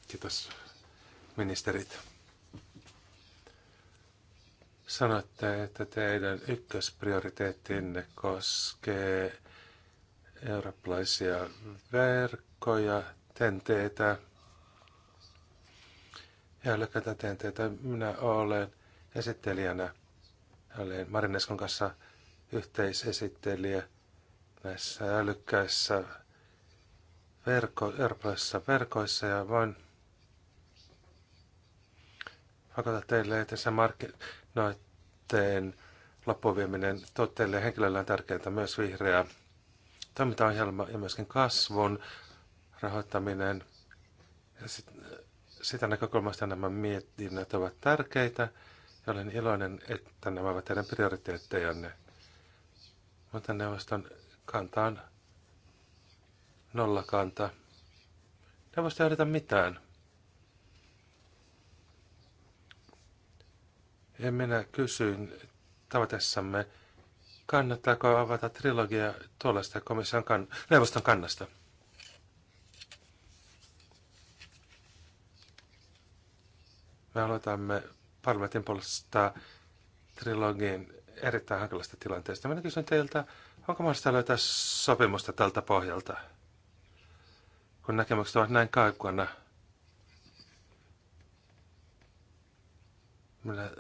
Kiitos ministerit. Sanoitte, että teidän ykkösprioriteettinne koskee eurooppalaisia verkkoja, tenteitä ja älykkäitä tenteitä. Minä olen esittelijänä, olen Marineskon kanssa yhteisesittelijä näissä älykkäissä verkko, eurooppalaisissa verkoissa ja voin hakata teille, että se markkinoitteen loppuvieminen tuotteille henkilöllä on tärkeää myös vihreää toimintaohjelma ja myöskin kasvun rahoittaminen. Sit, sitä näkökulmasta nämä mietinnät ovat tärkeitä ja olen iloinen, että nämä ovat teidän prioriteettejanne. Mutta neuvoston kanta on nollakanta. Neuvosto ei ehdota mitään. En minä kysyin tavatessamme Kannattaako avata trilogia tuollaista komission kann- neuvoston kannasta? Me aloitamme parlamentin puolesta trilogin erittäin hankalasta tilanteesta. Minä kysyn teiltä, onko mahdollista löytää sopimusta tältä pohjalta, kun näkemykset ovat näin kaikkona? Minä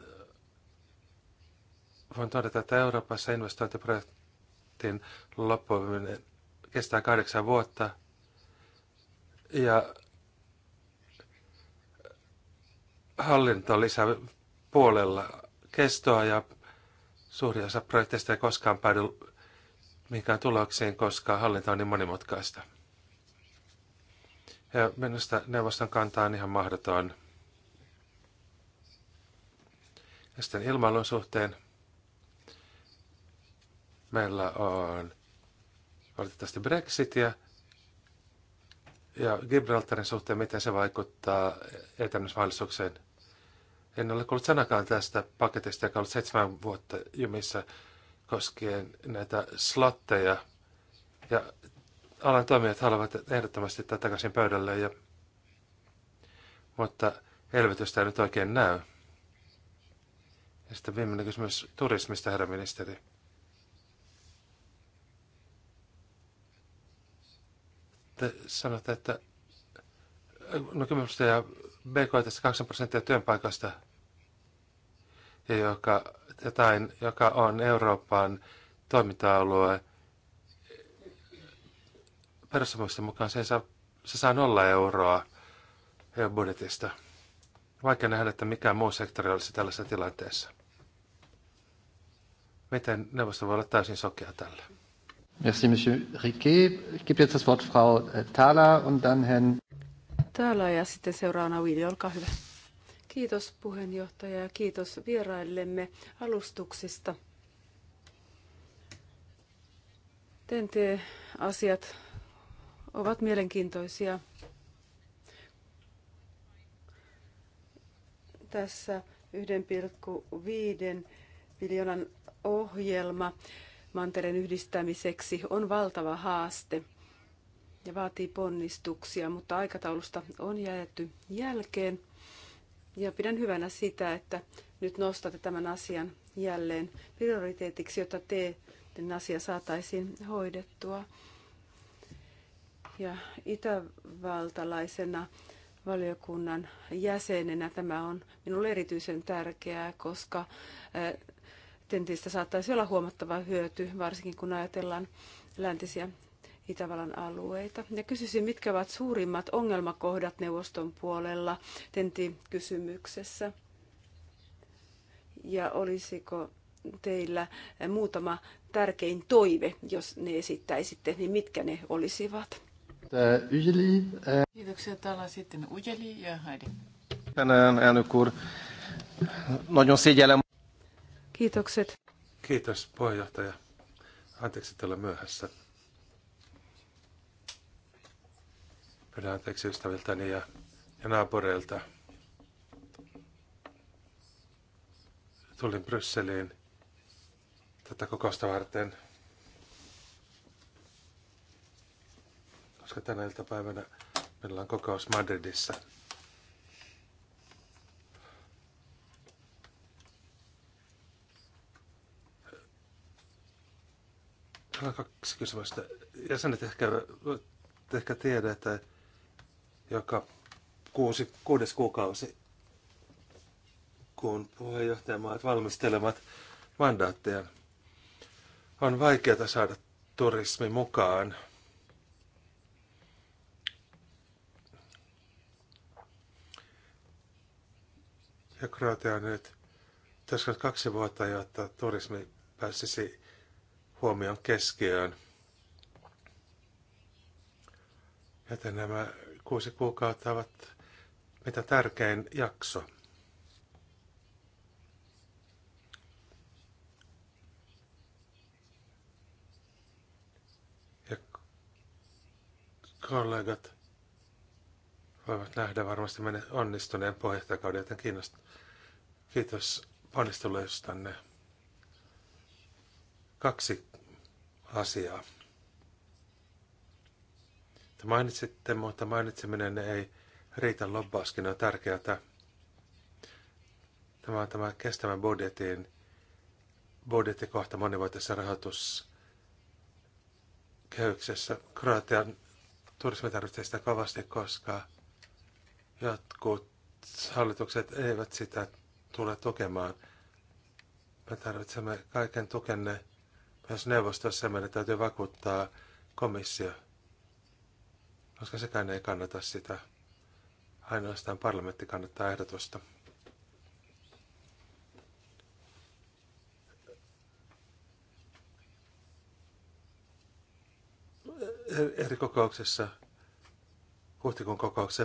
voin todeta, että Euroopassa investointiprojektin loppuminen kestää kahdeksan vuotta. Ja hallinto lisää puolella kestoa ja suuri osa projekteista ei koskaan päädy mihinkään tulokseen, koska hallinto on niin monimutkaista. Ja minusta neuvoston kantaa on ihan mahdoton. Ja sitten ilmailun suhteen Meillä on valitettavasti Brexitia ja Gibraltarin suhteen, miten se vaikuttaa etämyysmahdollisuukseen. En ole kuullut sanakaan tästä paketista, joka on ollut seitsemän vuotta jumissa koskien näitä slotteja. Ja alan toimijat haluavat ehdottomasti tätä takaisin pöydälle, ja, mutta elvytystä ei nyt oikein näy. Ja sitten viimeinen kysymys turismista, herra ministeri. te sanotte, että no 10 prosenttia BKT 8 prosenttia työpaikasta, ja joka, jotain, joka on Euroopan toiminta-alue. perussuomalaisten mukaan se, saa, se saa nolla euroa budjetista. Vaikea nähdä, että mikään muu sektori olisi tällaisessa tilanteessa. Miten neuvosto voi olla täysin sokea tälle? Merci, Monsieur Riquet. Gibt jetzt das Wort Frau äh, Thaler und dann Herrn... Thaler ja sitten seuraavana Willi, olkaa hyvä. Kiitos puheenjohtaja ja kiitos vieraillemme alustuksista. TNT-asiat ovat mielenkiintoisia. Tässä 1,5 miljoonan ohjelma mantereen yhdistämiseksi on valtava haaste ja vaatii ponnistuksia, mutta aikataulusta on jäätty jälkeen. Ja pidän hyvänä sitä, että nyt nostatte tämän asian jälleen prioriteetiksi, jotta teidän asia saataisiin hoidettua. Ja itävaltalaisena valiokunnan jäsenenä tämä on minulle erityisen tärkeää, koska eh, tentistä saattaisi olla huomattava hyöty, varsinkin kun ajatellaan läntisiä Itävallan alueita. Ja kysyisin, mitkä ovat suurimmat ongelmakohdat neuvoston puolella TENTI-kysymyksessä? Ja olisiko teillä muutama tärkein toive, jos ne esittäisitte, niin mitkä ne olisivat? Ujeli. Eh. Kiitoksia. Täällä sitten Ujeli ja Heidi. Tänään, elnök No nagyon Kiitokset. Kiitos puheenjohtaja. Anteeksi tällä myöhässä. Pyydän anteeksi ystäviltäni ja, ja naapureilta. Tulin Brysseliin tätä kokousta varten. Koska tänä iltapäivänä meillä on kokous Madridissa. Täällä on kaksi kysymystä. Jäsenet ehkä, ehkä tiedä, että joka kuusi, kuudes kuukausi, kun puheenjohtajamaat valmistelevat mandaatteja, on vaikeaa saada turismi mukaan. Ja Kroatia on nyt tässä kaksi vuotta, jotta turismi pääsisi huomion keskiöön. Joten nämä kuusi kuukautta ovat mitä tärkein jakso. Ja kollegat voivat nähdä varmasti menet onnistuneen puheenjohtajakauden, joten kiitos ponnisteluistanne kaksi asiaa. Te mainitsitte, mutta mainitseminen ei riitä lobbauskin. On tärkeää, tämä on tämä kestävän budjetin budjettikohta monivuotisessa rahoituskehyksessä. Kroatian turismi tarvitsee sitä kovasti, koska jotkut hallitukset eivät sitä tule tukemaan. Me tarvitsemme kaiken tukenne tässä neuvostossa meidän täytyy vakuuttaa komissio, koska sekään ei kannata sitä. Ainoastaan parlamentti kannattaa ehdotusta. Eri kokouksessa, huhtikuun kokouksessa,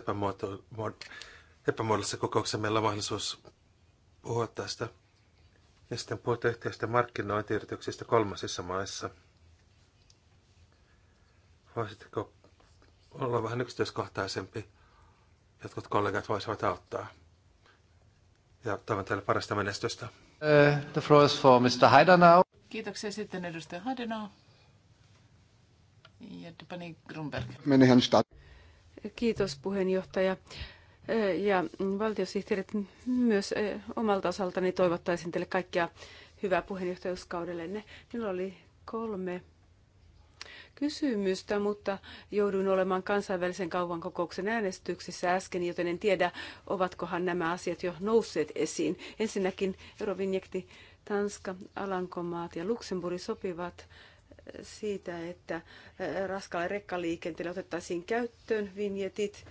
epämuodollisessa kokouksessa meillä on mahdollisuus puhua tästä. Ja sitten puhuta yhteistä markkinointiyrityksistä kolmasissa maissa. Voisitko olla vähän yksityiskohtaisempi? Jotkut kollegat voisivat auttaa. Ja toivon teille parasta menestystä. Uh, the floor is for Mr. Heidenau. Kiitoksia sitten edustaja Heidenau. Ja Dupani Grunberg. Kiitos puheenjohtaja. Ja valtiosihteerit myös omalta osaltani toivottaisin teille kaikkia hyvää puheenjohtajuuskaudellenne. Minulla oli kolme kysymystä, mutta jouduin olemaan kansainvälisen kaupan kokouksen äänestyksissä äsken, joten en tiedä, ovatkohan nämä asiat jo nousseet esiin. Ensinnäkin Eurovinjekti Tanska, Alankomaat ja Luxemburg sopivat siitä, että raskaalle rekkaliikenteelle otettaisiin käyttöön vinjetit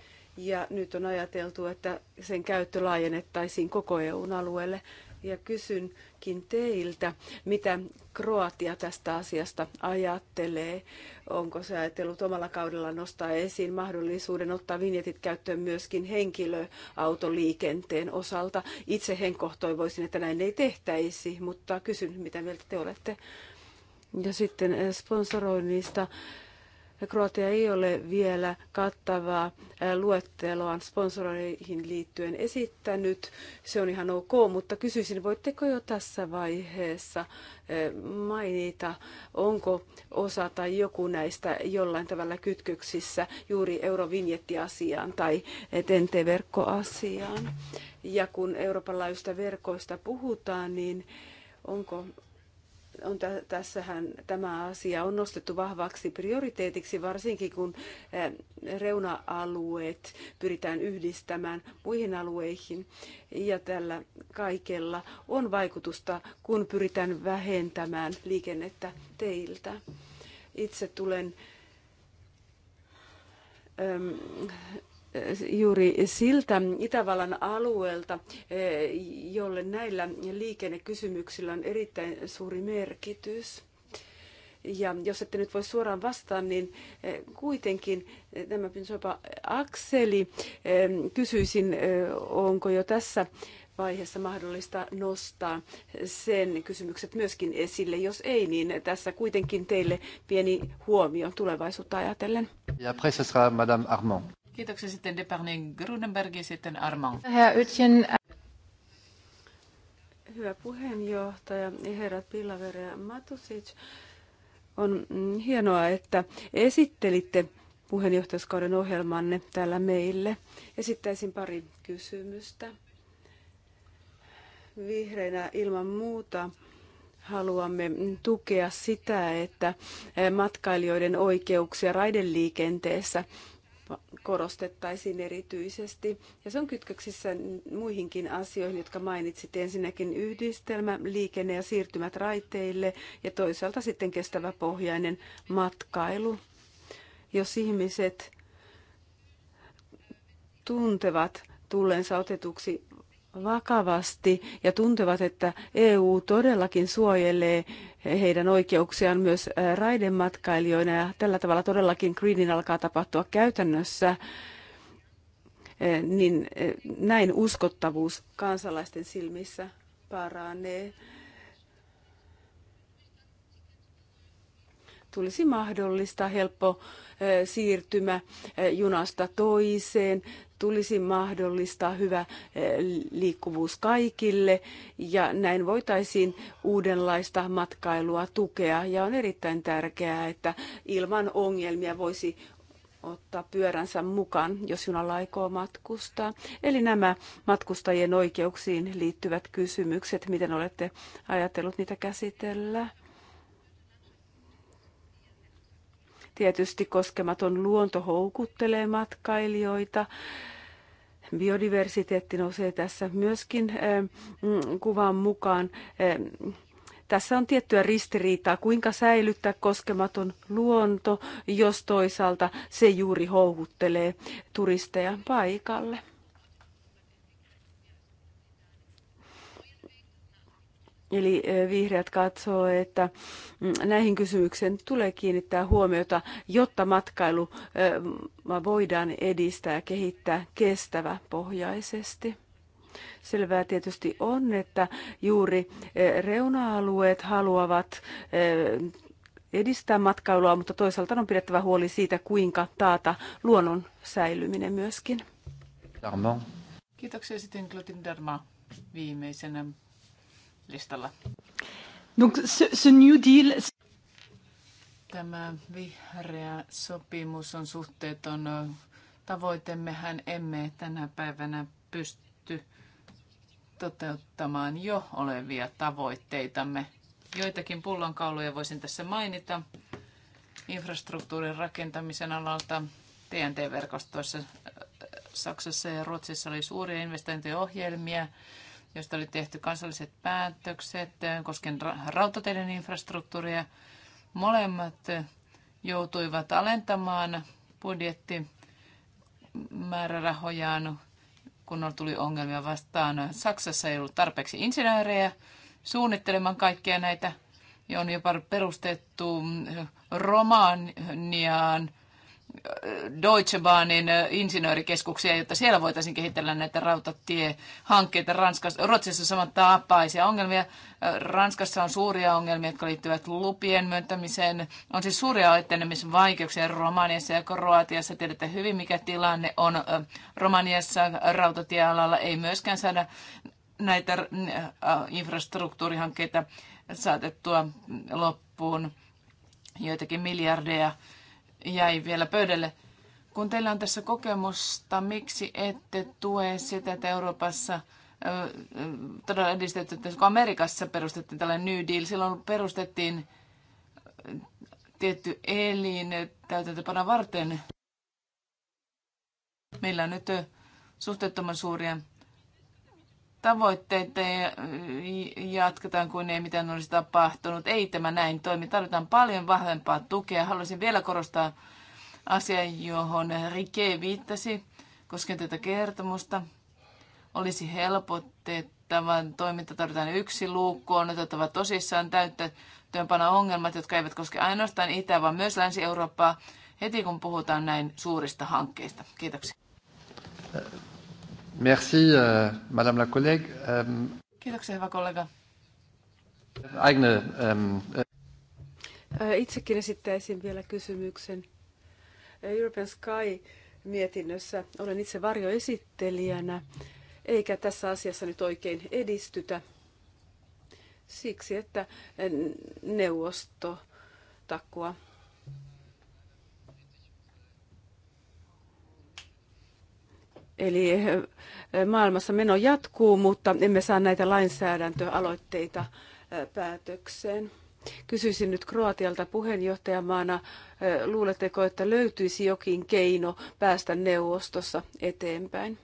ja nyt on ajateltu, että sen käyttö laajennettaisiin koko EUn alueelle. Ja kysynkin teiltä, mitä Kroatia tästä asiasta ajattelee? Onko se ajatellut omalla kaudella nostaa esiin mahdollisuuden ottaa vinjetit käyttöön myöskin henkilöautoliikenteen osalta? Itse henkkohtoivoisin, että näin ei tehtäisi, mutta kysyn, mitä mieltä te olette. Ja sitten sponsoroinnista. Kroatia ei ole vielä kattavaa luetteloa sponsoreihin liittyen esittänyt. Se on ihan ok, mutta kysyisin, voitteko jo tässä vaiheessa mainita, onko osa tai joku näistä jollain tavalla kytköksissä juuri eurovinjettiasiaan tai TNT-verkkoasiaan? Ja kun Euroopan laajuista verkoista puhutaan, niin onko on tä- tässähän tämä asia on nostettu vahvaksi prioriteetiksi, varsinkin kun eh, reuna-alueet pyritään yhdistämään muihin alueihin. Ja tällä kaikella on vaikutusta, kun pyritään vähentämään liikennettä teiltä. Itse tulen ehm, juuri siltä Itävallan alueelta, eh, jolle näillä liikennekysymyksillä on erittäin suuri merkitys. Ja jos ette nyt voi suoraan vastata, niin eh, kuitenkin eh, tämä Pinsopa Akseli, kysyisin, onko jo tässä vaiheessa mahdollista nostaa sen kysymykset myöskin esille. Jos ei, niin tässä kuitenkin teille pieni huomio tulevaisuutta ajatellen. Ja après ce sera Madame Armand. Kiitoksia sitten Deparnin Grunenberg ja sitten Armand. Hyvä puheenjohtaja, herrat Pillavere ja Matusic. On hienoa, että esittelitte puheenjohtajaskauden ohjelmanne täällä meille. Esittäisin pari kysymystä. Vihreinä ilman muuta haluamme tukea sitä, että matkailijoiden oikeuksia raideliikenteessä korostettaisiin erityisesti. Ja se on kytköksissä muihinkin asioihin, jotka mainitsit. Ensinnäkin yhdistelmä, liikenne ja siirtymät raiteille ja toisaalta sitten kestävä pohjainen matkailu. Jos ihmiset tuntevat tulleensa otetuksi vakavasti ja tuntevat, että EU todellakin suojelee heidän oikeuksiaan myös äh, raidematkailijoina ja tällä tavalla todellakin greenin alkaa tapahtua käytännössä, äh, niin äh, näin uskottavuus kansalaisten silmissä paranee. tulisi mahdollistaa helppo siirtymä junasta toiseen, tulisi mahdollistaa hyvä liikkuvuus kaikille ja näin voitaisiin uudenlaista matkailua tukea ja on erittäin tärkeää, että ilman ongelmia voisi ottaa pyöränsä mukaan, jos junalla aikoo matkustaa. Eli nämä matkustajien oikeuksiin liittyvät kysymykset, miten olette ajatellut niitä käsitellä? Tietysti koskematon luonto houkuttelee matkailijoita. Biodiversiteetti nousee tässä myöskin eh, mm, kuvan mukaan. Eh, tässä on tiettyä ristiriitaa, kuinka säilyttää koskematon luonto, jos toisaalta se juuri houkuttelee turisteja paikalle. Eli vihreät katsoo, että mm, näihin kysymyksiin tulee kiinnittää huomiota, jotta matkailu voidaan edistää ja kehittää kestävä pohjaisesti. Selvää tietysti on, että juuri reuna-alueet haluavat edistää matkailua, mutta toisaalta on pidettävä huoli siitä, kuinka taata luonnon säilyminen myöskin. Darman. Kiitoksia sitten Clotin Darma viimeisenä listalla. Donc ce, ce New Deal... Tämä vihreä sopimus on suhteeton tavoitemmehän emme tänä päivänä pysty toteuttamaan jo olevia tavoitteitamme. Joitakin pullonkauluja voisin tässä mainita. Infrastruktuurin rakentamisen alalta TNT-verkostoissa Saksassa ja Ruotsissa oli suuria investointiohjelmia, josta oli tehty kansalliset päätökset eh, koskien rautateiden infrastruktuuria. Molemmat eh, joutuivat alentamaan budjettimäärärahojaan, kun tuli ongelmia vastaan. Saksassa ei ollut tarpeeksi insinöörejä suunnittelemaan kaikkia näitä. On jopa perustettu eh, Romaniaan Deutsche Bahnin äh, insinöörikeskuksia, jotta siellä voitaisiin kehitellä näitä rautatiehankkeita. Ranskassa, Ruotsissa tapaisia ongelmia. Äh, Ranskassa on suuria ongelmia, jotka liittyvät lupien myöntämiseen. On siis suuria etenemisvaikeuksia Romaniassa ja Kroatiassa. Tiedätte hyvin, mikä tilanne on äh, Romaniassa rautatiealalla. Ei myöskään saada näitä infrastruktuurihankkeita saatettua loppuun joitakin miljardeja jäi vielä pöydälle. Kun teillä on tässä kokemusta, miksi ette tue sitä, että Euroopassa todella edistetty, että kun Amerikassa perustettiin tällainen New Deal, silloin perustettiin tietty elin täytäntöpana varten. Meillä on nyt suhteettoman suuria tavoitteita ja jatketaan kuin ei mitään olisi tapahtunut. Ei tämä näin toimi. Tarvitaan paljon vahvempaa tukea. Haluaisin vielä korostaa asiaa, johon Rike viittasi koskien tätä kertomusta. Olisi helpotettava toiminta, tarvitaan yksi luukku, on otettava tosissaan täyttä työpana ongelmat, jotka eivät koske ainoastaan Itä, vaan myös Länsi-Eurooppaa, heti kun puhutaan näin suurista hankkeista. Kiitoksia. Merci, euh, Madame la Collègue. Euh, Kiitoksia, hyvä kollega. ähm, äh, Itsekin esittäisin vielä kysymyksen. Äh, European Sky-mietinnössä olen itse varjoesittelijänä, eikä tässä asiassa nyt oikein edistytä siksi, että neuvosto takkua Eli eh, maailmassa meno jatkuu, mutta emme saa näitä lainsäädäntöaloitteita eh, päätökseen. Kysyisin nyt Kroatialta puheenjohtajamaana, eh, luuletteko, että löytyisi jokin keino päästä neuvostossa eteenpäin?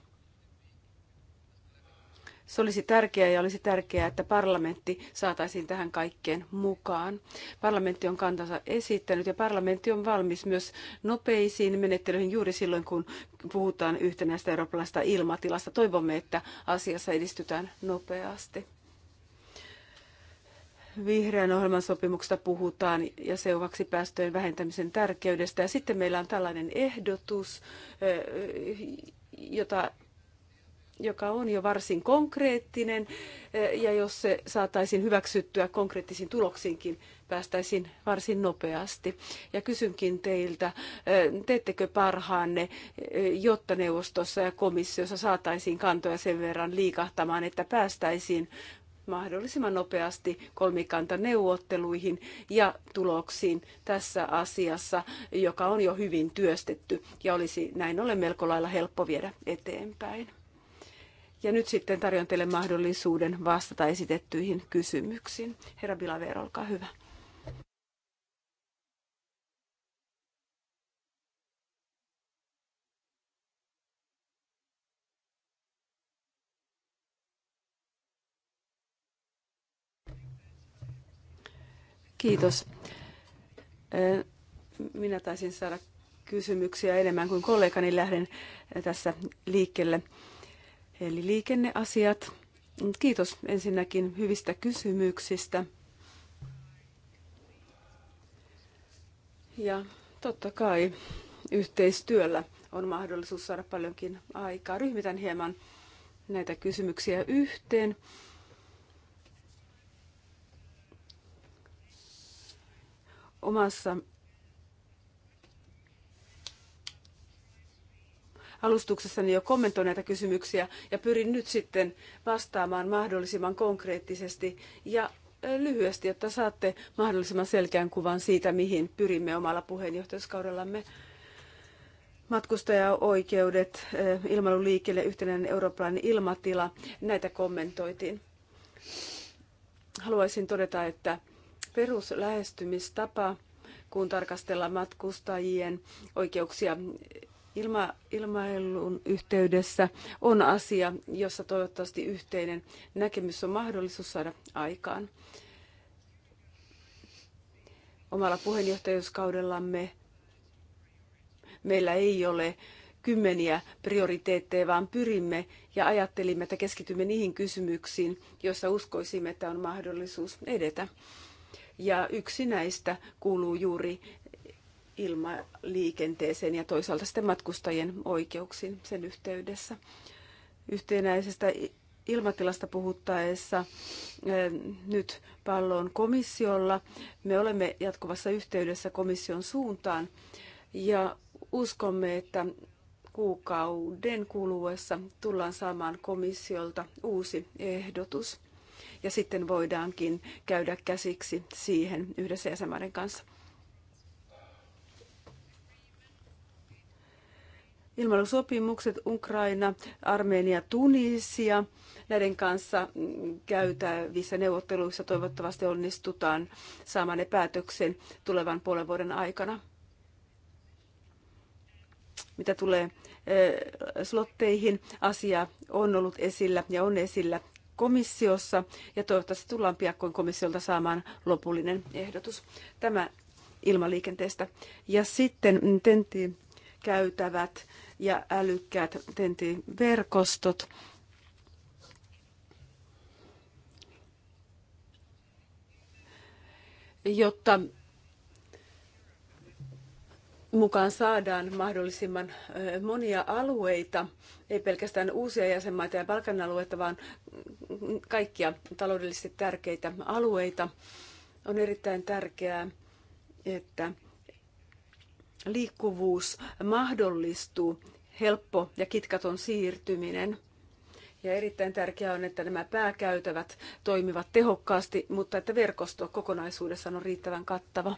Se olisi tärkeää ja olisi tärkeää, että parlamentti saataisiin tähän kaikkeen mukaan. Parlamentti on kantansa esittänyt ja parlamentti on valmis myös nopeisiin menettelyihin juuri silloin, kun puhutaan yhtenäistä eurooppalaista ilmatilasta. Toivomme, että asiassa edistytään nopeasti vihreän ohjelman sopimuksesta puhutaan ja seuvaksi päästöjen vähentämisen tärkeydestä. Ja sitten meillä on tällainen ehdotus, eh, jota joka on jo varsin konkreettinen, eh, ja jos se saataisiin hyväksyttyä konkreettisiin tuloksiinkin, päästäisiin varsin nopeasti. Ja kysynkin teiltä, eh, teettekö parhaanne, eh, jotta neuvostossa ja komissiossa saataisiin kantoja sen verran liikahtamaan, että päästäisiin mahdollisimman nopeasti kolmikantaneuvotteluihin ja tuloksiin tässä asiassa, joka on jo hyvin työstetty ja olisi näin ollen melko lailla helppo viedä eteenpäin. Ja nyt sitten tarjon teille mahdollisuuden vastata esitettyihin kysymyksiin. Herra Bilaver, olkaa hyvä. Kiitos. Minä taisin saada kysymyksiä enemmän kuin kollegani lähden tässä liikkeelle eli liikenneasiat. Kiitos ensinnäkin hyvistä kysymyksistä. Ja totta kai yhteistyöllä on mahdollisuus saada paljonkin aikaa. Ryhmitän hieman näitä kysymyksiä yhteen. Omassa alustuksessani jo kommentoin näitä kysymyksiä ja pyrin nyt sitten vastaamaan mahdollisimman konkreettisesti ja lyhyesti, jotta saatte mahdollisimman selkeän kuvan siitä, mihin pyrimme omalla puheenjohtajuuskaudellamme. Matkustajaoikeudet, ilmailuliikkeelle yhtenäinen eurooppalainen ilmatila, näitä kommentoitiin. Haluaisin todeta, että peruslähestymistapa, kun tarkastellaan matkustajien oikeuksia Ilma, ilmailun yhteydessä on asia, jossa toivottavasti yhteinen näkemys on mahdollisuus saada aikaan. Omalla puheenjohtajuuskaudellamme meillä ei ole kymmeniä prioriteetteja, vaan pyrimme ja ajattelimme, että keskitymme niihin kysymyksiin, joissa uskoisimme, että on mahdollisuus edetä. Ja yksi näistä kuuluu juuri ilmaliikenteeseen ja toisaalta sitten matkustajien oikeuksiin sen yhteydessä. Yhtenäisestä ilmatilasta puhuttaessa eh, nyt pallon komissiolla. Me olemme jatkuvassa yhteydessä komission suuntaan ja uskomme, että kuukauden kuluessa tullaan saamaan komissiolta uusi ehdotus. Ja sitten voidaankin käydä käsiksi siihen yhdessä jäsenmaiden kanssa. Ilmailusopimukset Ukraina, Armenia, Tunisia. Näiden kanssa käytävissä neuvotteluissa toivottavasti onnistutaan saamaan ne päätöksen tulevan puolen vuoden aikana. Mitä tulee eh, slotteihin, asia on ollut esillä ja on esillä komissiossa ja toivottavasti tullaan piakkoin komissiolta saamaan lopullinen ehdotus. Tämä ilmaliikenteestä. Ja sitten mm, tentti käytävät ja älykkäät TENTI-verkostot. Jotta mukaan saadaan mahdollisimman monia alueita, ei pelkästään uusia jäsenmaita ja Balkan alueita, vaan kaikkia taloudellisesti tärkeitä alueita. On erittäin tärkeää, että liikkuvuus mahdollistuu, helppo ja kitkaton siirtyminen. Ja erittäin tärkeää on, että nämä pääkäytävät toimivat tehokkaasti, mutta että verkosto kokonaisuudessaan on riittävän kattava.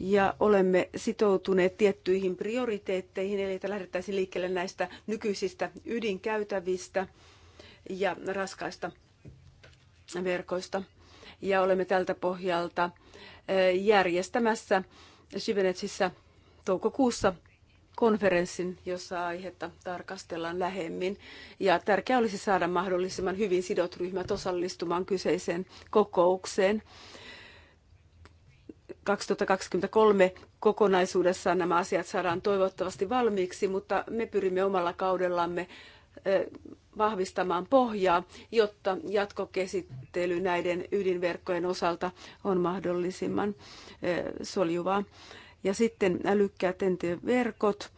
Ja olemme sitoutuneet tiettyihin prioriteetteihin, eli että lähdettäisiin liikkeelle näistä nykyisistä ydinkäytävistä ja raskaista verkoista. Ja olemme tältä pohjalta eh, järjestämässä Syvenetsissä toukokuussa konferenssin, jossa aihetta tarkastellaan lähemmin. Ja tärkeää olisi saada mahdollisimman hyvin sidot ryhmät osallistumaan kyseiseen kokoukseen. 2023 kokonaisuudessaan nämä asiat saadaan toivottavasti valmiiksi, mutta me pyrimme omalla kaudellamme eh, vahvistamaan pohjaa, jotta jatkokesittely näiden ydinverkkojen osalta on mahdollisimman eh, soljuvaa. Ja sitten älykkäät verkot,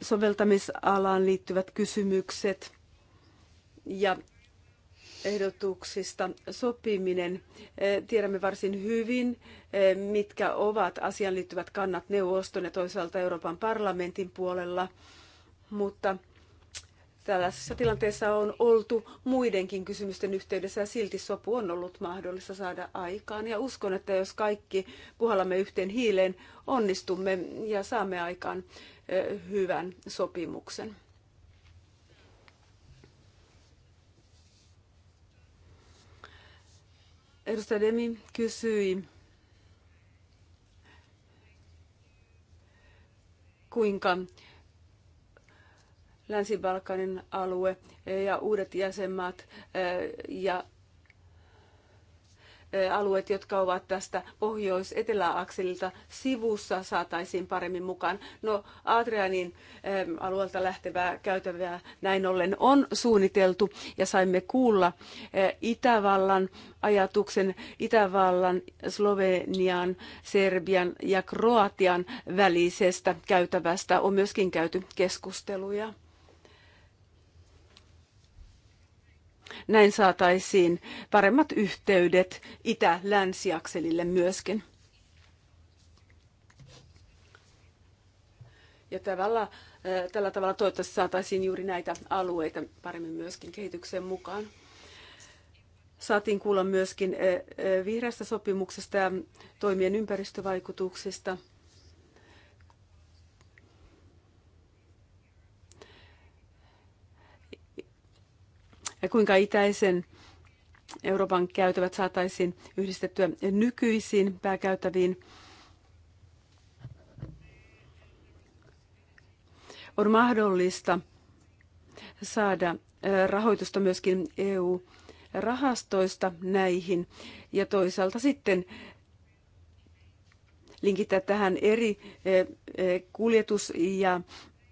soveltamisalaan liittyvät kysymykset ja ehdotuksista sopiminen. Eh, tiedämme varsin hyvin, eh, mitkä ovat asian liittyvät kannat neuvoston ja toisaalta Euroopan parlamentin puolella, mutta Tällaisessa tilanteessa on oltu muidenkin kysymysten yhteydessä ja silti sopu on ollut mahdollista saada aikaan. Ja uskon, että jos kaikki puhallamme yhteen hiileen, onnistumme ja saamme aikaan hyvän sopimuksen. Edustaja Demi kysyi, kuinka Länsi-Balkanin alue eh, ja uudet jäsenmaat eh, ja eh, alueet, jotka ovat tästä pohjois-eteläakselilta sivussa, saataisiin paremmin mukaan. No, Adrianin alueelta lähtevää käytävää näin ollen on suunniteltu ja saimme kuulla Itävallan ajatuksen Itävallan, Slovenian, Serbian ja Kroatian välisestä käytävästä on myöskin käyty keskusteluja. Näin saataisiin paremmat yhteydet itä-länsiakselille myöskin. Ja tavalla, eh, tällä tavalla toivottavasti saataisiin juuri näitä alueita paremmin myöskin kehitykseen mukaan. Saatiin kuulla myöskin eh, eh, vihreästä sopimuksesta ja toimien ympäristövaikutuksista – ja kuinka itäisen Euroopan käytävät saataisiin yhdistettyä nykyisiin pääkäytäviin. On mahdollista saada rahoitusta myöskin EU-rahastoista näihin ja toisaalta sitten linkittää tähän eri kuljetus- ja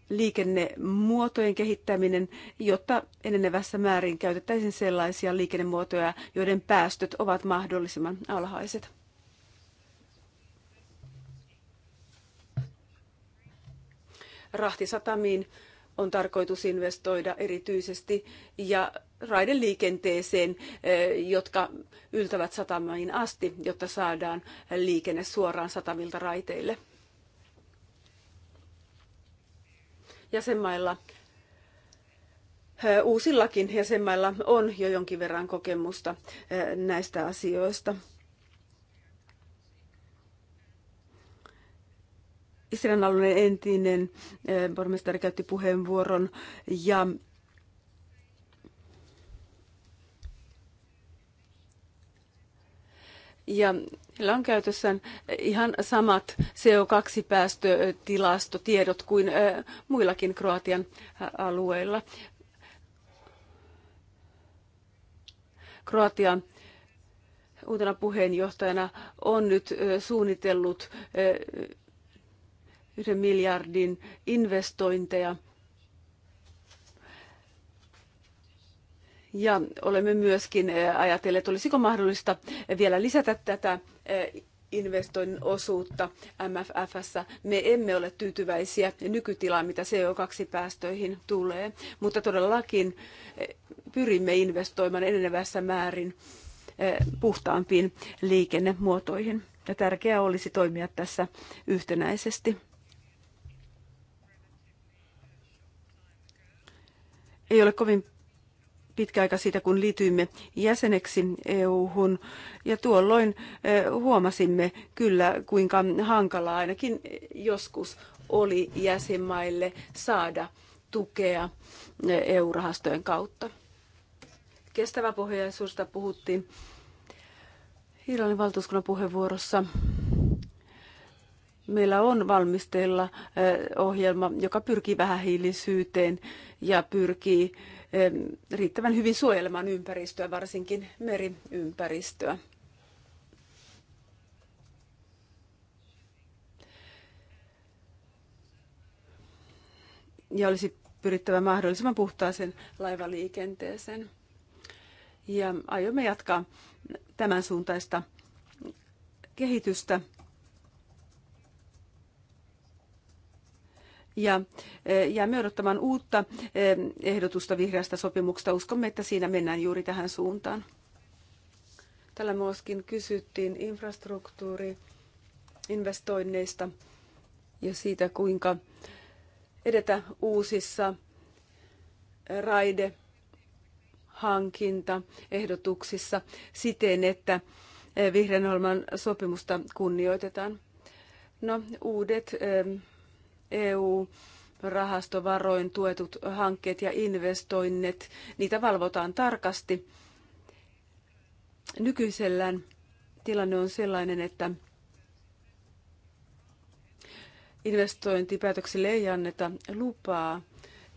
liikennemuotojen kehittäminen, jotta enenevässä määrin käytettäisiin sellaisia liikennemuotoja, joiden päästöt ovat mahdollisimman alhaiset. Rahtisatamiin on tarkoitus investoida erityisesti ja raideliikenteeseen, eh, jotka yltävät satamiin asti, jotta saadaan liikenne suoraan satamilta raiteille. jäsenmailla, uusillakin jäsenmailla on jo jonkin verran kokemusta näistä asioista. Israelin alueen entinen pormestari käytti puheenvuoron ja ja heillä on käytössään ihan samat CO2-päästötilastotiedot kuin muillakin Kroatian alueilla. Kroatia uutena puheenjohtajana on nyt suunnitellut yhden miljardin investointeja – Ja olemme myöskin eh, ajatelleet, olisiko mahdollista vielä lisätä tätä eh, investoinnin osuutta MFFssä. Me emme ole tyytyväisiä nykytilaan, mitä CO2-päästöihin tulee, mutta todellakin eh, pyrimme investoimaan enenevässä määrin puhtaampiin liikennemuotoihin. Ja tärkeää olisi toimia tässä yhtenäisesti. Ei ole kovin pitkä aika siitä, kun liityimme jäseneksi EU-hun. Ja tuolloin eh, huomasimme kyllä, kuinka hankalaa ainakin joskus oli jäsenmaille saada tukea eh, EU-rahastojen kautta. Kestävä pohjaisuudesta puhuttiin Irlannin valtuuskunnan puheenvuorossa. Meillä on valmisteilla eh, ohjelma, joka pyrkii vähähiilisyyteen ja pyrkii riittävän hyvin suojelemaan ympäristöä, varsinkin meriympäristöä. Ja olisi pyrittävä mahdollisimman puhtaaseen laivaliikenteeseen. Ja aiomme jatkaa tämän suuntaista kehitystä ja eh, jäämme odottamaan uutta eh, ehdotusta vihreästä sopimuksesta. Uskomme, että siinä mennään juuri tähän suuntaan. Tällä myöskin kysyttiin infrastruktuuri investoinneista ja siitä, kuinka edetä uusissa eh, raide ehdotuksissa siten, että vihreän ohjelman sopimusta kunnioitetaan. No, uudet EU rahastovaroin tuetut hankkeet ja investoinnit, niitä valvotaan tarkasti. Nykyisellään tilanne on sellainen, että investointipäätöksille ei anneta lupaa,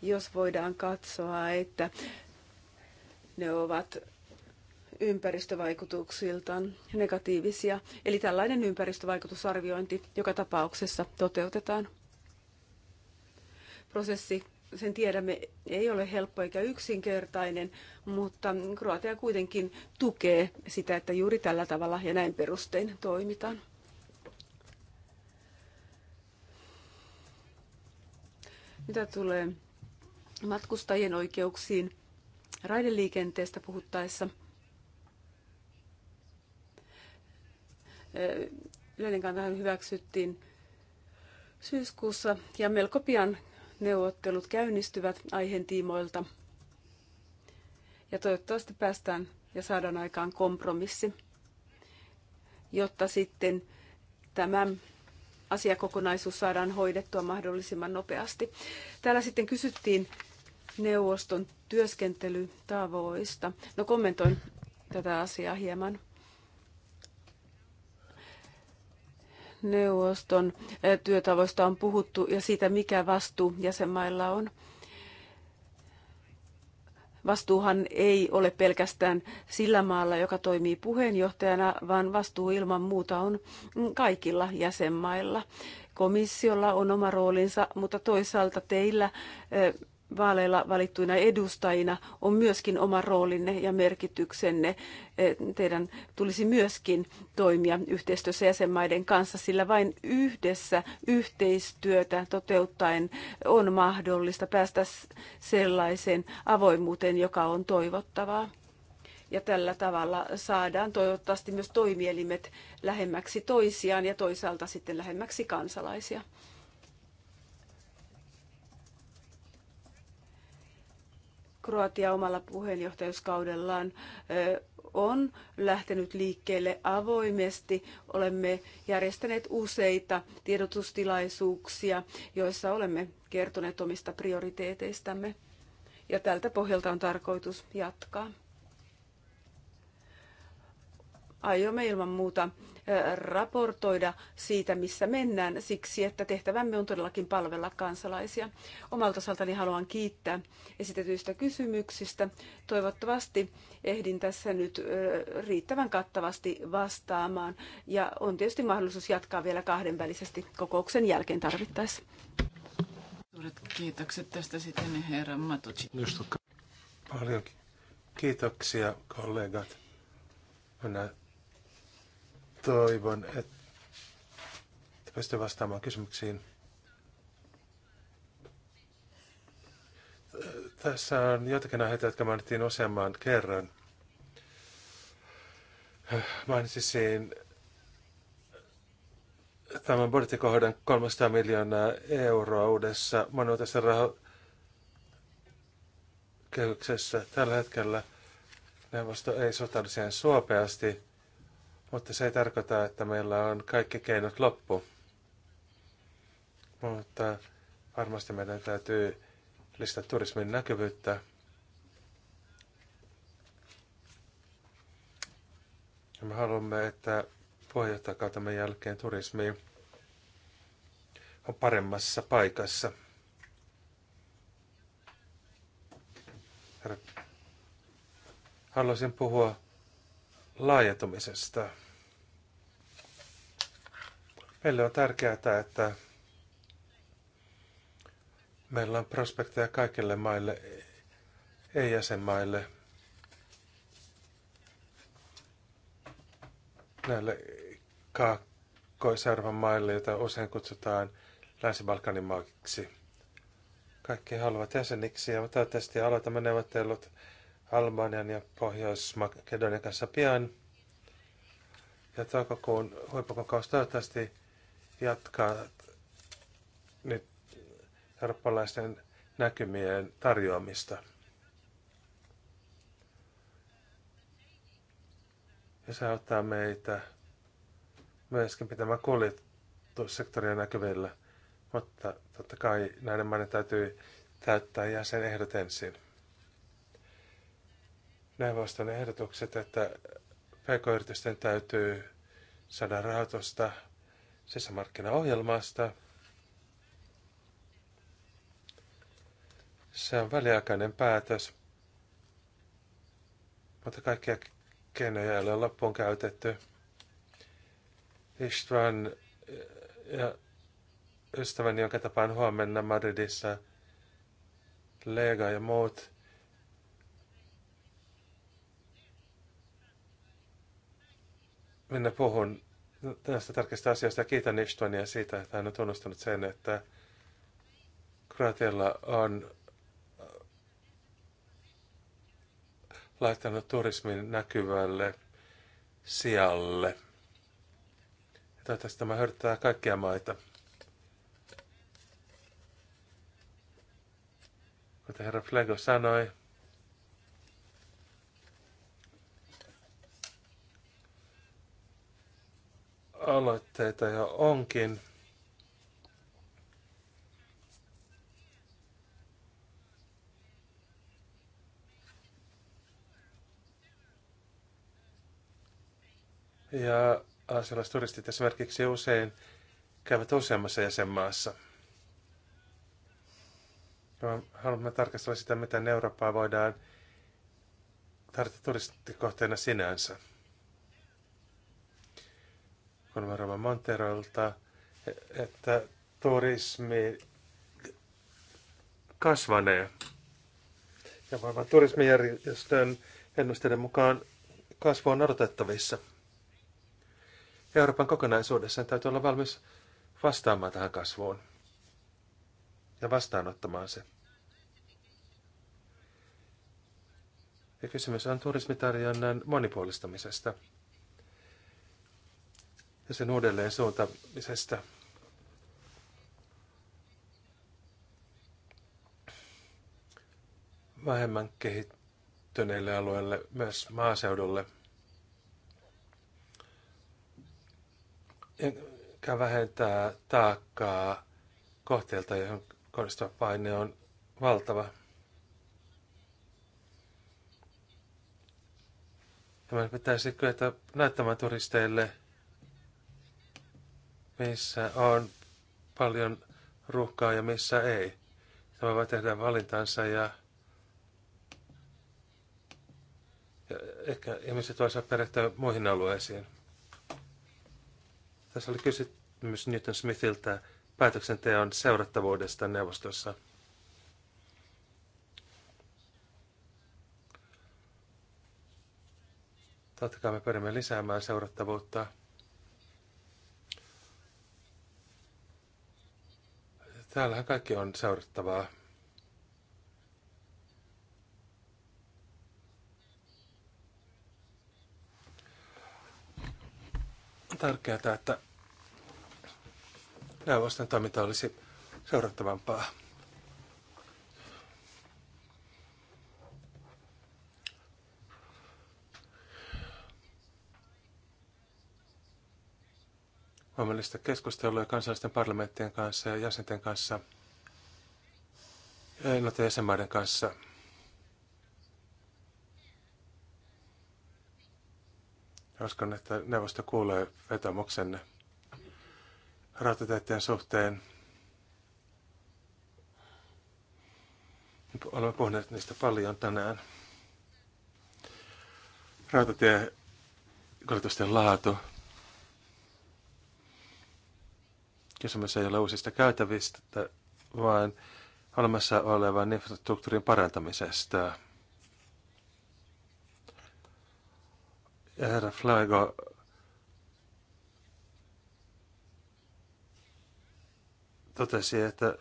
jos voidaan katsoa, että ne ovat ympäristövaikutuksiltaan negatiivisia. Eli tällainen ympäristövaikutusarviointi joka tapauksessa toteutetaan prosessi, sen tiedämme, ei ole helppo eikä yksinkertainen, mutta Kroatia kuitenkin tukee sitä, että juuri tällä tavalla ja näin perustein toimitaan. Mitä tulee matkustajien oikeuksiin raideliikenteestä puhuttaessa, yleinen kantahan hyväksyttiin syyskuussa ja melko pian neuvottelut käynnistyvät aiheen tiimoilta. Ja toivottavasti päästään ja saadaan aikaan kompromissi, jotta sitten tämä asiakokonaisuus saadaan hoidettua mahdollisimman nopeasti. Täällä sitten kysyttiin neuvoston työskentelytavoista. No kommentoin tätä asiaa hieman. neuvoston eh, työtavoista on puhuttu ja siitä, mikä vastuu jäsenmailla on. Vastuuhan ei ole pelkästään sillä maalla, joka toimii puheenjohtajana, vaan vastuu ilman muuta on kaikilla jäsenmailla. Komissiolla on oma roolinsa, mutta toisaalta teillä eh, vaaleilla valittuina edustajina on myöskin oma roolinne ja merkityksenne. E, teidän tulisi myöskin toimia yhteistyössä jäsenmaiden kanssa, sillä vain yhdessä yhteistyötä toteuttaen on mahdollista päästä sellaiseen avoimuuteen, joka on toivottavaa. Ja tällä tavalla saadaan toivottavasti myös toimielimet lähemmäksi toisiaan ja toisaalta sitten lähemmäksi kansalaisia. Kroatia omalla puheenjohtajuuskaudellaan on lähtenyt liikkeelle avoimesti. Olemme järjestäneet useita tiedotustilaisuuksia, joissa olemme kertoneet omista prioriteeteistamme. Ja tältä pohjalta on tarkoitus jatkaa. Aiomme ilman muuta raportoida siitä, missä mennään, siksi että tehtävämme on todellakin palvella kansalaisia. Omalta osaltani haluan kiittää esitetyistä kysymyksistä. Toivottavasti ehdin tässä nyt riittävän kattavasti vastaamaan ja on tietysti mahdollisuus jatkaa vielä kahdenvälisesti kokouksen jälkeen tarvittaessa. Suuret kiitokset tästä sitten herra Matucci. Paljon kiitoksia kollegat. Mennään Toivon, että pystyn vastaamaan kysymyksiin. Tässä on jotakin aiheita, jotka mainittiin useamman kerran. Mainitsisin tämän budjettikohdan 300 miljoonaa euroa uudessa monuutessa rahokehyksessä. Tällä hetkellä neuvosto ei suhtaudu siihen suopeasti. Mutta se ei tarkoita, että meillä on kaikki keinot loppu. Mutta varmasti meidän täytyy lisätä turismin näkyvyyttä. Ja me haluamme, että meidän jälkeen turismi on paremmassa paikassa. Haluaisin puhua laajentumisesta. Meille on tärkeää, että meillä on prospekteja kaikille maille, ei-jäsenmaille. Näille kaakkois maille, joita usein kutsutaan Länsi-Balkanin maiksi. Kaikki haluavat jäseniksi ja toivottavasti aloitamme neuvottelut Albanian ja Pohjois-Makedonian kanssa pian. Ja toukokuun huippukokous toivottavasti jatkaa nyt eurooppalaisten näkymien tarjoamista. Ja se auttaa meitä myöskin pitämään kuljetussektoria näkyvillä. Mutta totta kai näiden maiden täytyy täyttää jäsenehdot ensin. Näin vastaan ehdotukset, että pk-yritysten täytyy saada rahoitusta sisämarkkinaohjelmasta. Se on väliaikainen päätös, mutta kaikkia keinoja ei ole loppuun käytetty. Istvan eh, ja ystäväni, jonka tapaan huomenna Madridissa, Lega ja muut minä puhun tästä tärkeästä asiasta ja kiitän Ishtonia siitä, että hän on tunnustanut sen, että Kroatialla on äh, laittanut turismin näkyvälle sijalle. Ja toivottavasti tämä hyödyttää kaikkia maita. Kuten herra Flego sanoi, aloitteita jo onkin. Ja aasialaiset turistit esimerkiksi usein käyvät useammassa jäsenmaassa. Haluamme tarkastella sitä, miten Eurooppaa voidaan tarjota turistikohteena sinänsä mä Rova Monterolta, että turismi kasvanee. Ja maailman turismijärjestön ennusteiden mukaan kasvu on odotettavissa. Euroopan kokonaisuudessaan täytyy olla valmis vastaamaan tähän kasvuun ja vastaanottamaan se. Ja kysymys on turismitarjonnan monipuolistamisesta ja sen uudelleen suuntaamisesta. vähemmän kehittyneille alueille, myös maaseudulle. Joka vähentää taakkaa kohteelta, johon kohdistuva paine on valtava. Tämä pitäisi kyetä näyttämään turisteille – missä on paljon ruuhkaa ja missä ei. Tämä voi tehdä valintansa ja, ja ehkä ihmiset voi saada perehtyä muihin alueisiin. Tässä oli kysymys Newton Smithiltä päätöksenteon seurattavuudesta neuvostossa. Totta kai me pyrimme lisäämään seurattavuutta. Täällähän kaikki on seurattavaa. Tärkeää, että neuvoston toiminta olisi seurattavampaa. huomellista keskustelua kansallisten parlamenttien kanssa ja jäsenten kanssa ja noiden jäsenmaiden kanssa. Uskon, että neuvosto kuulee vetomuksenne rautateiden suhteen. Olemme puhuneet niistä paljon tänään. Rautatiekuljetusten laatu, Kysymys ei ole uusista käytävistä, vaan olemassa olevan infrastruktuurin parantamisesta. Ja herra Flaigo, totesi, että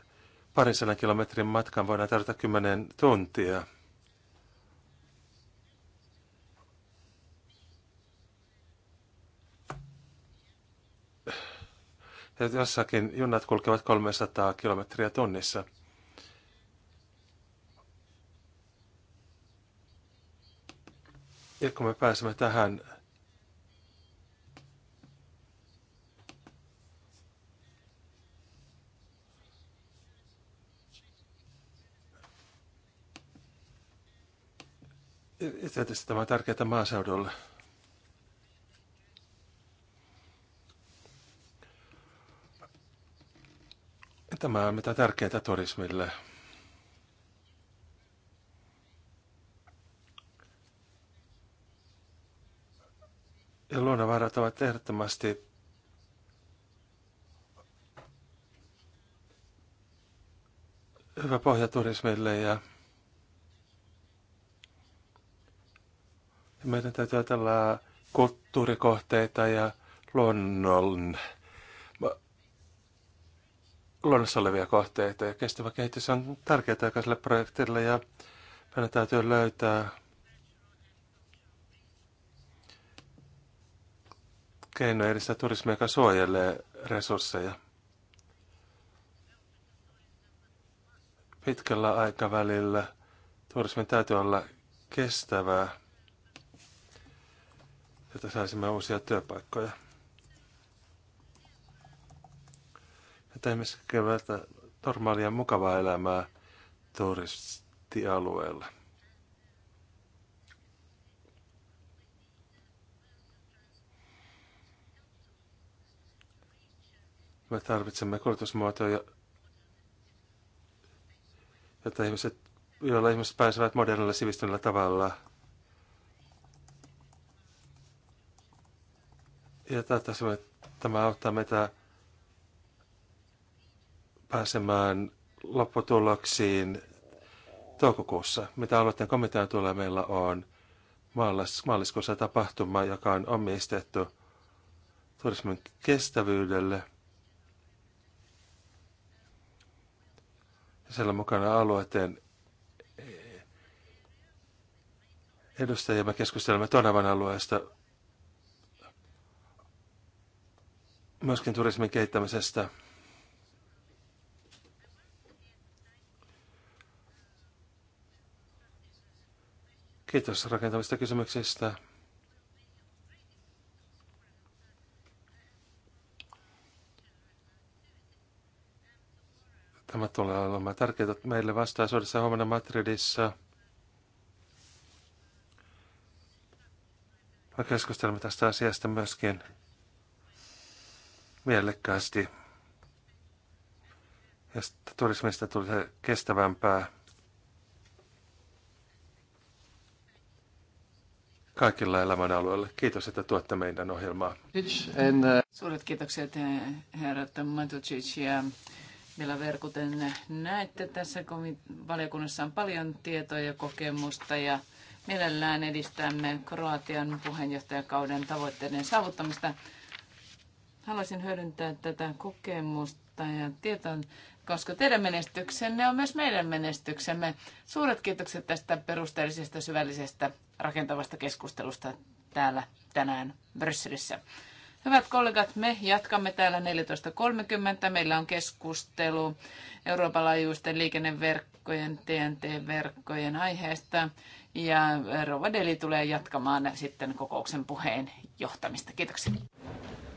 parin sadan kilometrin matkan voidaan tarvita kymmenen tuntia – Ja jossakin junat kulkevat 300 kilometriä tunnissa. Ja kun me pääsemme tähän tietysti tämä on tärkeää maaseudulle. tämä on mitä tärkeää turismille. Ja luonnonvarat ovat ehdottomasti hyvä pohja turismille ja meidän täytyy ajatella kulttuurikohteita ja luonnon luonnossa olevia kohteita ja kestävä kehitys on tärkeää jokaiselle projektille ja meidän täytyy löytää keinoja edistää turismia, joka suojelee resursseja. Pitkällä aikavälillä turismin täytyy olla kestävää, jotta saisimme uusia työpaikkoja. että ihmiset käyvät normaalia mukavaa elämää turistialueella. Me tarvitsemme kulutusmuotoja, jotta ihmiset, joilla ihmiset pääsevät modernilla sivistyneellä tavalla ja toivottavasti tämä auttaa meitä pääsemään lopputuloksiin toukokuussa. Mitä aloitteen komitean tulee, meillä on maalis- maaliskuussa tapahtuma, joka on omistettu turismin kestävyydelle. Ja siellä on mukana alueiden edustajia. Me keskustelemme Tonavan alueesta, myöskin turismin kehittämisestä. Kiitos rakentavista kysymyksistä. Tämä tulee olemaan tärkeää meille vastaisuudessa huomenna Madridissa. Me keskustelemme tästä asiasta myöskin mielekkäästi. Ja turismista tulee kestävämpää. kaikilla elämän alueilla. Kiitos, että tuotte meidän ohjelmaa. Uh, Suuret kiitokset herrat Matucic ja Millä Verkuten. Näette tässä valiokunnassa on paljon tietoa ja kokemusta ja mielellään edistämme Kroatian puheenjohtajakauden tavoitteiden saavuttamista. Haluaisin hyödyntää tätä kokemusta ja tietoa koska teidän menestyksenne on myös meidän menestyksemme. Suuret kiitokset tästä perusteellisesta syvällisestä rakentavasta keskustelusta täällä tänään Brysselissä. Hyvät kollegat, me jatkamme täällä 14.30. Meillä on keskustelu Euroopan laajuisten liikenneverkkojen, TNT-verkkojen aiheesta. Ja Rova Deli tulee jatkamaan sitten kokouksen puheen johtamista. Kiitoksia.